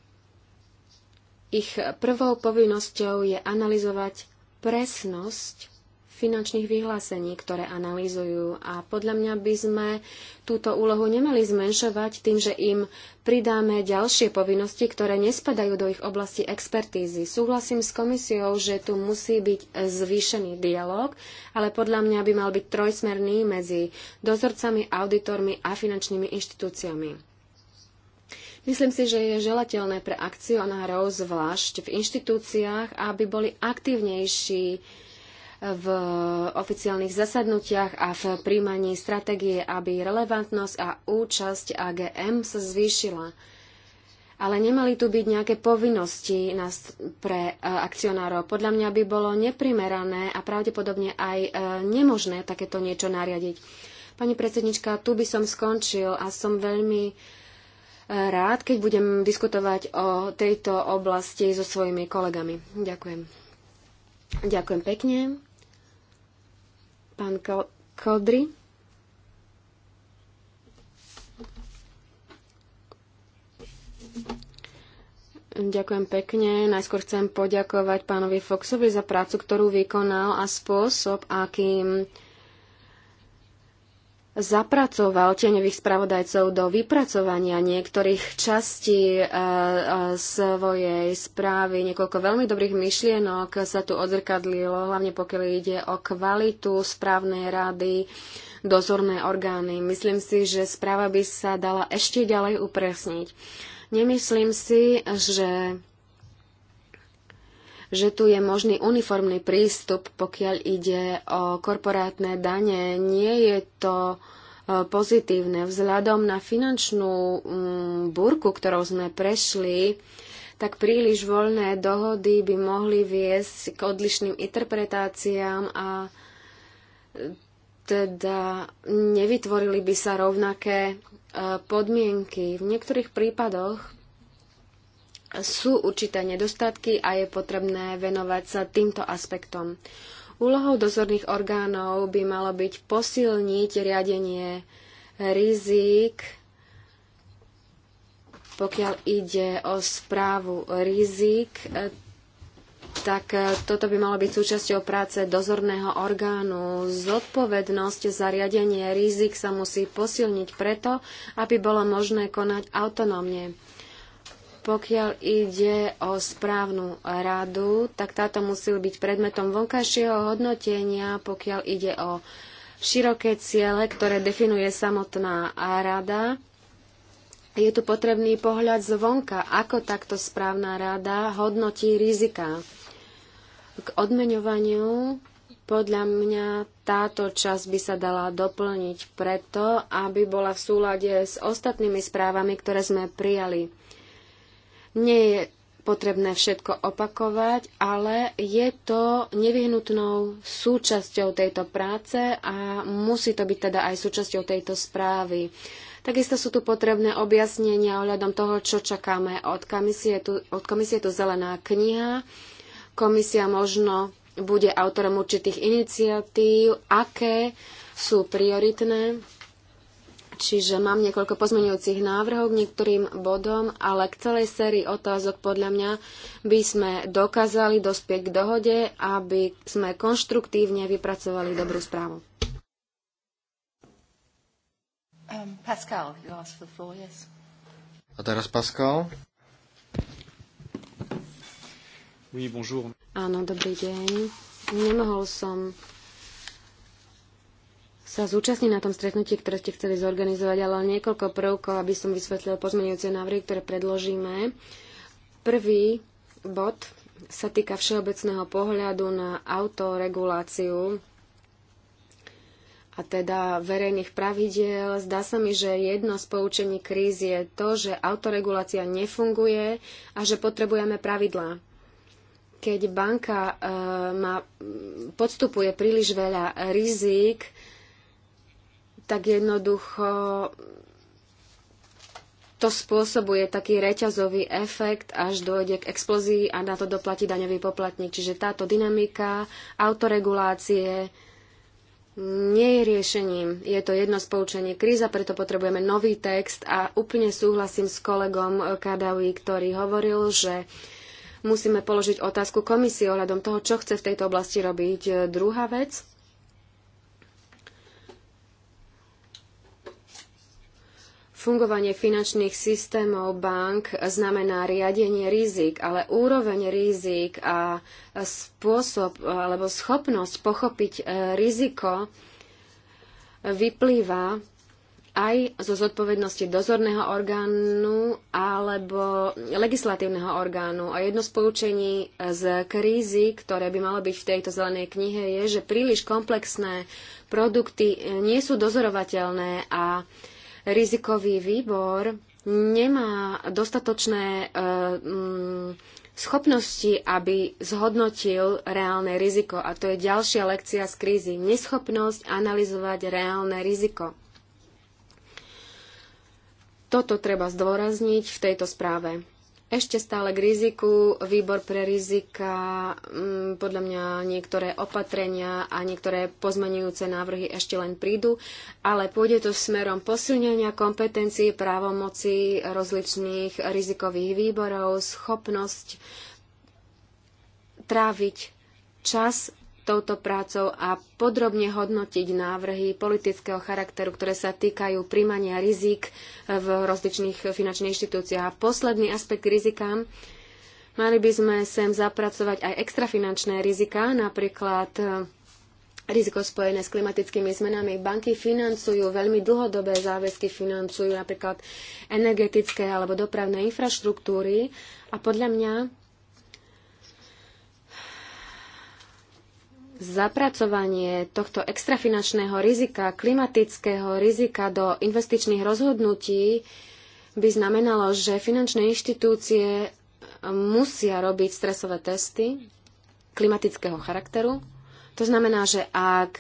ich prvou povinnosťou je analyzovať presnosť finančných vyhlásení, ktoré analýzujú. A podľa mňa by sme túto úlohu nemali zmenšovať tým, že im pridáme ďalšie povinnosti, ktoré nespadajú do ich oblasti expertízy. Súhlasím s komisiou, že tu musí byť zvýšený dialog, ale podľa mňa by mal byť trojsmerný medzi dozorcami, auditormi a finančnými inštitúciami. Myslím si, že je želateľné pre akcionárov, zvlášť v inštitúciách, aby boli aktívnejší v oficiálnych zasadnutiach a v príjmaní stratégie, aby relevantnosť a účasť AGM sa zvýšila. Ale nemali tu byť nejaké povinnosti pre e, akcionárov. Podľa mňa by bolo neprimerané a pravdepodobne aj e, nemožné takéto niečo nariadiť. Pani predsednička, tu by som skončil a som veľmi e, rád, keď budem diskutovať o tejto oblasti so svojimi kolegami. Ďakujem. Ďakujem pekne. Pán Kodry. Ďakujem pekne. Najskôr chcem poďakovať pánovi Foxovi za prácu, ktorú vykonal a spôsob, akým zapracoval tieňových spravodajcov do vypracovania niektorých častí eh, eh, svojej správy. Niekoľko veľmi dobrých myšlienok sa tu odzrkadlilo, hlavne pokiaľ ide o kvalitu správnej rady, dozorné orgány. Myslím si, že správa by sa dala ešte ďalej upresniť. Nemyslím si, že že tu je možný uniformný prístup, pokiaľ ide o korporátne dane. Nie je to e, pozitívne. Vzhľadom na finančnú mm, burku, ktorou sme prešli, tak príliš voľné dohody by mohli viesť k odlišným interpretáciám a e, teda nevytvorili by sa rovnaké e, podmienky. V niektorých prípadoch sú určité nedostatky a je potrebné venovať sa týmto aspektom. Úlohou dozorných orgánov by malo byť posilniť riadenie rizik, pokiaľ ide o správu rizik, tak toto by malo byť súčasťou práce dozorného orgánu. Zodpovednosť za riadenie rizik sa musí posilniť preto, aby bolo možné konať autonómne. Pokiaľ ide o správnu radu, tak táto musí byť predmetom vonkajšieho hodnotenia, pokiaľ ide o široké ciele, ktoré definuje samotná rada. Je tu potrebný pohľad zvonka, ako takto správna rada hodnotí rizika. K odmeňovaniu podľa mňa táto časť by sa dala doplniť preto, aby bola v súlade s ostatnými správami, ktoré sme prijali nie je potrebné všetko opakovať, ale je to nevyhnutnou súčasťou tejto práce a musí to byť teda aj súčasťou tejto správy. Takisto sú tu potrebné objasnenia ohľadom toho, čo čakáme od komisie. Tu, od komisie je tu zelená kniha. Komisia možno bude autorom určitých iniciatív, aké sú prioritné Čiže mám niekoľko pozmeňujúcich návrhov k niektorým bodom, ale k celej sérii otázok podľa mňa by sme dokázali dospieť k dohode, aby sme konštruktívne vypracovali dobrú správu. Um, Pascal, you asked for yes. A teraz Pascal. Oui, bonjour. Áno, dobrý deň. Nemohol som sa zúčastní na tom stretnutí, ktoré ste chceli zorganizovať, ale niekoľko prvkov, aby som vysvetlil pozmeňujúce návrhy, ktoré predložíme. Prvý bod sa týka všeobecného pohľadu na autoreguláciu a teda verejných pravidiel. Zdá sa mi, že jedno z poučení kríz je to, že autoregulácia nefunguje a že potrebujeme pravidlá. Keď banka e, má, podstupuje príliš veľa rizík, tak jednoducho to spôsobuje taký reťazový efekt, až dojde k explozii a na to doplatí daňový poplatník. Čiže táto dynamika autoregulácie nie je riešením. Je to jedno spoučenie kríza, preto potrebujeme nový text a úplne súhlasím s kolegom Kadawi, ktorý hovoril, že musíme položiť otázku komisii ohľadom toho, čo chce v tejto oblasti robiť. Druhá vec, Fungovanie finančných systémov bank znamená riadenie rizik, ale úroveň rizik a spôsob alebo schopnosť pochopiť e, riziko vyplýva aj zo zodpovednosti dozorného orgánu alebo legislatívneho orgánu. A jedno z poučení e, z krízy, ktoré by malo byť v tejto zelenej knihe, je, že príliš komplexné produkty e, nie sú dozorovateľné a rizikový výbor nemá dostatočné e, mm, schopnosti, aby zhodnotil reálne riziko. A to je ďalšia lekcia z krízy. Neschopnosť analyzovať reálne riziko. Toto treba zdôrazniť v tejto správe ešte stále k riziku. Výbor pre rizika, mm, podľa mňa niektoré opatrenia a niektoré pozmenujúce návrhy ešte len prídu, ale pôjde to smerom posilnenia kompetencií, právomoci rozličných rizikových výborov, schopnosť tráviť čas touto prácou a podrobne hodnotiť návrhy politického charakteru, ktoré sa týkajú príjmania rizik eh, v rozličných finančných inštitúciách. A posledný aspekt rizikám, mali by sme sem zapracovať aj extrafinančné rizika, napríklad eh, riziko spojené s klimatickými zmenami. Banky financujú veľmi dlhodobé záväzky, financujú napríklad energetické alebo dopravné infraštruktúry a podľa mňa zapracovanie tohto extrafinančného rizika, klimatického rizika do investičných rozhodnutí by znamenalo, že finančné inštitúcie eh, musia robiť stresové testy klimatického charakteru. To znamená, že ak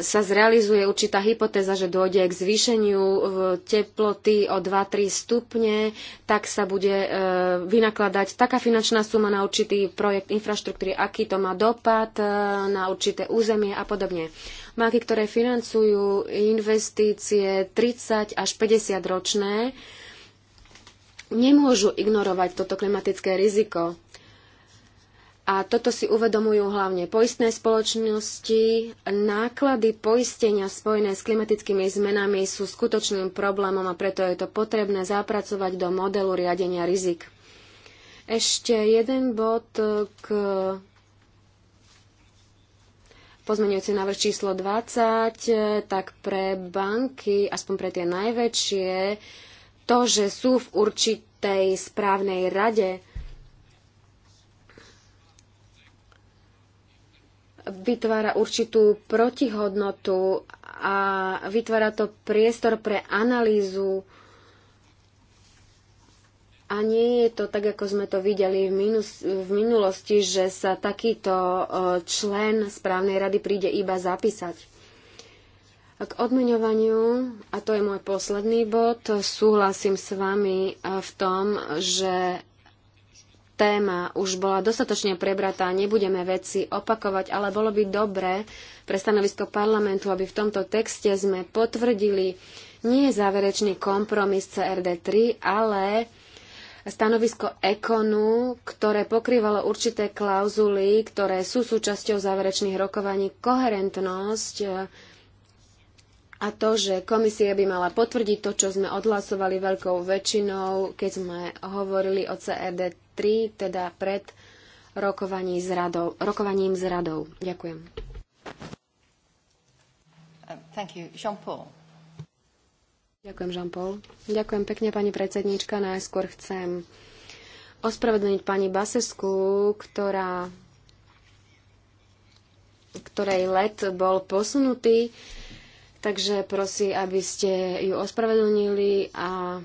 sa zrealizuje určitá hypotéza, že dôjde k zvýšeniu e, teploty o 2-3 stupne, tak sa bude e, vynakladať taká finančná suma na určitý projekt infraštruktúry, aký to má dopad e, na určité územie a podobne. Máky, ktoré financujú investície 30 až 50 ročné, nemôžu ignorovať toto klimatické riziko. A toto si uvedomujú hlavne poistné spoločnosti. Náklady poistenia spojené s klimatickými zmenami sú skutočným problémom a preto je to potrebné zapracovať do modelu riadenia rizik. Ešte jeden bod k pozmeňujúci návrh číslo 20, tak pre banky, aspoň pre tie najväčšie, to, že sú v určitej správnej rade, vytvára určitú protihodnotu a vytvára to priestor pre analýzu. A nie je to tak, ako sme to videli v, minus, v minulosti, že sa takýto e, člen správnej rady príde iba zapísať. K odmeňovaniu, a to je môj posledný bod, súhlasím s vami e, v tom, že téma už bola dostatočne prebratá, nebudeme veci opakovať, ale bolo by dobré pre stanovisko parlamentu, aby v tomto texte sme potvrdili nie záverečný kompromis CRD3, ale stanovisko Ekonu, ktoré pokrývalo určité klauzuly, ktoré sú súčasťou záverečných rokovaní, koherentnosť a to, že komisia by mala potvrdiť to, čo sme odhlasovali veľkou väčšinou, keď sme hovorili o CRD 3, teda pred s radou, rokovaním s radou. Ďakujem. Um, Jean Ďakujem, Jean-Paul. Ďakujem pekne, pani predsednička. Najskôr chcem ospravedlniť pani Basesku, ktorá ktorej let bol posunutý. Takže prosím, aby ste ju ospravedlnili a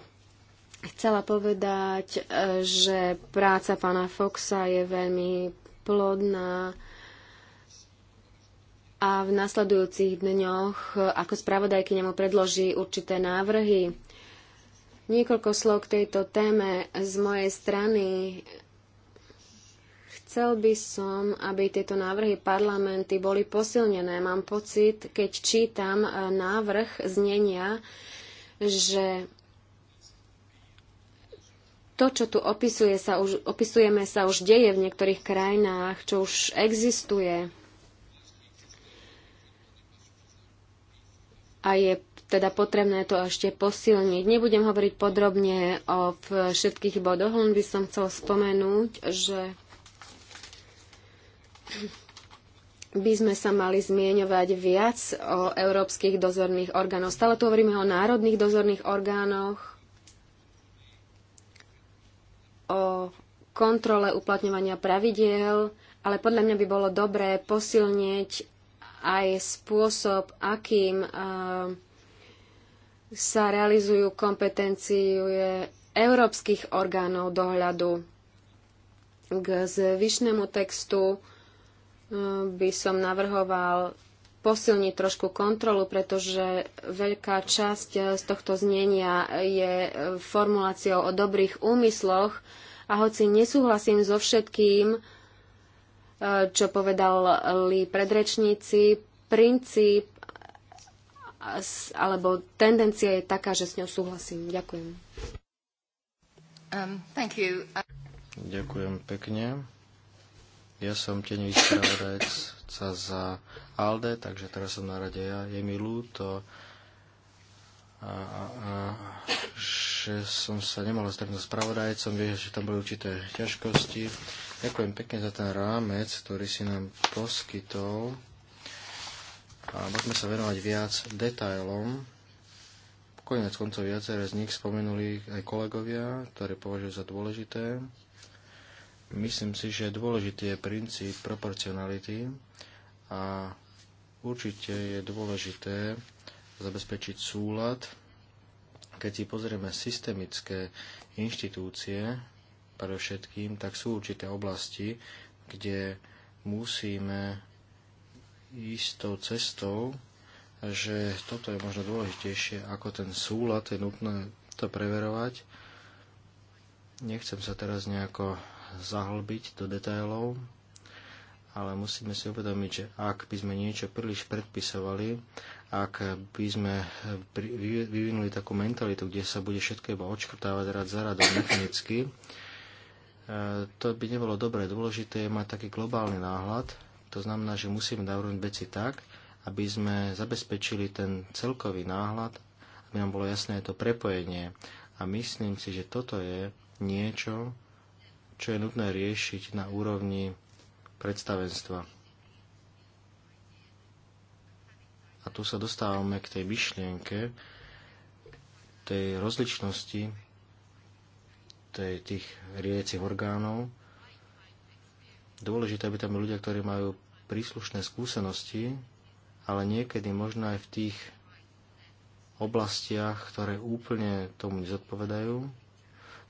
chcela povedať, e, že práca pána Foxa je veľmi plodná a v nasledujúcich dňoch e, ako spravodajky nemu predloží určité návrhy. Niekoľko slov k tejto téme z mojej strany. Chcel by som, aby tieto návrhy parlamenty boli posilnené. Mám pocit, keď čítam e, návrh znenia, že to, čo tu opisuje sa už, opisujeme, sa už deje v niektorých krajinách, čo už existuje. A je teda potrebné to ešte posilniť. Nebudem hovoriť podrobne o všetkých bodoch, len by som chcel spomenúť, že by sme sa mali zmieňovať viac o európskych dozorných orgánoch. Stále tu hovoríme o národných dozorných orgánoch, o kontrole uplatňovania pravidiel, ale podľa mňa by bolo dobré posilniť aj spôsob, akým eh, sa realizujú kompetencie európskych orgánov dohľadu k zvyšnému textu by som navrhoval posilniť trošku kontrolu, pretože veľká časť z tohto znenia je formuláciou o dobrých úmysloch a hoci nesúhlasím so všetkým, e, čo povedali predrečníci, princíp alebo tendencia je taká, že s ňou súhlasím. Ďakujem. Um, thank you. Ďakujem pekne. Ja som tenivý spravodajca za ALDE, takže teraz som na rade ja. Je mi ľúto, a, a, a, že som sa nemohol stretnúť s spravodajcom, vieš, že tam boli určité ťažkosti. Ďakujem pekne za ten rámec, ktorý si nám poskytol. A môžeme sa venovať viac detailom. Konec koncov viaceré z nich spomenuli aj kolegovia, ktoré považujú za dôležité myslím si, že dôležitý je princíp proporcionality a určite je dôležité zabezpečiť súlad. Keď si pozrieme systemické inštitúcie, predovšetkým, tak sú určité oblasti, kde musíme ísť tou cestou, že toto je možno dôležitejšie ako ten súlad, je nutné to preverovať. Nechcem sa teraz nejako zahlbiť do detailov, ale musíme si uvedomiť, že ak by sme niečo príliš predpisovali, ak by sme vyvinuli takú mentalitu, kde sa bude všetko iba odškrtávať rad za radom mechanicky, e, to by nebolo dobré. Dôležité je mať taký globálny náhľad, to znamená, že musíme navrhnúť veci tak, aby sme zabezpečili ten celkový náhľad, aby nám bolo jasné to prepojenie. A myslím si, že toto je niečo, čo je nutné riešiť na úrovni predstavenstva. A tu sa dostávame k tej myšlienke, tej rozličnosti tej, tých riadiacich orgánov. Dôležité, aby tam ľudia, ktorí majú príslušné skúsenosti, ale niekedy možno aj v tých oblastiach, ktoré úplne tomu nezodpovedajú.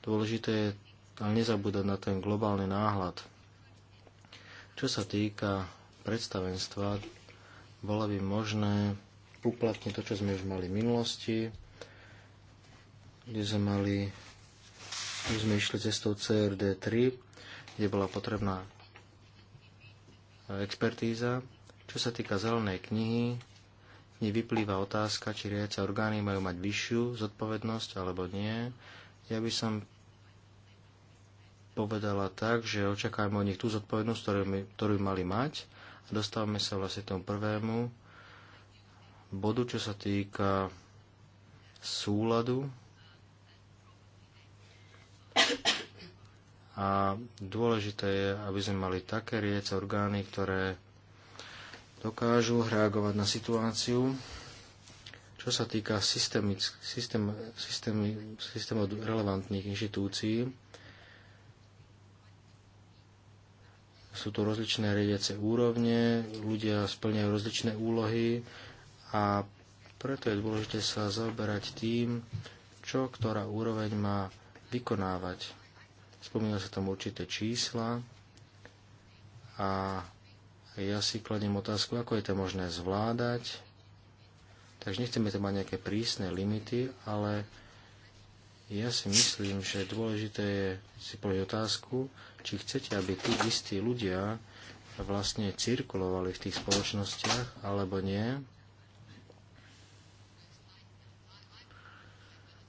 Dôležité je ale nezabúdať na ten globálny náhľad. Čo sa týka predstavenstva, bolo by možné uplatniť to, čo sme už mali v minulosti, kde sme mali, kde sme išli cestou CRD3, kde bola potrebná e, expertíza. Čo sa týka zelenej knihy, nie vyplýva otázka, či riadce orgány majú mať vyššiu zodpovednosť alebo nie. Ja by som povedala tak, že očakávame od nich tú zodpovednosť, ktorú, ktorú mali mať. A dostávame sa vlastne tomu prvému bodu, čo sa týka súladu a dôležité je, aby sme mali také riece orgány, ktoré dokážu reagovať na situáciu. Čo sa týka systém, systém, systémov relevantných inštitúcií, sú tu rozličné riadiace úrovne, ľudia splňajú rozličné úlohy a preto je dôležité sa zaoberať tým, čo ktorá úroveň má vykonávať. Spomína sa tam určité čísla a ja si kladiem otázku, ako je to možné zvládať. Takže nechceme tam mať nejaké prísne limity, ale ja si myslím, že dôležité je si povedať otázku, či chcete, aby tí istí ľudia vlastne cirkulovali v tých spoločnostiach, alebo nie.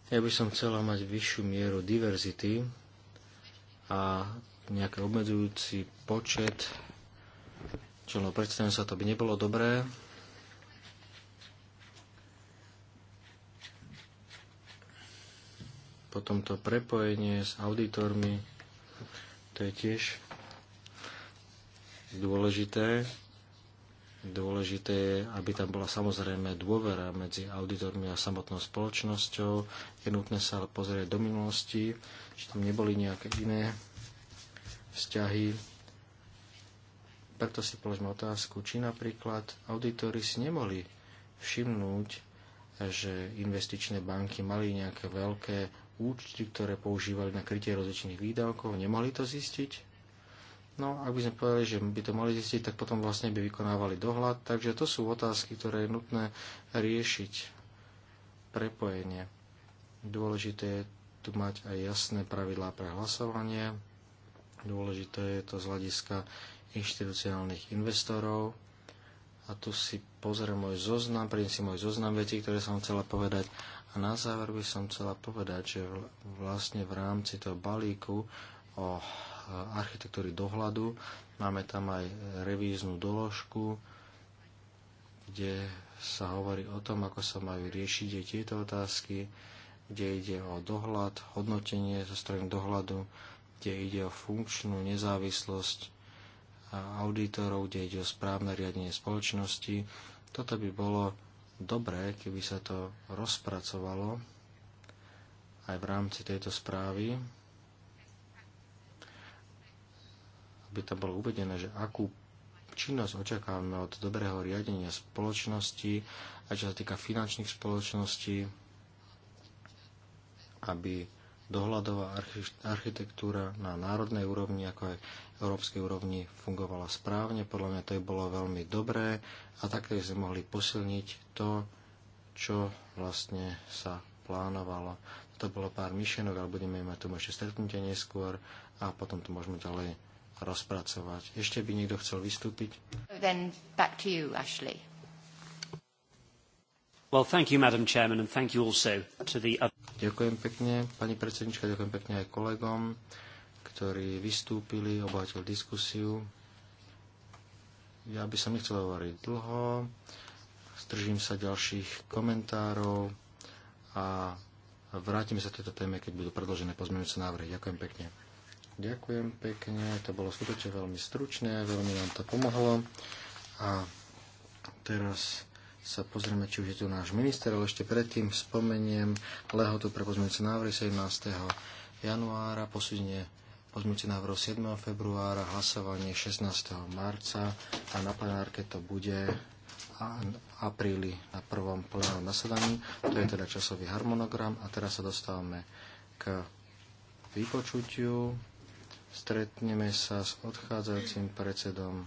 Ja by som chcela mať vyššiu mieru diverzity a nejaký obmedzujúci počet čo predstavím sa to by nebolo dobré. Potom to prepojenie s auditormi, to je tiež dôležité. Dôležité je, aby tam bola samozrejme dôvera medzi auditormi a samotnou spoločnosťou. Je nutné sa ale pozrieť do minulosti, či tam neboli nejaké iné vzťahy. Preto si položme otázku, či napríklad auditori si nemohli všimnúť, že investičné banky mali nejaké veľké účty, ktoré používali na krytie rozličných výdavkov, nemohli to zistiť. No, ak by sme povedali, že by to mali zistiť, tak potom vlastne by vykonávali dohľad. Takže to sú otázky, ktoré je nutné riešiť. Prepojenie. Dôležité je tu mať aj jasné pravidlá pre hlasovanie. Dôležité je to z hľadiska inštitucionálnych investorov. A tu si pozriem môj zoznam, prídem si môj zoznam vecí, ktoré som chcela povedať. A na záver by som chcela povedať, že vlastne v rámci toho balíku o eh, architektúry dohľadu máme tam aj revíznu doložku, kde sa hovorí o tom, ako sa majú riešiť aj tieto otázky, kde ide o dohľad, hodnotenie zo strany dohľadu, kde ide o funkčnú nezávislosť eh, auditorov, kde ide o správne riadenie spoločnosti. Toto by bolo dobré, keby sa to rozpracovalo aj v rámci tejto správy, aby tam bolo uvedené, že akú činnosť očakávame od dobrého riadenia spoločnosti, aj čo sa týka finančných spoločností, aby dohľadová architektúra na národnej úrovni, ako aj európskej úrovni fungovala správne. Podľa mňa to je bolo veľmi dobré a taktiež sme mohli posilniť to, čo vlastne sa plánovalo. To bolo pár myšlienok, ale budeme mať tu ešte stretnutie neskôr a potom to môžeme ďalej rozpracovať. Ešte by niekto chcel vystúpiť? Then back to you, Ashley. Well, thank you, Madam Chairman, and thank you also to the... Ďakujem pekne, pani predsednička, ďakujem pekne aj kolegom, ktorí vystúpili, obohatili diskusiu. Ja by som nechcel hovoriť dlho, stržím sa ďalších komentárov a vrátime sa k tejto téme, keď budú predložené pozmeňujúce návrhy. Ďakujem pekne. Ďakujem pekne, to bolo skutočne veľmi stručné, veľmi nám to pomohlo. A teraz sa pozrieme, či už je tu náš minister, ale ešte predtým spomeniem lehotu pre pozmeňujúce návrhy 17. januára, posúdenie pozmeňujúce návrhu 7. februára, hlasovanie 16. marca a na plenárke to bude apríli na prvom plenárnom nasadaní. To je teda časový harmonogram a teraz sa dostávame k vypočutiu. Stretneme sa s odchádzajúcim predsedom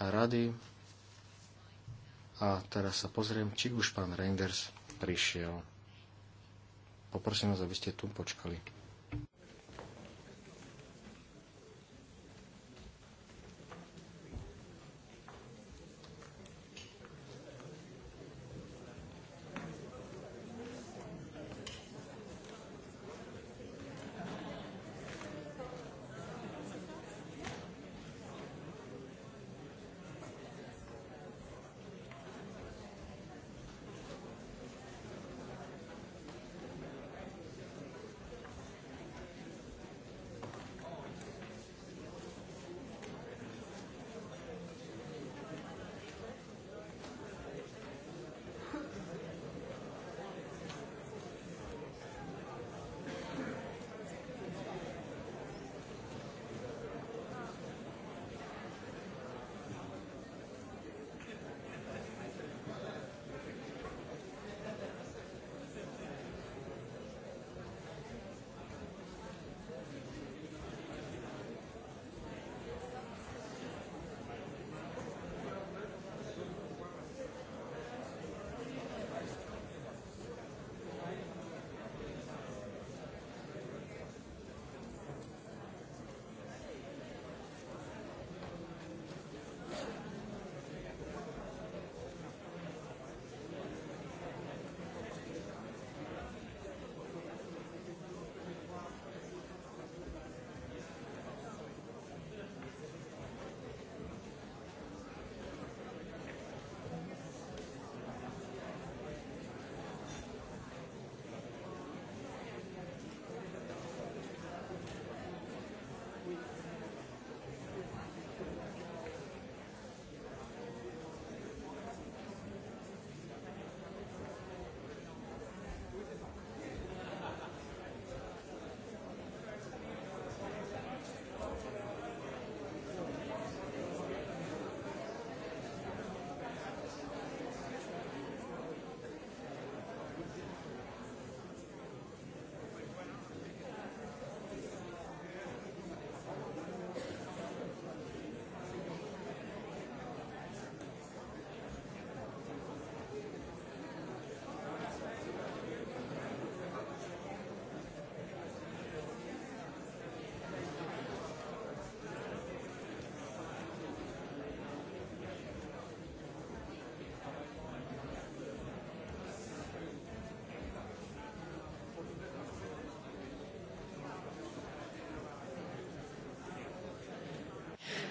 rady a teraz sa pozriem, či už pán Reinders prišiel. Poprosím vás, aby ste tu počkali.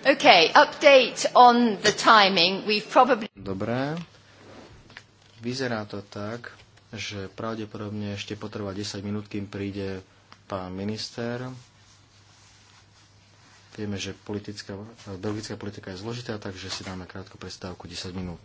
Okay, update on the timing. We've probably... Dobre. Vyzerá to tak, že pravdepodobne ešte potrvá 10 minút, kým príde pán minister. Vieme, že politická, belgická politika je zložitá, takže si dáme krátku prestávku 10 minút.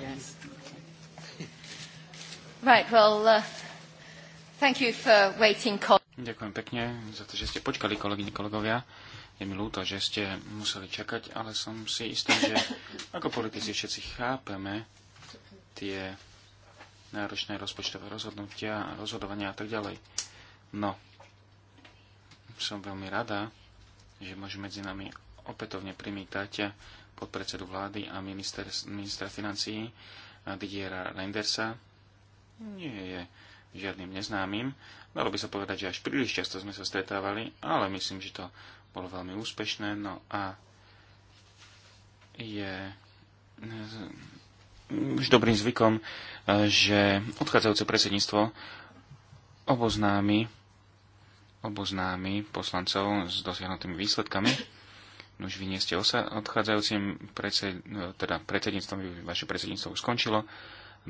Yes. Right, well, uh, thank you for waiting. Ďakujem pekne za to, že ste počkali, kolegyne, kolegovia. Je mi ľúto, že ste museli čakať, ale som si istý, že ako politici všetci chápeme tie náročné rozpočtové rozhodnutia, a rozhodovania a tak ďalej. No, som veľmi rada, že môžu medzi nami opätovne primítať podpredsedu vlády a minister, ministra financií eh, Didiera Lendersa. nie je žiadnym neznámym. Dalo by sa povedať, že až príliš často sme sa stretávali, ale myslím, že to bolo veľmi úspešné. No a je eh, už dobrým zvykom, eh, že odchádzajúce predsedníctvo oboznámi, oboznámi poslancov s dosiahnutými výsledkami už no, vy nie ste osa- odchádzajúcim predsed- no, teda predsedníctvom, vaše predsedníctvo už skončilo,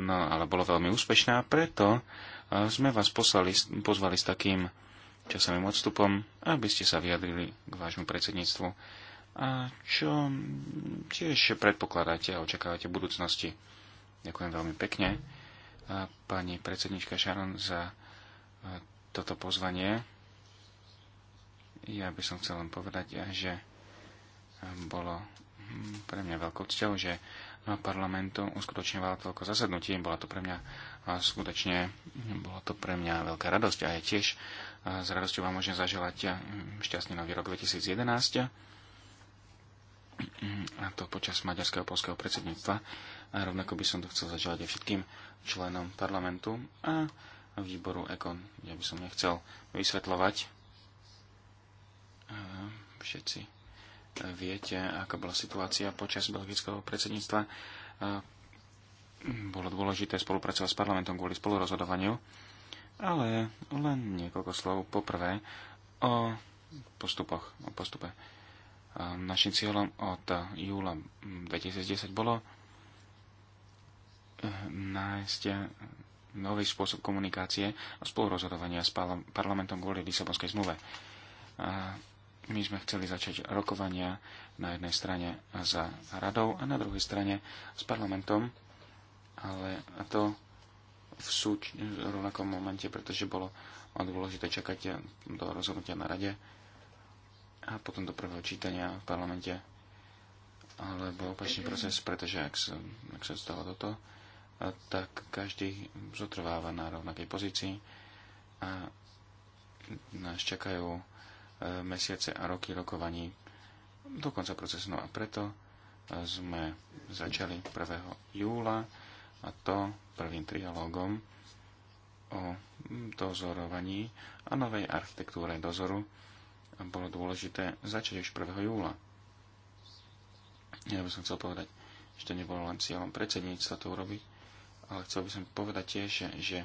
no ale bolo veľmi úspešné a preto e, sme vás poslali, pozvali s takým časovým odstupom, aby ste sa vyjadrili k vášmu predsedníctvu a čo tiež predpokladáte a očakávate v budúcnosti. Ďakujem veľmi pekne a pani predsednička Šaron za e, toto pozvanie. Ja by som chcel len povedať, že bolo hm, pre mňa veľkou cťou, že parlamentu uskutočňovala toľko zasadnutí. Bola to pre mňa skutočne bola to pre mňa veľká radosť a je tiež s radosťou vám môžem zaželať hm, šťastný nový rok 2011 hm, a to počas maďarského polského predsedníctva. A rovnako by som to chcel zaželať aj všetkým členom parlamentu a výboru EKON. Ja by som nechcel vysvetľovať. Všetci viete, aká bola situácia počas belgického predsedníctva. Ehm, bolo dôležité spolupracovať s parlamentom kvôli spolurozhodovaniu, ale len niekoľko slov poprvé o postupoch, o postupe. Ehm, našim cieľom od júla 2010 bolo ehm, nájsť nový spôsob komunikácie a spolurozhodovania s parlamentom kvôli Lisabonskej zmluve my sme chceli začať rokovania na jednej strane za radou a na druhej strane s parlamentom, ale to v súč- rovnakom momente, pretože bolo dôležité čakať do rozhodnutia na rade a potom do prvého čítania v parlamente bol opačný proces, pretože ak sa, ak sa stalo toto, tak každý zotrváva na rovnakej pozícii a nás čakajú E, mesiace a roky rokovaní do konca procesu. No a preto e, sme začali 1. júla a to prvým trialógom o dozorovaní a novej architektúre dozoru bolo dôležité začať už 1. júla. Ja by som chcel povedať, že to nebolo len cieľom predsedníctva to urobiť, ale chcel by som povedať tiež, že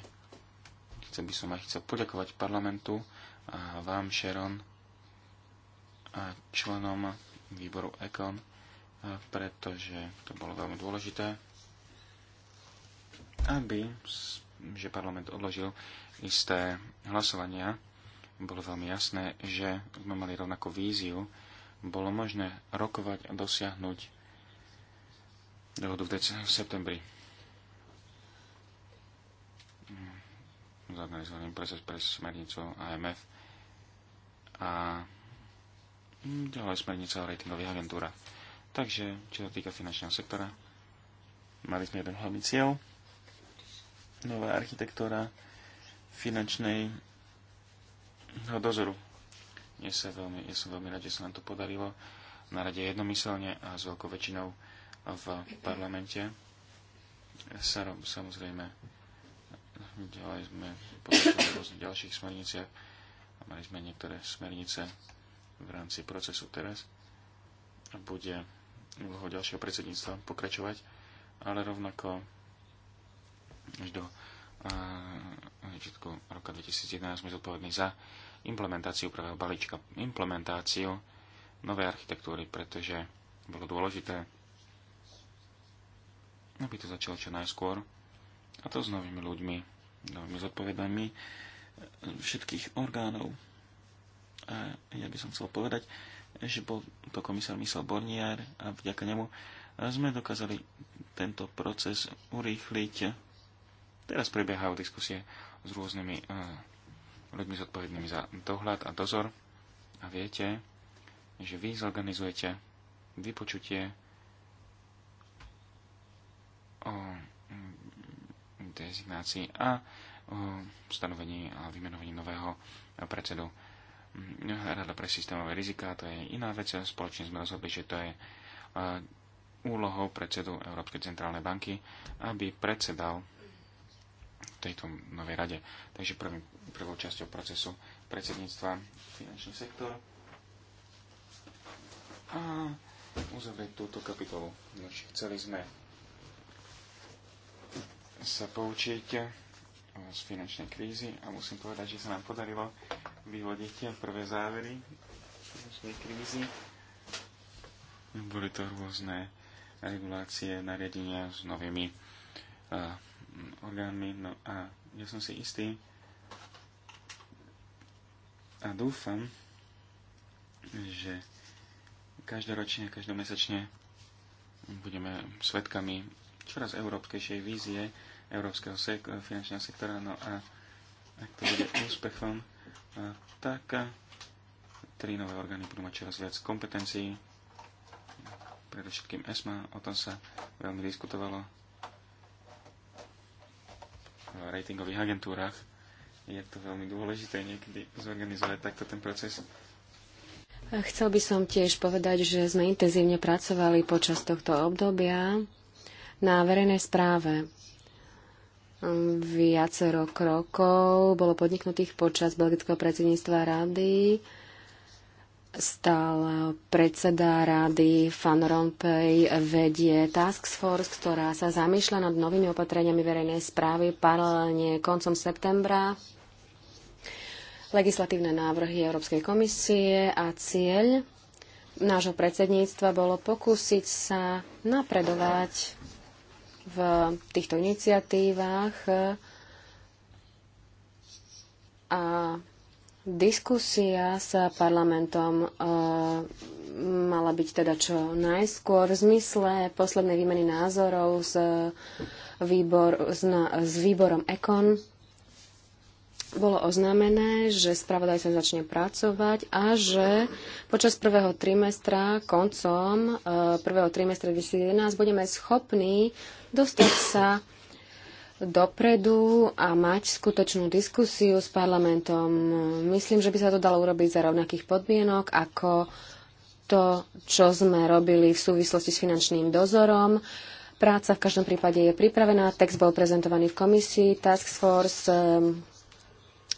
chcel by som aj chcel poďakovať parlamentu a vám, Sharon, členom výboru ECON, pretože to bolo veľmi dôležité, aby že parlament odložil isté hlasovania, bolo veľmi jasné, že sme mali rovnakú víziu, bolo možné rokovať a dosiahnuť dohodu v, v septembri. Zorganizovaný proces pre smernicu AMF a ďalej smernica o ratingových agentúrach. Takže, čo sa týka finančného sektora, mali sme jeden hlavný cieľ, nová architektúra finančnej no, dozoru. Je, sa veľmi, je som veľmi rád, že sa nám to podarilo na rade jednomyselne a s veľkou väčšinou v parlamente. Sarom, samozrejme, ďalej sme pokračovali v ďalších smerniciach a mali sme niektoré smernice v rámci procesu teraz a bude úloho ďalšieho predsedníctva pokračovať, ale rovnako až do začiatku roka 2011 sme zodpovední za implementáciu prvého balíčka, implementáciu novej architektúry, pretože bolo dôležité, aby to začalo čo najskôr a to s novými ľuďmi, novými zodpovedami všetkých orgánov ja by som chcel povedať, že bol to komisár Michel borniar a vďaka nemu sme dokázali tento proces urýchliť. Teraz prebiehajú diskusie s rôznymi e, ľuďmi zodpovednými za dohľad a dozor. A viete, že vy zorganizujete vypočutie o mm, dezignácii a o stanovení a vymenovaní nového predsedu Mhm. Rada pre systémové riziká, to je iná vec. Spoločne sme rozhodli, že to je eh, úlohou predsedu Európskej centrálnej banky, aby predsedal tejto novej rade. Takže prvý, prvou časťou procesu predsedníctva finančný sektor a uzavrieť túto kapitolu. Chceli sme sa poučiť z finančnej krízy a musím povedať, že sa nám podarilo vyvodiť prvé závery finančnej krízy. Boli to rôzne regulácie, nariadenia s novými uh, orgánmi. No a ja som si istý a dúfam, že každoročne, každomesačne budeme svetkami čoraz európskejšej vízie európskeho sek- eh, finančného sektora. No a ak to bude úspechom, eh, tak eh, tri nové orgány budú mať čoraz viac kompetencií. Predovšetkým ESMA, o tom sa veľmi diskutovalo v ratingových agentúrach. Je to veľmi dôležité niekedy zorganizovať takto ten proces. Chcel by som tiež povedať, že sme intenzívne pracovali počas tohto obdobia na verejnej správe Viacero krokov bolo podniknutých počas belgického predsedníctva rady. Stal predseda rady Van Rompuy vedie task force, ktorá sa zamýšľa nad novými opatreniami verejnej správy paralelne koncom septembra. Legislatívne návrhy Európskej komisie a cieľ nášho predsedníctva bolo pokúsiť sa napredovať v týchto iniciatívach a diskusia s parlamentom e, mala byť teda čo najskôr v zmysle poslednej výmeny názorov s, výbor, s, na, s výborom EKON bolo oznámené, že sa začne pracovať a že počas prvého trimestra, koncom e, prvého trimestra 2011 budeme schopní dostať sa dopredu a mať skutočnú diskusiu s parlamentom. Myslím, že by sa to dalo urobiť za rovnakých podmienok ako to, čo sme robili v súvislosti s finančným dozorom. Práca v každom prípade je pripravená, text bol prezentovaný v komisii, Task Force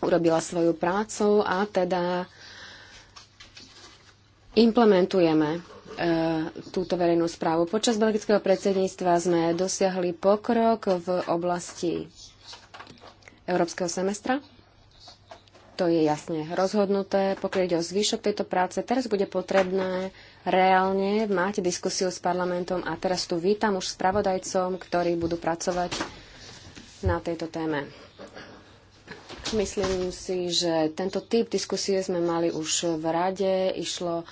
urobila svoju prácu a teda implementujeme e, túto verejnú správu. Počas belgického predsedníctva sme dosiahli pokrok v oblasti európskeho semestra. To je jasne rozhodnuté. Pokiaľ ide o zvyšok tejto práce, teraz bude potrebné reálne mať diskusiu s parlamentom a teraz tu vítam už spravodajcom, ktorí budú pracovať na tejto téme. Myslím si, že tento typ diskusie sme mali už v rade. Išlo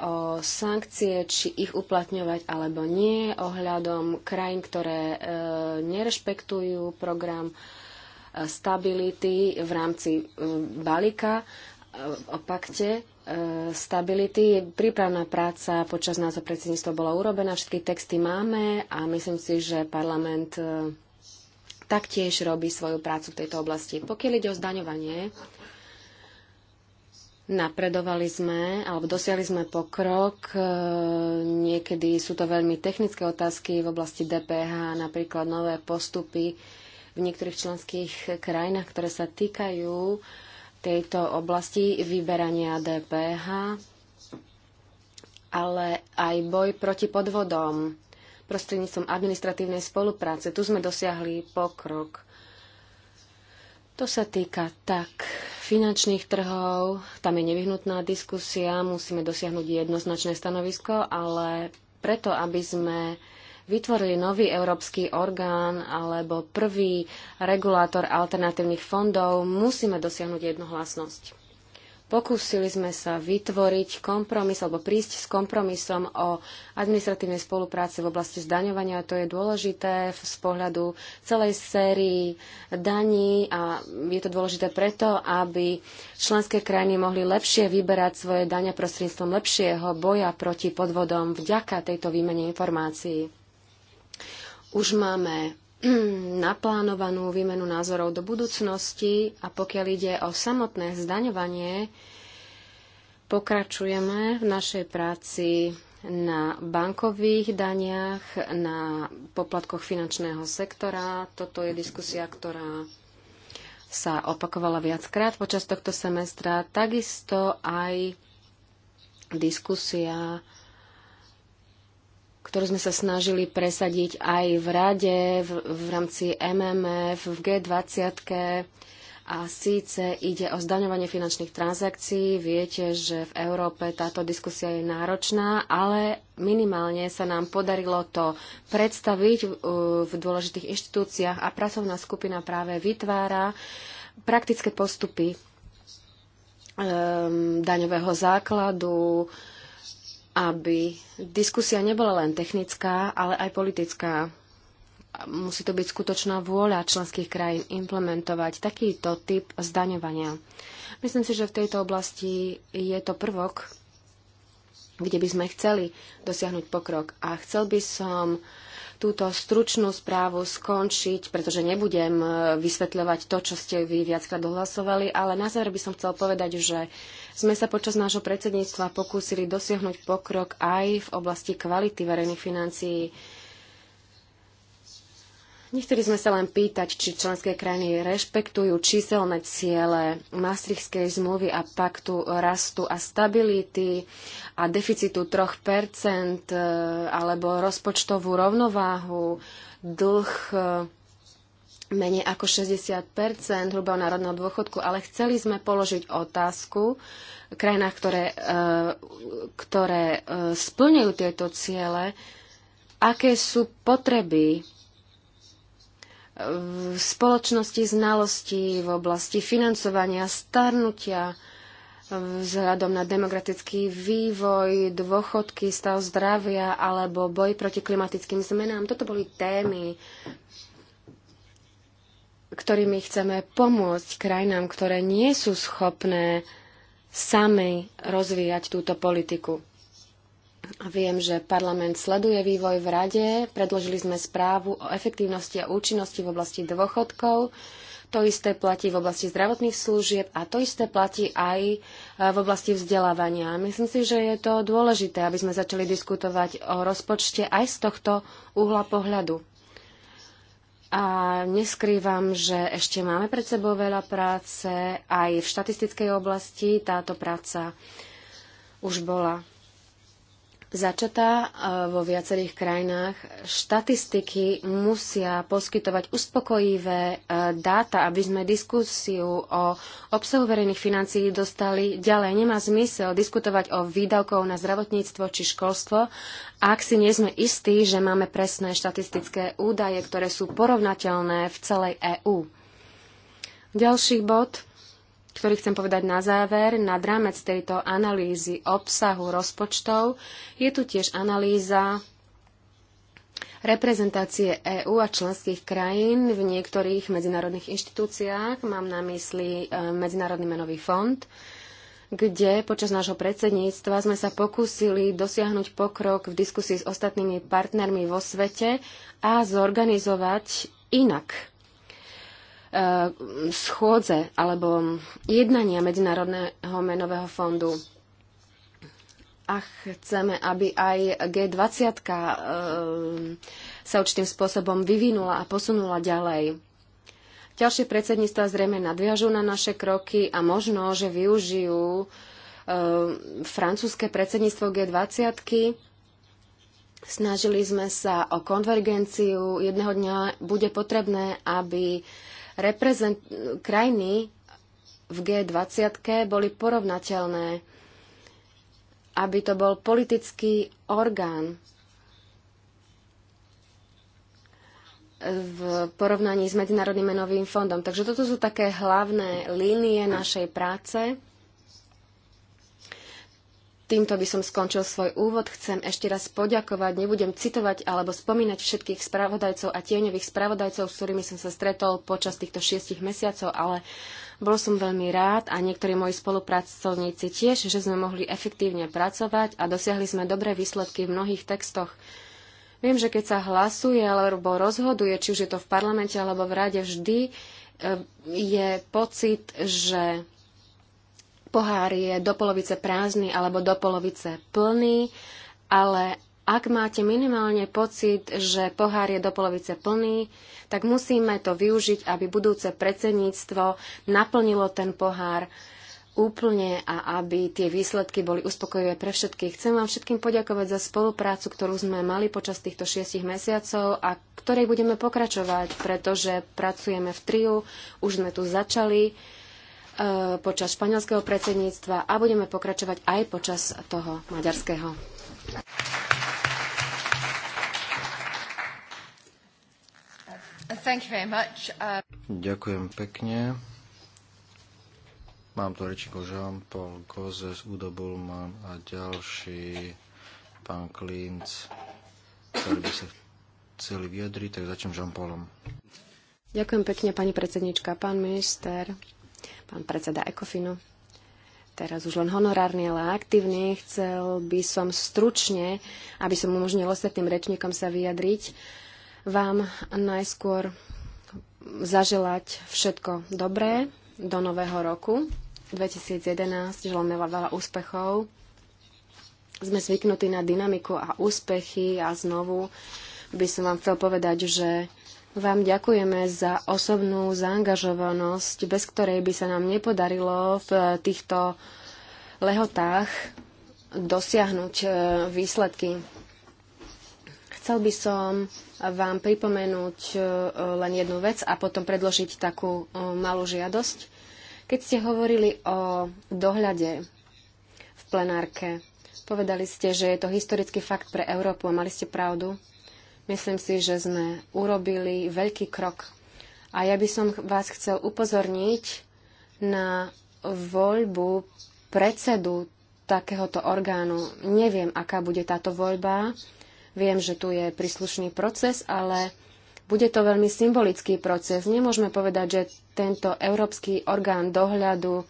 o sankcie, či ich uplatňovať alebo nie, ohľadom krajín, ktoré e, nerešpektujú program e, stability v rámci e, balíka e, o pakte e, stability. Prípravná práca počas nášho predsedníctva bola urobená, všetky texty máme a myslím si, že parlament e, taktiež robí svoju prácu v tejto oblasti. Pokiaľ ide o zdaňovanie, Napredovali sme, alebo dosiahli sme pokrok. E, niekedy sú to veľmi technické otázky v oblasti DPH, napríklad nové postupy v niektorých členských krajinách, ktoré sa týkajú tejto oblasti vyberania DPH, ale aj boj proti podvodom prostredníctvom administratívnej spolupráce. Tu sme dosiahli pokrok. To sa týka tak finančných trhov, tam je nevyhnutná diskusia, musíme dosiahnuť jednoznačné stanovisko, ale preto, aby sme vytvorili nový európsky orgán alebo prvý regulátor alternatívnych fondov, musíme dosiahnuť jednohlasnosť. Pokúsili sme sa vytvoriť kompromis alebo prísť s kompromisom o administratívnej spolupráci v oblasti zdaňovania. To je dôležité z pohľadu celej sérii daní a je to dôležité preto, aby členské krajiny mohli lepšie vyberať svoje dania prostredníctvom lepšieho boja proti podvodom vďaka tejto výmene informácií. Už máme naplánovanú výmenu názorov do budúcnosti a pokiaľ ide o samotné zdaňovanie, pokračujeme v našej práci na bankových daniach, na poplatkoch finančného sektora. Toto je diskusia, ktorá sa opakovala viackrát počas tohto semestra. Takisto aj diskusia ktorú sme sa snažili presadiť aj v rade, v, v rámci MMF, v G20. A síce ide o zdaňovanie finančných transakcií. Viete, že v Európe táto diskusia je náročná, ale minimálne sa nám podarilo to predstaviť uh, v dôležitých inštitúciách a pracovná skupina práve vytvára praktické postupy um, daňového základu, aby diskusia nebola len technická, ale aj politická. Musí to byť skutočná vôľa členských krajín implementovať takýto typ zdaňovania. Myslím si, že v tejto oblasti je to prvok, kde by sme chceli dosiahnuť pokrok. A chcel by som túto stručnú správu skončiť, pretože nebudem e, vysvetľovať to, čo ste vy viackrát dohlasovali, ale na záver by som chcel povedať, že sme sa počas nášho predsedníctva pokúsili dosiahnuť pokrok aj v oblasti kvality verejných financií. Nechceli sme sa len pýtať, či členské krajiny rešpektujú číselné ciele Maastrichtskej zmluvy a paktu rastu a stability a deficitu 3% eh, alebo rozpočtovú rovnováhu, dlh eh, menej ako 60 hrubého národného dôchodku, ale chceli sme položiť otázku v krajinách, ktoré, e, ktoré e, splňujú tieto ciele, aké sú potreby e, v spoločnosti znalosti, v oblasti financovania, starnutia, vzhľadom na demokratický vývoj, dôchodky, stav zdravia alebo boj proti klimatickým zmenám. Toto boli témy, ktorými chceme pomôcť krajinám, ktoré nie sú schopné sami rozvíjať túto politiku. Viem, že parlament sleduje vývoj v rade. Predložili sme správu o efektívnosti a účinnosti v oblasti dôchodkov. To isté platí v oblasti zdravotných služieb a to isté platí aj e, v oblasti vzdelávania. Myslím si, že je to dôležité, aby sme začali diskutovať o rozpočte aj z tohto uhla pohľadu. A neskrývam, že ešte máme pred sebou veľa práce. Aj v štatistickej oblasti táto práca už bola začatá e, vo viacerých krajinách. Štatistiky musia poskytovať uspokojivé e, dáta, aby sme diskusiu o obsahu verejných financií dostali ďalej. Nemá zmysel diskutovať o výdavkov na zdravotníctvo či školstvo, ak si nie sme istí, že máme presné štatistické údaje, ktoré sú porovnateľné v celej EÚ. Ďalší bod – ktorý chcem povedať na záver, nad rámec tejto analýzy obsahu rozpočtov je tu tiež analýza reprezentácie EÚ a členských krajín v niektorých medzinárodných inštitúciách. Mám na mysli e, Medzinárodný menový fond, kde počas nášho predsedníctva sme sa pokúsili dosiahnuť pokrok v diskusii s ostatnými partnermi vo svete a zorganizovať inak Eh, schôdze alebo jednania Medzinárodného menového fondu a chceme, aby aj G20 eh, sa určitým spôsobom vyvinula a posunula ďalej. Ďalšie predsedníctva zrejme nadviažú na naše kroky a možno, že využijú eh, francúzske predsedníctvo G20. Snažili sme sa o konvergenciu. Jedného dňa bude potrebné, aby reprezent- krajiny v G20 boli porovnateľné, aby to bol politický orgán v porovnaní s Medzinárodným menovým fondom. Takže toto sú také hlavné línie našej práce. Týmto by som skončil svoj úvod. Chcem ešte raz poďakovať. Nebudem citovať alebo spomínať všetkých spravodajcov a tieňových spravodajcov, s ktorými som sa stretol počas týchto šiestich mesiacov, ale bol som veľmi rád a niektorí moji spolupracovníci tiež, že sme mohli efektívne pracovať a dosiahli sme dobré výsledky v mnohých textoch. Viem, že keď sa hlasuje alebo rozhoduje, či už je to v parlamente alebo v rade, vždy eh, je pocit, že pohár je do polovice prázdny alebo do polovice plný, ale ak máte minimálne pocit, že pohár je do polovice plný, tak musíme to využiť, aby budúce predsedníctvo naplnilo ten pohár úplne a aby tie výsledky boli uspokojivé pre všetkých. Chcem vám všetkým poďakovať za spoluprácu, ktorú sme mali počas týchto šiestich mesiacov a ktorej budeme pokračovať, pretože pracujeme v triu, už sme tu začali Eh, počas španielského predsedníctva a budeme pokračovať aj počas toho maďarského. Uh, Ďakujem pekne. Mám tu rečníkov Jean-Paul Gozes, Udo Bullman a ďalší pán Klinc, ktorí by sa chceli vyjadriť, tak začnem Jean-Paulom. Ďakujem pekne, pani predsednička. Pán minister, pán predseda Ekofinu, teraz už len honorárny, ale aktívny. Chcel by som stručne, aby som umožnil ostatným rečníkom sa vyjadriť, vám najskôr zaželať všetko dobré do nového roku 2011. Želáme vám veľa úspechov. Sme zvyknutí na dynamiku a úspechy a znovu by som vám chcel povedať, že vám ďakujeme za osobnú zaangažovanosť, bez ktorej by sa nám nepodarilo v týchto lehotách dosiahnuť e, výsledky. Chcel by som vám pripomenúť e, len jednu vec a potom predložiť takú e, malú žiadosť. Keď ste hovorili o dohľade v plenárke, povedali ste, že je to historický fakt pre Európu a mali ste pravdu. Myslím si, že sme urobili veľký krok. A ja by som vás chcel upozorniť na voľbu predsedu takéhoto orgánu. Neviem, aká bude táto voľba. Viem, že tu je príslušný proces, ale bude to veľmi symbolický proces. Nemôžeme povedať, že tento európsky orgán dohľadu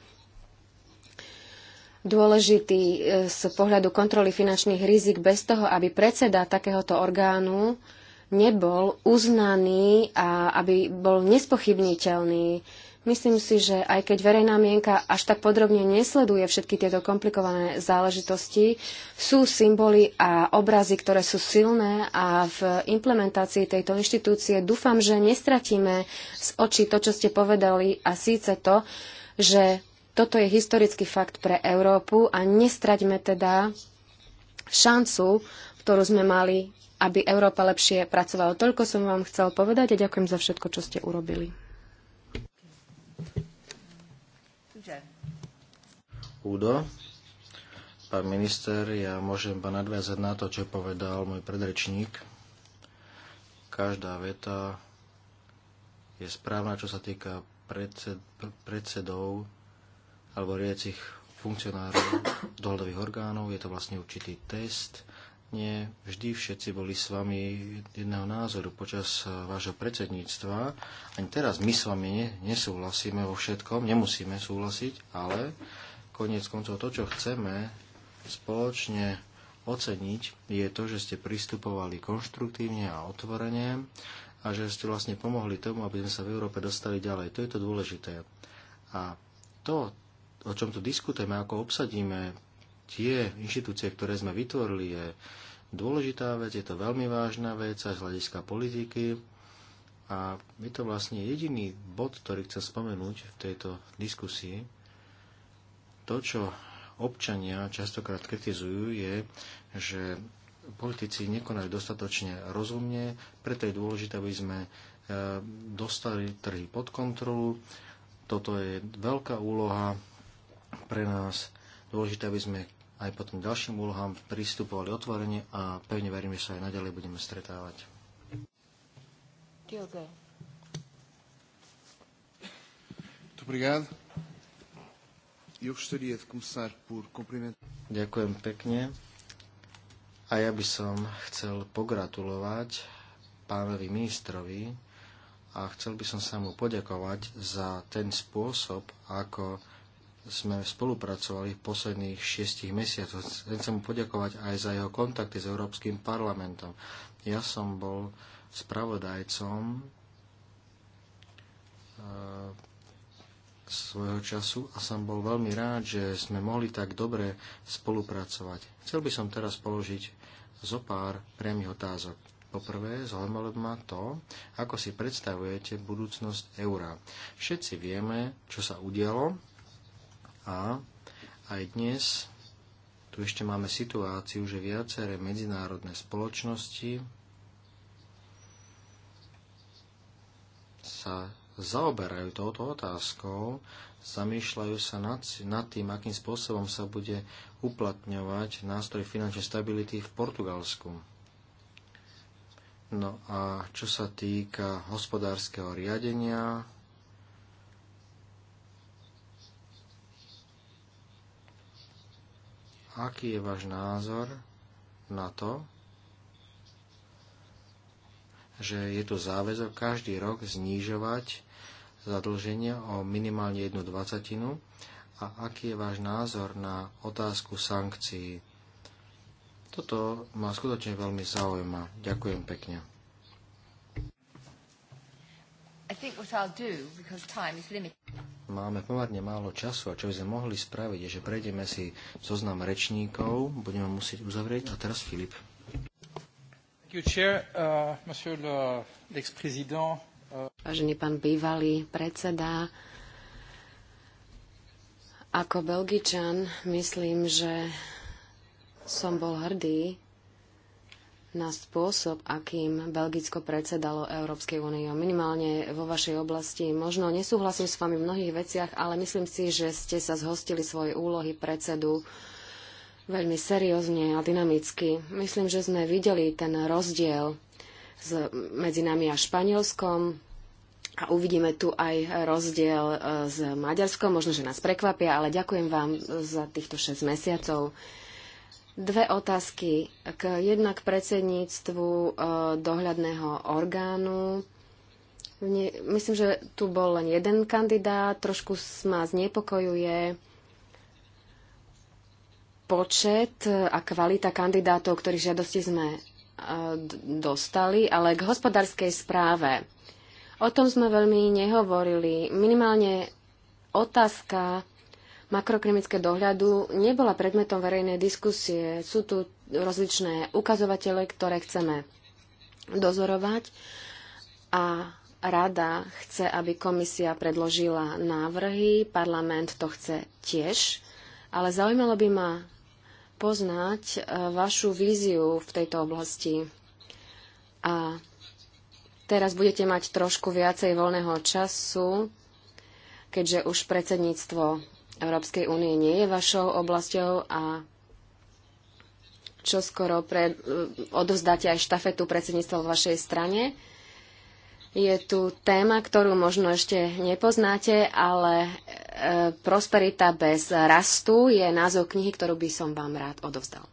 dôležitý e, z pohľadu kontroly finančných rizik bez toho, aby predseda takéhoto orgánu nebol uznaný a aby bol nespochybniteľný. Myslím si, že aj keď verejná mienka až tak podrobne nesleduje všetky tieto komplikované záležitosti, sú symboly a obrazy, ktoré sú silné a v implementácii tejto inštitúcie dúfam, že nestratíme z očí to, čo ste povedali a síce to, že toto je historický fakt pre Európu a nestraďme teda šancu, ktorú sme mali, aby Európa lepšie pracovala. Toľko som vám chcel povedať a ďakujem za všetko, čo ste urobili. Udo, pán minister, ja môžem iba nadviazať na to, čo povedal môj predrečník. Každá veta je správna, čo sa týka predsed, predsedov alebo riadiacich funkcionárov dohľadových orgánov. Je to vlastne určitý test. Nie vždy všetci boli s vami jedného názoru počas eh, vášho predsedníctva. Ani teraz my s vami nesúhlasíme vo všetkom, nemusíme súhlasiť, ale koniec koncov to, čo chceme spoločne oceniť, je to, že ste pristupovali konštruktívne a otvorene a že ste vlastne pomohli tomu, aby sme sa v Európe dostali ďalej. To je to dôležité. A to, o čom tu diskutujeme, ako obsadíme tie inštitúcie, ktoré sme vytvorili, je dôležitá vec, je to veľmi vážna vec aj z hľadiska politiky. A je to vlastne jediný bod, ktorý chcem spomenúť v tejto diskusii. To, čo občania častokrát kritizujú, je, že politici nekonajú dostatočne rozumne, preto je dôležité, aby sme e, dostali trhy pod kontrolu. Toto je veľká úloha pre nás dôležité, aby sme aj potom ďalším úlohám pristupovali otvorene a pevne verím, že sa aj naďalej budeme stretávať. Ďakujem pekne. A ja by som chcel pogratulovať pánovi ministrovi a chcel by som sa mu poďakovať za ten spôsob, ako sme spolupracovali v posledných šiestich mesiacoch. Chcem sa mu poďakovať aj za jeho kontakty s Európskym parlamentom. Ja som bol spravodajcom e, svojho času a som bol veľmi rád, že sme mohli tak dobre spolupracovať. Chcel by som teraz položiť zo pár priamých otázok. Poprvé, zaujímalo ma to, ako si predstavujete budúcnosť eura. Všetci vieme, čo sa udialo a aj dnes tu ešte máme situáciu, že viaceré medzinárodné spoločnosti sa zaoberajú touto otázkou, zamýšľajú sa nad, nad tým, akým spôsobom sa bude uplatňovať nástroj finančnej stability v Portugalsku. No a čo sa týka hospodárskeho riadenia, Aký je váš názor na to, že je tu záväzok každý rok znižovať zadlženie o minimálne jednu dvacatinu a aký je váš názor na otázku sankcií. Toto ma skutočne veľmi zaujíma. Ďakujem pekne máme pomerne málo času a čo by sme mohli spraviť, je, že prejdeme si zoznam rečníkov, budeme musieť uzavrieť. A teraz Filip. Uh, uh, Vážený pán bývalý predseda, ako Belgičan myslím, že som bol hrdý na spôsob, akým Belgicko predsedalo Európskej únii. Minimálne vo vašej oblasti možno nesúhlasím s vami v mnohých veciach, ale myslím si, že ste sa zhostili svojej úlohy predsedu veľmi seriózne a dynamicky. Myslím, že sme videli ten rozdiel z, medzi nami a Španielskom a uvidíme tu aj rozdiel e, s Maďarskom. Možno, že nás prekvapia, ale ďakujem vám za týchto 6 mesiacov. Dve otázky. K, jednak predsedníctvu e, dohľadného orgánu. myslím, že tu bol len jeden kandidát. Trošku ma znepokojuje počet a kvalita kandidátov, ktorých žiadosti sme e, dostali, ale k hospodárskej správe. O tom sme veľmi nehovorili. Minimálne otázka makrokrimické dohľadu nebola predmetom verejnej diskusie. Sú tu rozličné ukazovatele, ktoré chceme dozorovať a rada chce, aby komisia predložila návrhy, parlament to chce tiež, ale zaujímalo by ma poznať e, vašu víziu v tejto oblasti. A teraz budete mať trošku viacej voľného času, keďže už predsedníctvo Európskej únie nie je vašou oblasťou a čo skoro pre, odovzdáte aj štafetu predsedníctva vo vašej strane. Je tu téma, ktorú možno ešte nepoznáte, ale e, Prosperita bez rastu je názov knihy, ktorú by som vám rád odovzdal.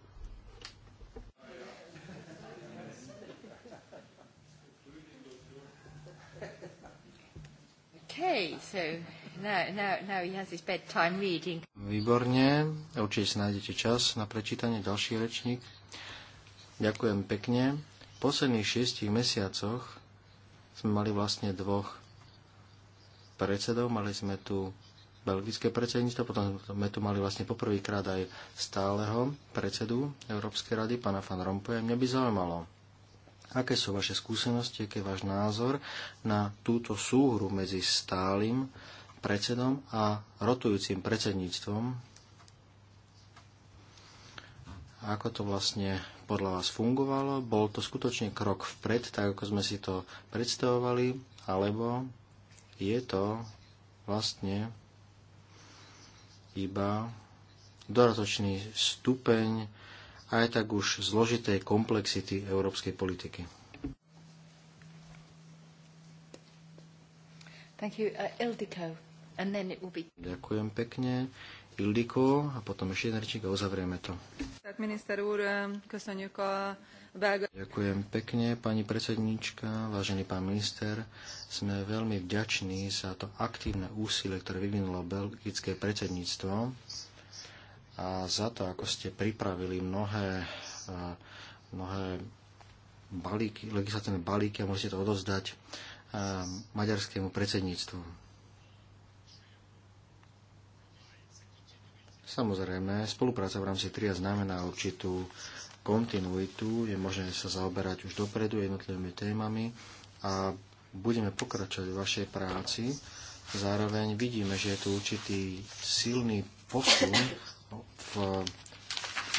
Okay, so No, no, no, Výborne, určite si nájdete čas na prečítanie ďalší rečník. Ďakujem pekne. V posledných šiestich mesiacoch sme mali vlastne dvoch predsedov. Mali sme tu belgické predsedníctvo, potom sme tu mali vlastne poprvýkrát aj stáleho predsedu Európskej rady, pána Van Rompuy. Mňa by zaujímalo, Aké sú vaše skúsenosti, aký je váš názor na túto súhru medzi stálym predsedom a rotujúcim predsedníctvom. Ako to vlastne podľa vás fungovalo? Bol to skutočne krok vpred, tak ako sme si to predstavovali? Alebo je to vlastne iba dodatočný stupeň aj tak už zložitej komplexity európskej politiky. Thank you. Uh, Ildiko. Ďakujem pekne. Ildiko a potom ešte jeden rečník a uzavrieme to. Ďakujem pekne, pani predsednička, vážený pán minister. Sme veľmi vďační za to aktívne úsilie, ktoré vyvinulo belgické predsedníctvo a za to, ako ste pripravili mnohé, mnohé balíky, legislatívne balíky a môžete to odozdať maďarskému predsedníctvu. Samozrejme, spolupráca v rámci TRIA znamená určitú kontinuitu, je možné sa zaoberať už dopredu jednotlivými témami a budeme pokračovať v vašej práci. Zároveň vidíme, že je tu určitý silný posun v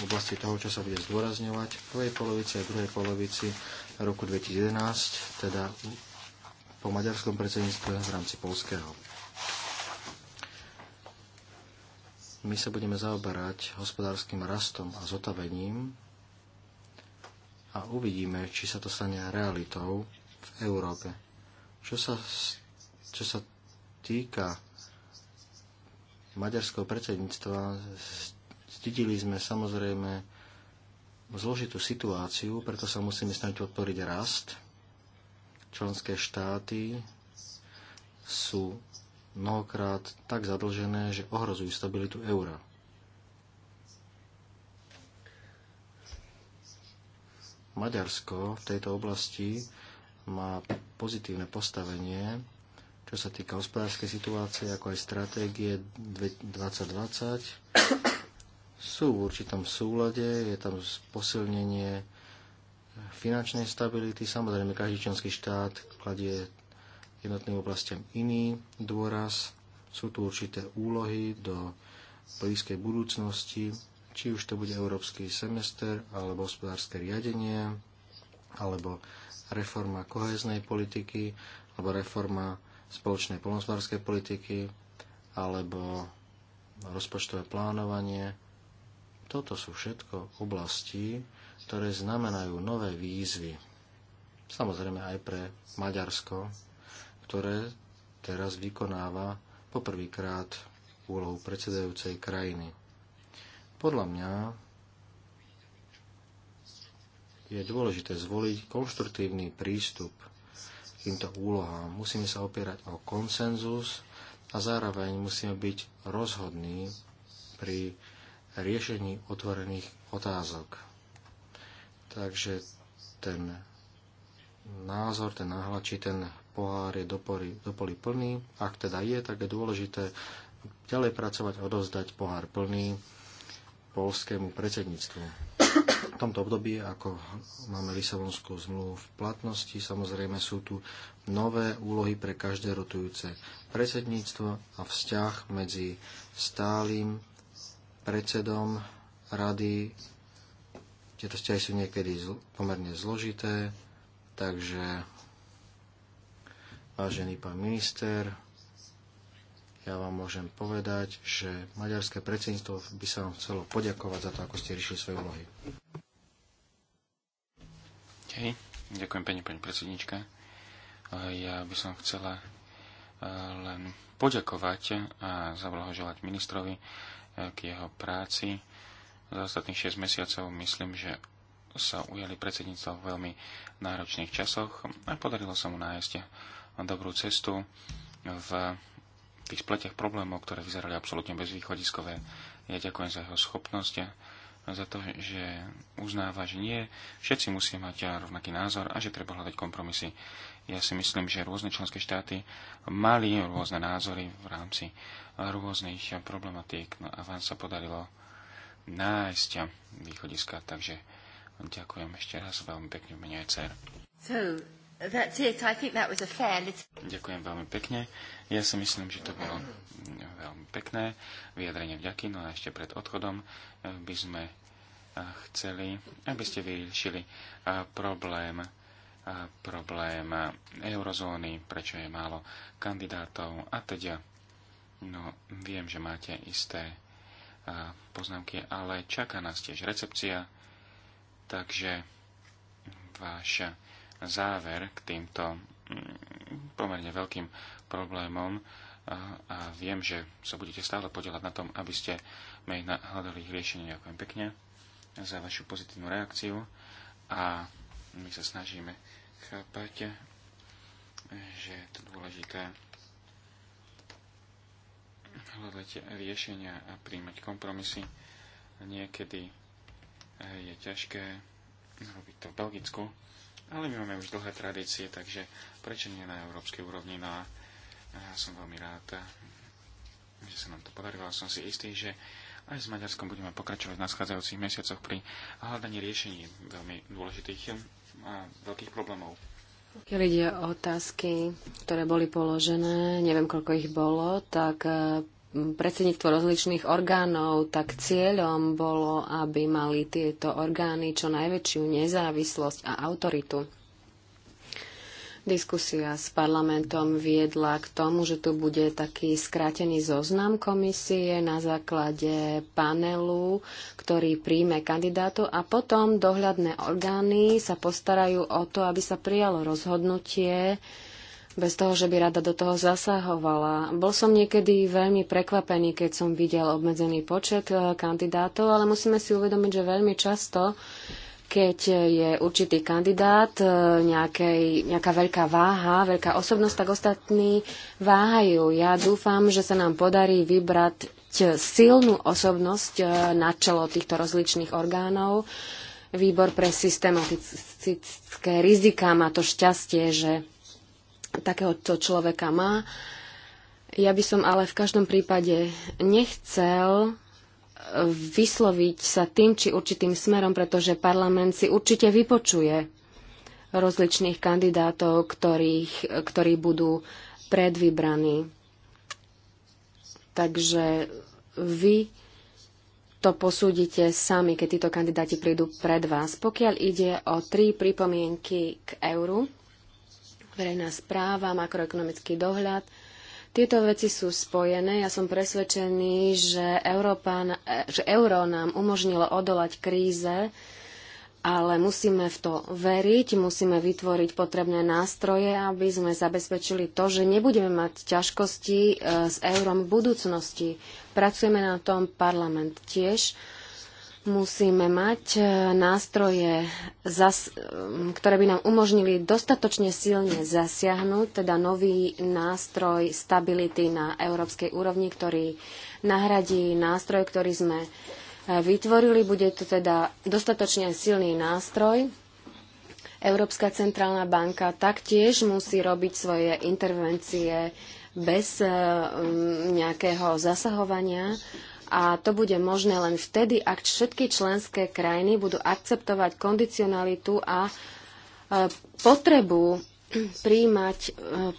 oblasti toho, čo sa bude zdôrazňovať v prvej polovici a druhej polovici roku 2011, teda po maďarskom predsedníctve v rámci polského. my sa budeme zaoberať hospodárskym rastom a zotavením a uvidíme, či sa to stane realitou v Európe. Čo sa, čo sa týka maďarského predsedníctva, zdidili sme samozrejme zložitú situáciu, preto sa musíme snažiť podporiť rast. Členské štáty sú mnohokrát tak zadlžené, že ohrozujú stabilitu eura. Maďarsko v tejto oblasti má pozitívne postavenie, čo sa týka hospodárskej situácie, ako aj stratégie 2020. Sú v určitom súlade, je tam posilnenie finančnej stability. Samozrejme, každý členský štát kladie jednotným oblastiam iný dôraz. Sú tu určité úlohy do blízkej budúcnosti, či už to bude európsky semester, alebo hospodárske riadenie, alebo reforma koheznej politiky, alebo reforma spoločnej polnospodárskej politiky, alebo rozpočtové plánovanie. Toto sú všetko oblasti, ktoré znamenajú nové výzvy. Samozrejme aj pre Maďarsko, ktoré teraz vykonáva poprvýkrát úlohu predsedajúcej krajiny. Podľa mňa je dôležité zvoliť konštruktívny prístup k týmto úlohám. Musíme sa opierať o konsenzus a zároveň musíme byť rozhodní pri riešení otvorených otázok. Takže ten názor, ten náhľad či ten pohár je do, pory, do poli plný. Ak teda je, tak je dôležité ďalej pracovať, odovzdať pohár plný polskému predsedníctvu. V tomto období, ako máme Lisabonskú zmluvu v platnosti, samozrejme sú tu nové úlohy pre každé rotujúce predsedníctvo a vzťah medzi stálym predsedom rady. Tieto vzťahy sú niekedy pomerne zložité, takže vážený pán minister, ja vám môžem povedať, že maďarské predsedníctvo by sa vám chcelo poďakovať za to, ako ste riešili svoje úlohy. Hej, ďakujem pani pani predsednička. Ja by som chcela e, len poďakovať a zablahoželať ministrovi e, k jeho práci. Za ostatných 6 mesiacov myslím, že sa ujali predsedníctvo v veľmi náročných časoch a podarilo sa mu nájsť dobrú cestu v tých spletiach problémov, ktoré vyzerali absolútne bezvýchodiskové. Ja ďakujem za jeho schopnosť a za to, že uznáva, že nie, všetci musia mať rovnaký názor a že treba hľadať kompromisy. Ja si myslím, že rôzne členské štáty mali rôzne názory v rámci rôznych problematík no a vám sa podarilo nájsť východiska, takže ďakujem ešte raz veľmi pekne v mene e CER. So, Ďakujem veľmi pekne. Ja si myslím, že to bolo veľmi pekné vyjadrenie vďaky. No a ešte pred odchodom eh, by sme eh, chceli, aby ste vyriešili eh, problém, problém eurozóny, prečo je málo kandidátov a teda. No, viem, že máte isté poznámky, ale čaká nás tiež recepcia, takže váš záver k týmto mm, pomerne veľkým problémom a viem, že sa budete stále podielať na tom, aby ste mi hľadali ich riešenie. Ďakujem pekne za vašu pozitívnu reakciu a my sa snažíme chápať, že je to dôležité hľadať riešenia a príjmať kompromisy. Niekedy je ťažké robiť to v Belgicku, ale my máme už dlhé tradície, takže prečo nie na európskej úrovni? No a ja som veľmi rád, že sa nám to podarilo. Som si istý, že aj s Maďarskom budeme pokračovať v nadchádzajúcich mesiacoch pri hľadaní riešení veľmi dôležitých a veľkých problémov. Pokiaľ ide o otázky, ktoré boli položené, neviem koľko ich bolo, tak predsedníctvo rozličných orgánov, tak cieľom bolo, aby mali tieto orgány čo najväčšiu nezávislosť a autoritu. Diskusia s parlamentom viedla k tomu, že tu bude taký skrátený zoznam komisie na základe panelu, ktorý príjme kandidátu a potom dohľadné orgány sa postarajú o to, aby sa prijalo rozhodnutie, bez toho, že by rada do toho zasahovala. Bol som niekedy veľmi prekvapený, keď som videl obmedzený počet e, kandidátov, ale musíme si uvedomiť, že veľmi často, keď je určitý kandidát, e, nejakej, nejaká veľká váha, veľká osobnosť, tak ostatní váhajú. Ja dúfam, že sa nám podarí vybrať silnú osobnosť e, na čelo týchto rozličných orgánov. Výbor pre systematické rizika má to šťastie, že takéhoto človeka má. Ja by som ale v každom prípade nechcel e, vysloviť sa tým či určitým smerom, pretože parlament si určite vypočuje rozličných kandidátov, ktorých, ktorí budú predvybraní. Takže vy to posúdite sami, keď títo kandidáti prídu pred vás. Pokiaľ ide o tri pripomienky k euru, verejná správa, makroekonomický dohľad. Tieto veci sú spojené. Ja som presvedčený, že, Európa, že euro nám umožnilo odolať kríze, ale musíme v to veriť, musíme vytvoriť potrebné nástroje, aby sme zabezpečili to, že nebudeme mať ťažkosti e, s eurom v budúcnosti. Pracujeme na tom parlament tiež Musíme mať e, nástroje, ktoré by nám umožnili dostatočne silne zasiahnuť, teda nový nástroj stability na európskej úrovni, ktorý nahradí nástroj, ktorý sme e, vytvorili. Bude to teda dostatočne silný nástroj, Európska centrálna banka taktiež musí robiť svoje intervencie bez e, nejakého zasahovania a to bude možné len vtedy, ak všetky členské krajiny budú akceptovať kondicionalitu a e, potrebu príjmať e,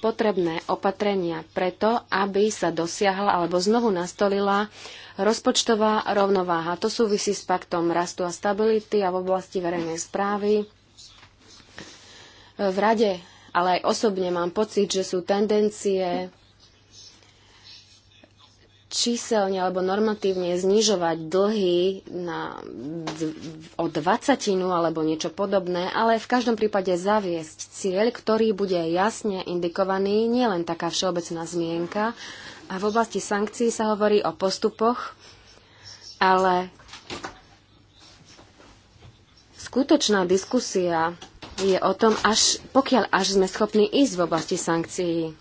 potrebné opatrenia preto, aby sa dosiahla alebo znovu nastolila rozpočtová rovnováha. To súvisí s paktom rastu a stability a v oblasti verejnej správy. E, v rade, ale aj osobne mám pocit, že sú tendencie číselne alebo normatívne znižovať dlhy na, o dvacatinu alebo niečo podobné, ale v každom prípade zaviesť cieľ, ktorý bude jasne indikovaný, nielen taká všeobecná zmienka. A v oblasti sankcií sa hovorí o postupoch, ale skutočná diskusia je o tom, až, pokiaľ až sme schopní ísť v oblasti sankcií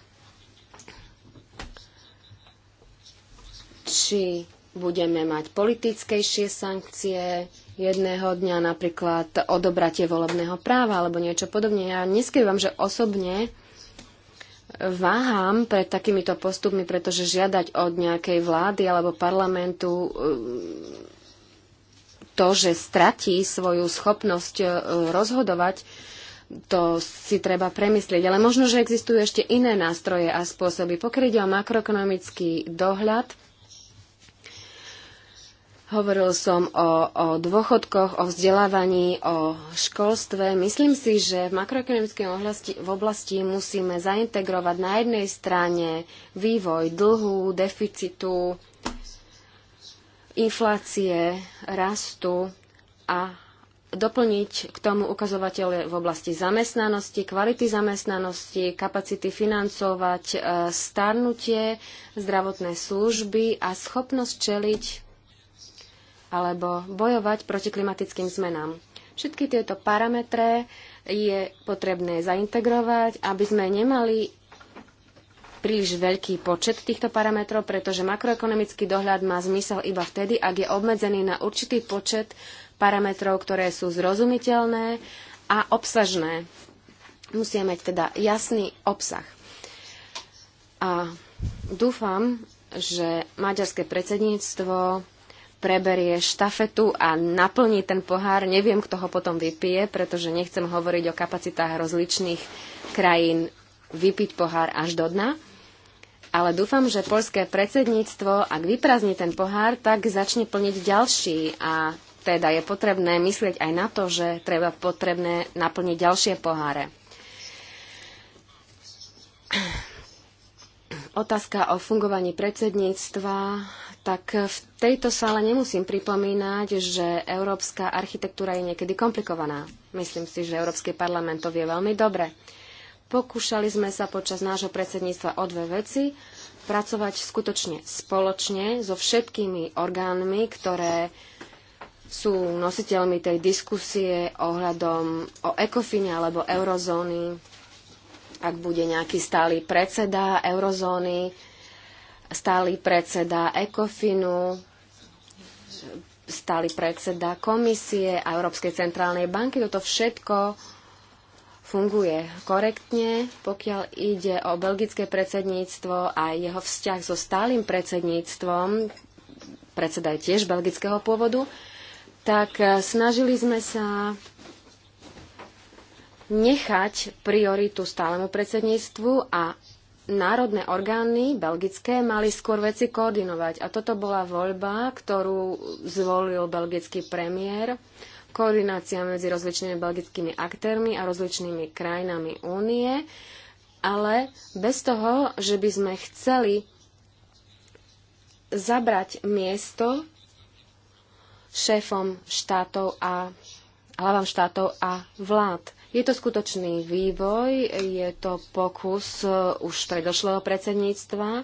či budeme mať politickejšie sankcie, jedného dňa napríklad odobratie volebného práva alebo niečo podobne. Ja neskrývam, že osobne váham pred takýmito postupmi, pretože žiadať od nejakej vlády alebo parlamentu um, to, že stratí svoju schopnosť uh, rozhodovať, to si treba premyslieť. Ale možno, že existujú ešte iné nástroje a spôsoby. Pokiaľ ide o makroekonomický dohľad, Hovoril som o, o dôchodkoch, o vzdelávaní, o školstve. Myslím si, že v makroekonomickej oblasti, v oblasti musíme zaintegrovať na jednej strane vývoj dlhu, deficitu, inflácie, rastu a doplniť k tomu ukazovatele v oblasti zamestnanosti, kvality zamestnanosti, kapacity financovať e, starnutie, zdravotné služby a schopnosť čeliť alebo bojovať proti klimatickým zmenám. Všetky tieto parametre je potrebné zaintegrovať, aby sme nemali príliš veľký počet týchto parametrov, pretože makroekonomický dohľad má zmysel iba vtedy, ak je obmedzený na určitý počet parametrov, ktoré sú zrozumiteľné a obsažné. Musia mať teda jasný obsah. A dúfam, že maďarské predsedníctvo preberie štafetu a naplní ten pohár. Neviem, kto ho potom vypije, pretože nechcem hovoriť o kapacitách rozličných krajín vypiť pohár až do dna. Ale dúfam, že poľské predsedníctvo, ak vyprázdni ten pohár, tak začne plniť ďalší a teda je potrebné myslieť aj na to, že treba potrebné naplniť ďalšie poháre. Otázka o fungovaní predsedníctva tak v tejto sále nemusím pripomínať, že európska architektúra je niekedy komplikovaná. Myslím si, že Európsky parlament to vie veľmi dobre. Pokúšali sme sa počas nášho predsedníctva o dve veci. Pracovať skutočne spoločne so všetkými orgánmi, ktoré sú nositeľmi tej diskusie ohľadom o ekofine alebo eurozóny, ak bude nejaký stály predseda eurozóny, stály predseda ECOFINu, stály predseda komisie a Európskej centrálnej banky. Toto všetko funguje korektne, pokiaľ ide o belgické predsedníctvo a jeho vzťah so stálym predsedníctvom, predseda je tiež belgického pôvodu, tak e, snažili sme sa nechať prioritu stálemu predsedníctvu a národné orgány, belgické, mali skôr veci koordinovať. A toto bola voľba, ktorú zvolil belgický premiér. Koordinácia medzi rozličnými belgickými aktérmi a rozličnými krajinami únie, ale bez toho, že by sme chceli zabrať miesto šéfom štátov a hlavám štátov a vlád. Je to skutočný vývoj, je to pokus e, už predošlého predsedníctva.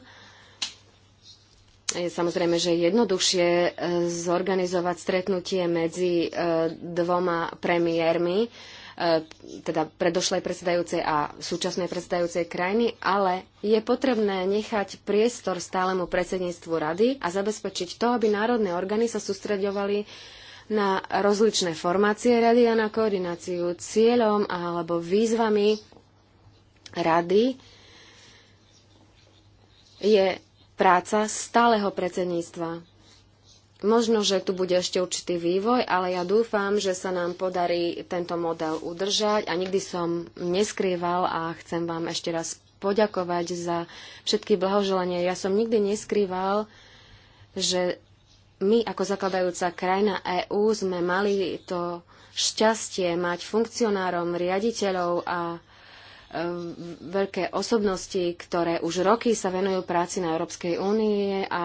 Je samozrejme, že jednoduchšie e, zorganizovať stretnutie medzi e, dvoma premiérmi, teda predošlej predsedajúcej a súčasnej predsedajúcej krajiny, ale je potrebné nechať priestor stálemu predsedníctvu rady a zabezpečiť to, aby národné orgány sa sústreďovali na rozličné formácie rady a na koordináciu cieľom alebo výzvami rady je práca stáleho predsedníctva. Možno, že tu bude ešte určitý vývoj, ale ja dúfam, že sa nám podarí tento model udržať a nikdy som neskrýval a chcem vám ešte raz poďakovať za všetky blahoželania. Ja som nikdy neskrýval, že my ako zakladajúca krajina EÚ sme mali to šťastie mať funkcionárom, riaditeľov a e, veľké osobnosti, ktoré už roky sa venujú práci na Európskej únie a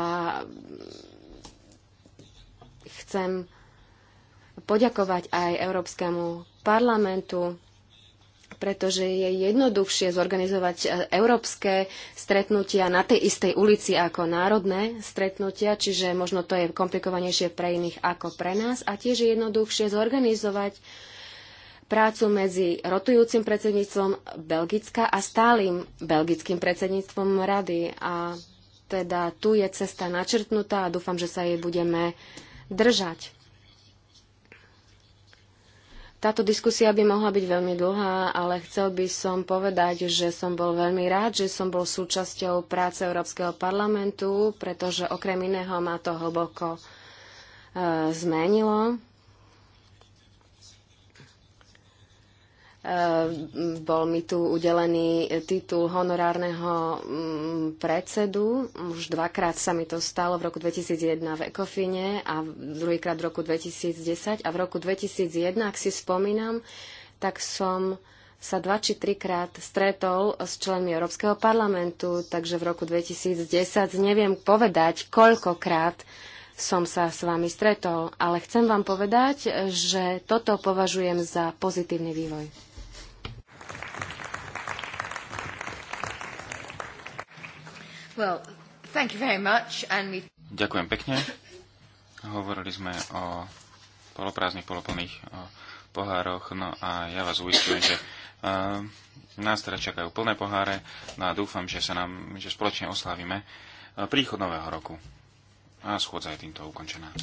chcem poďakovať aj Európskemu parlamentu pretože je jednoduchšie zorganizovať e, európske stretnutia na tej istej ulici ako národné stretnutia, čiže možno to je komplikovanejšie pre iných ako pre nás a tiež je jednoduchšie zorganizovať prácu medzi rotujúcim predsedníctvom Belgicka a stálym belgickým predsedníctvom rady. A teda tu je cesta načrtnutá a dúfam, že sa jej budeme držať. Táto diskusia by mohla byť veľmi dlhá, ale chcel by som povedať, že som bol veľmi rád, že som bol súčasťou práce Európskeho parlamentu, pretože okrem iného ma to hlboko e, zmenilo Ehm, bol mi tu udelený titul honorárneho mm, predsedu. Už dvakrát sa mi to stalo v roku 2001 v Ekofine a druhýkrát v roku 2010. A v roku 2001, ak si spomínam, tak som sa dva či trikrát stretol s členmi Európskeho parlamentu, takže v roku 2010 neviem povedať, koľkokrát som sa s vami stretol, ale chcem vám povedať, že toto považujem za pozitívny vývoj. Ďakujem pekne. Hovorili sme o poloprázdnych, poloplných o pohároch, no a ja vás uistujem, že uh, nás teda čakajú plné poháre, no a dúfam, že sa nám, že spoločne oslavíme e, príchod nového roku. A schôdza je týmto ukončená.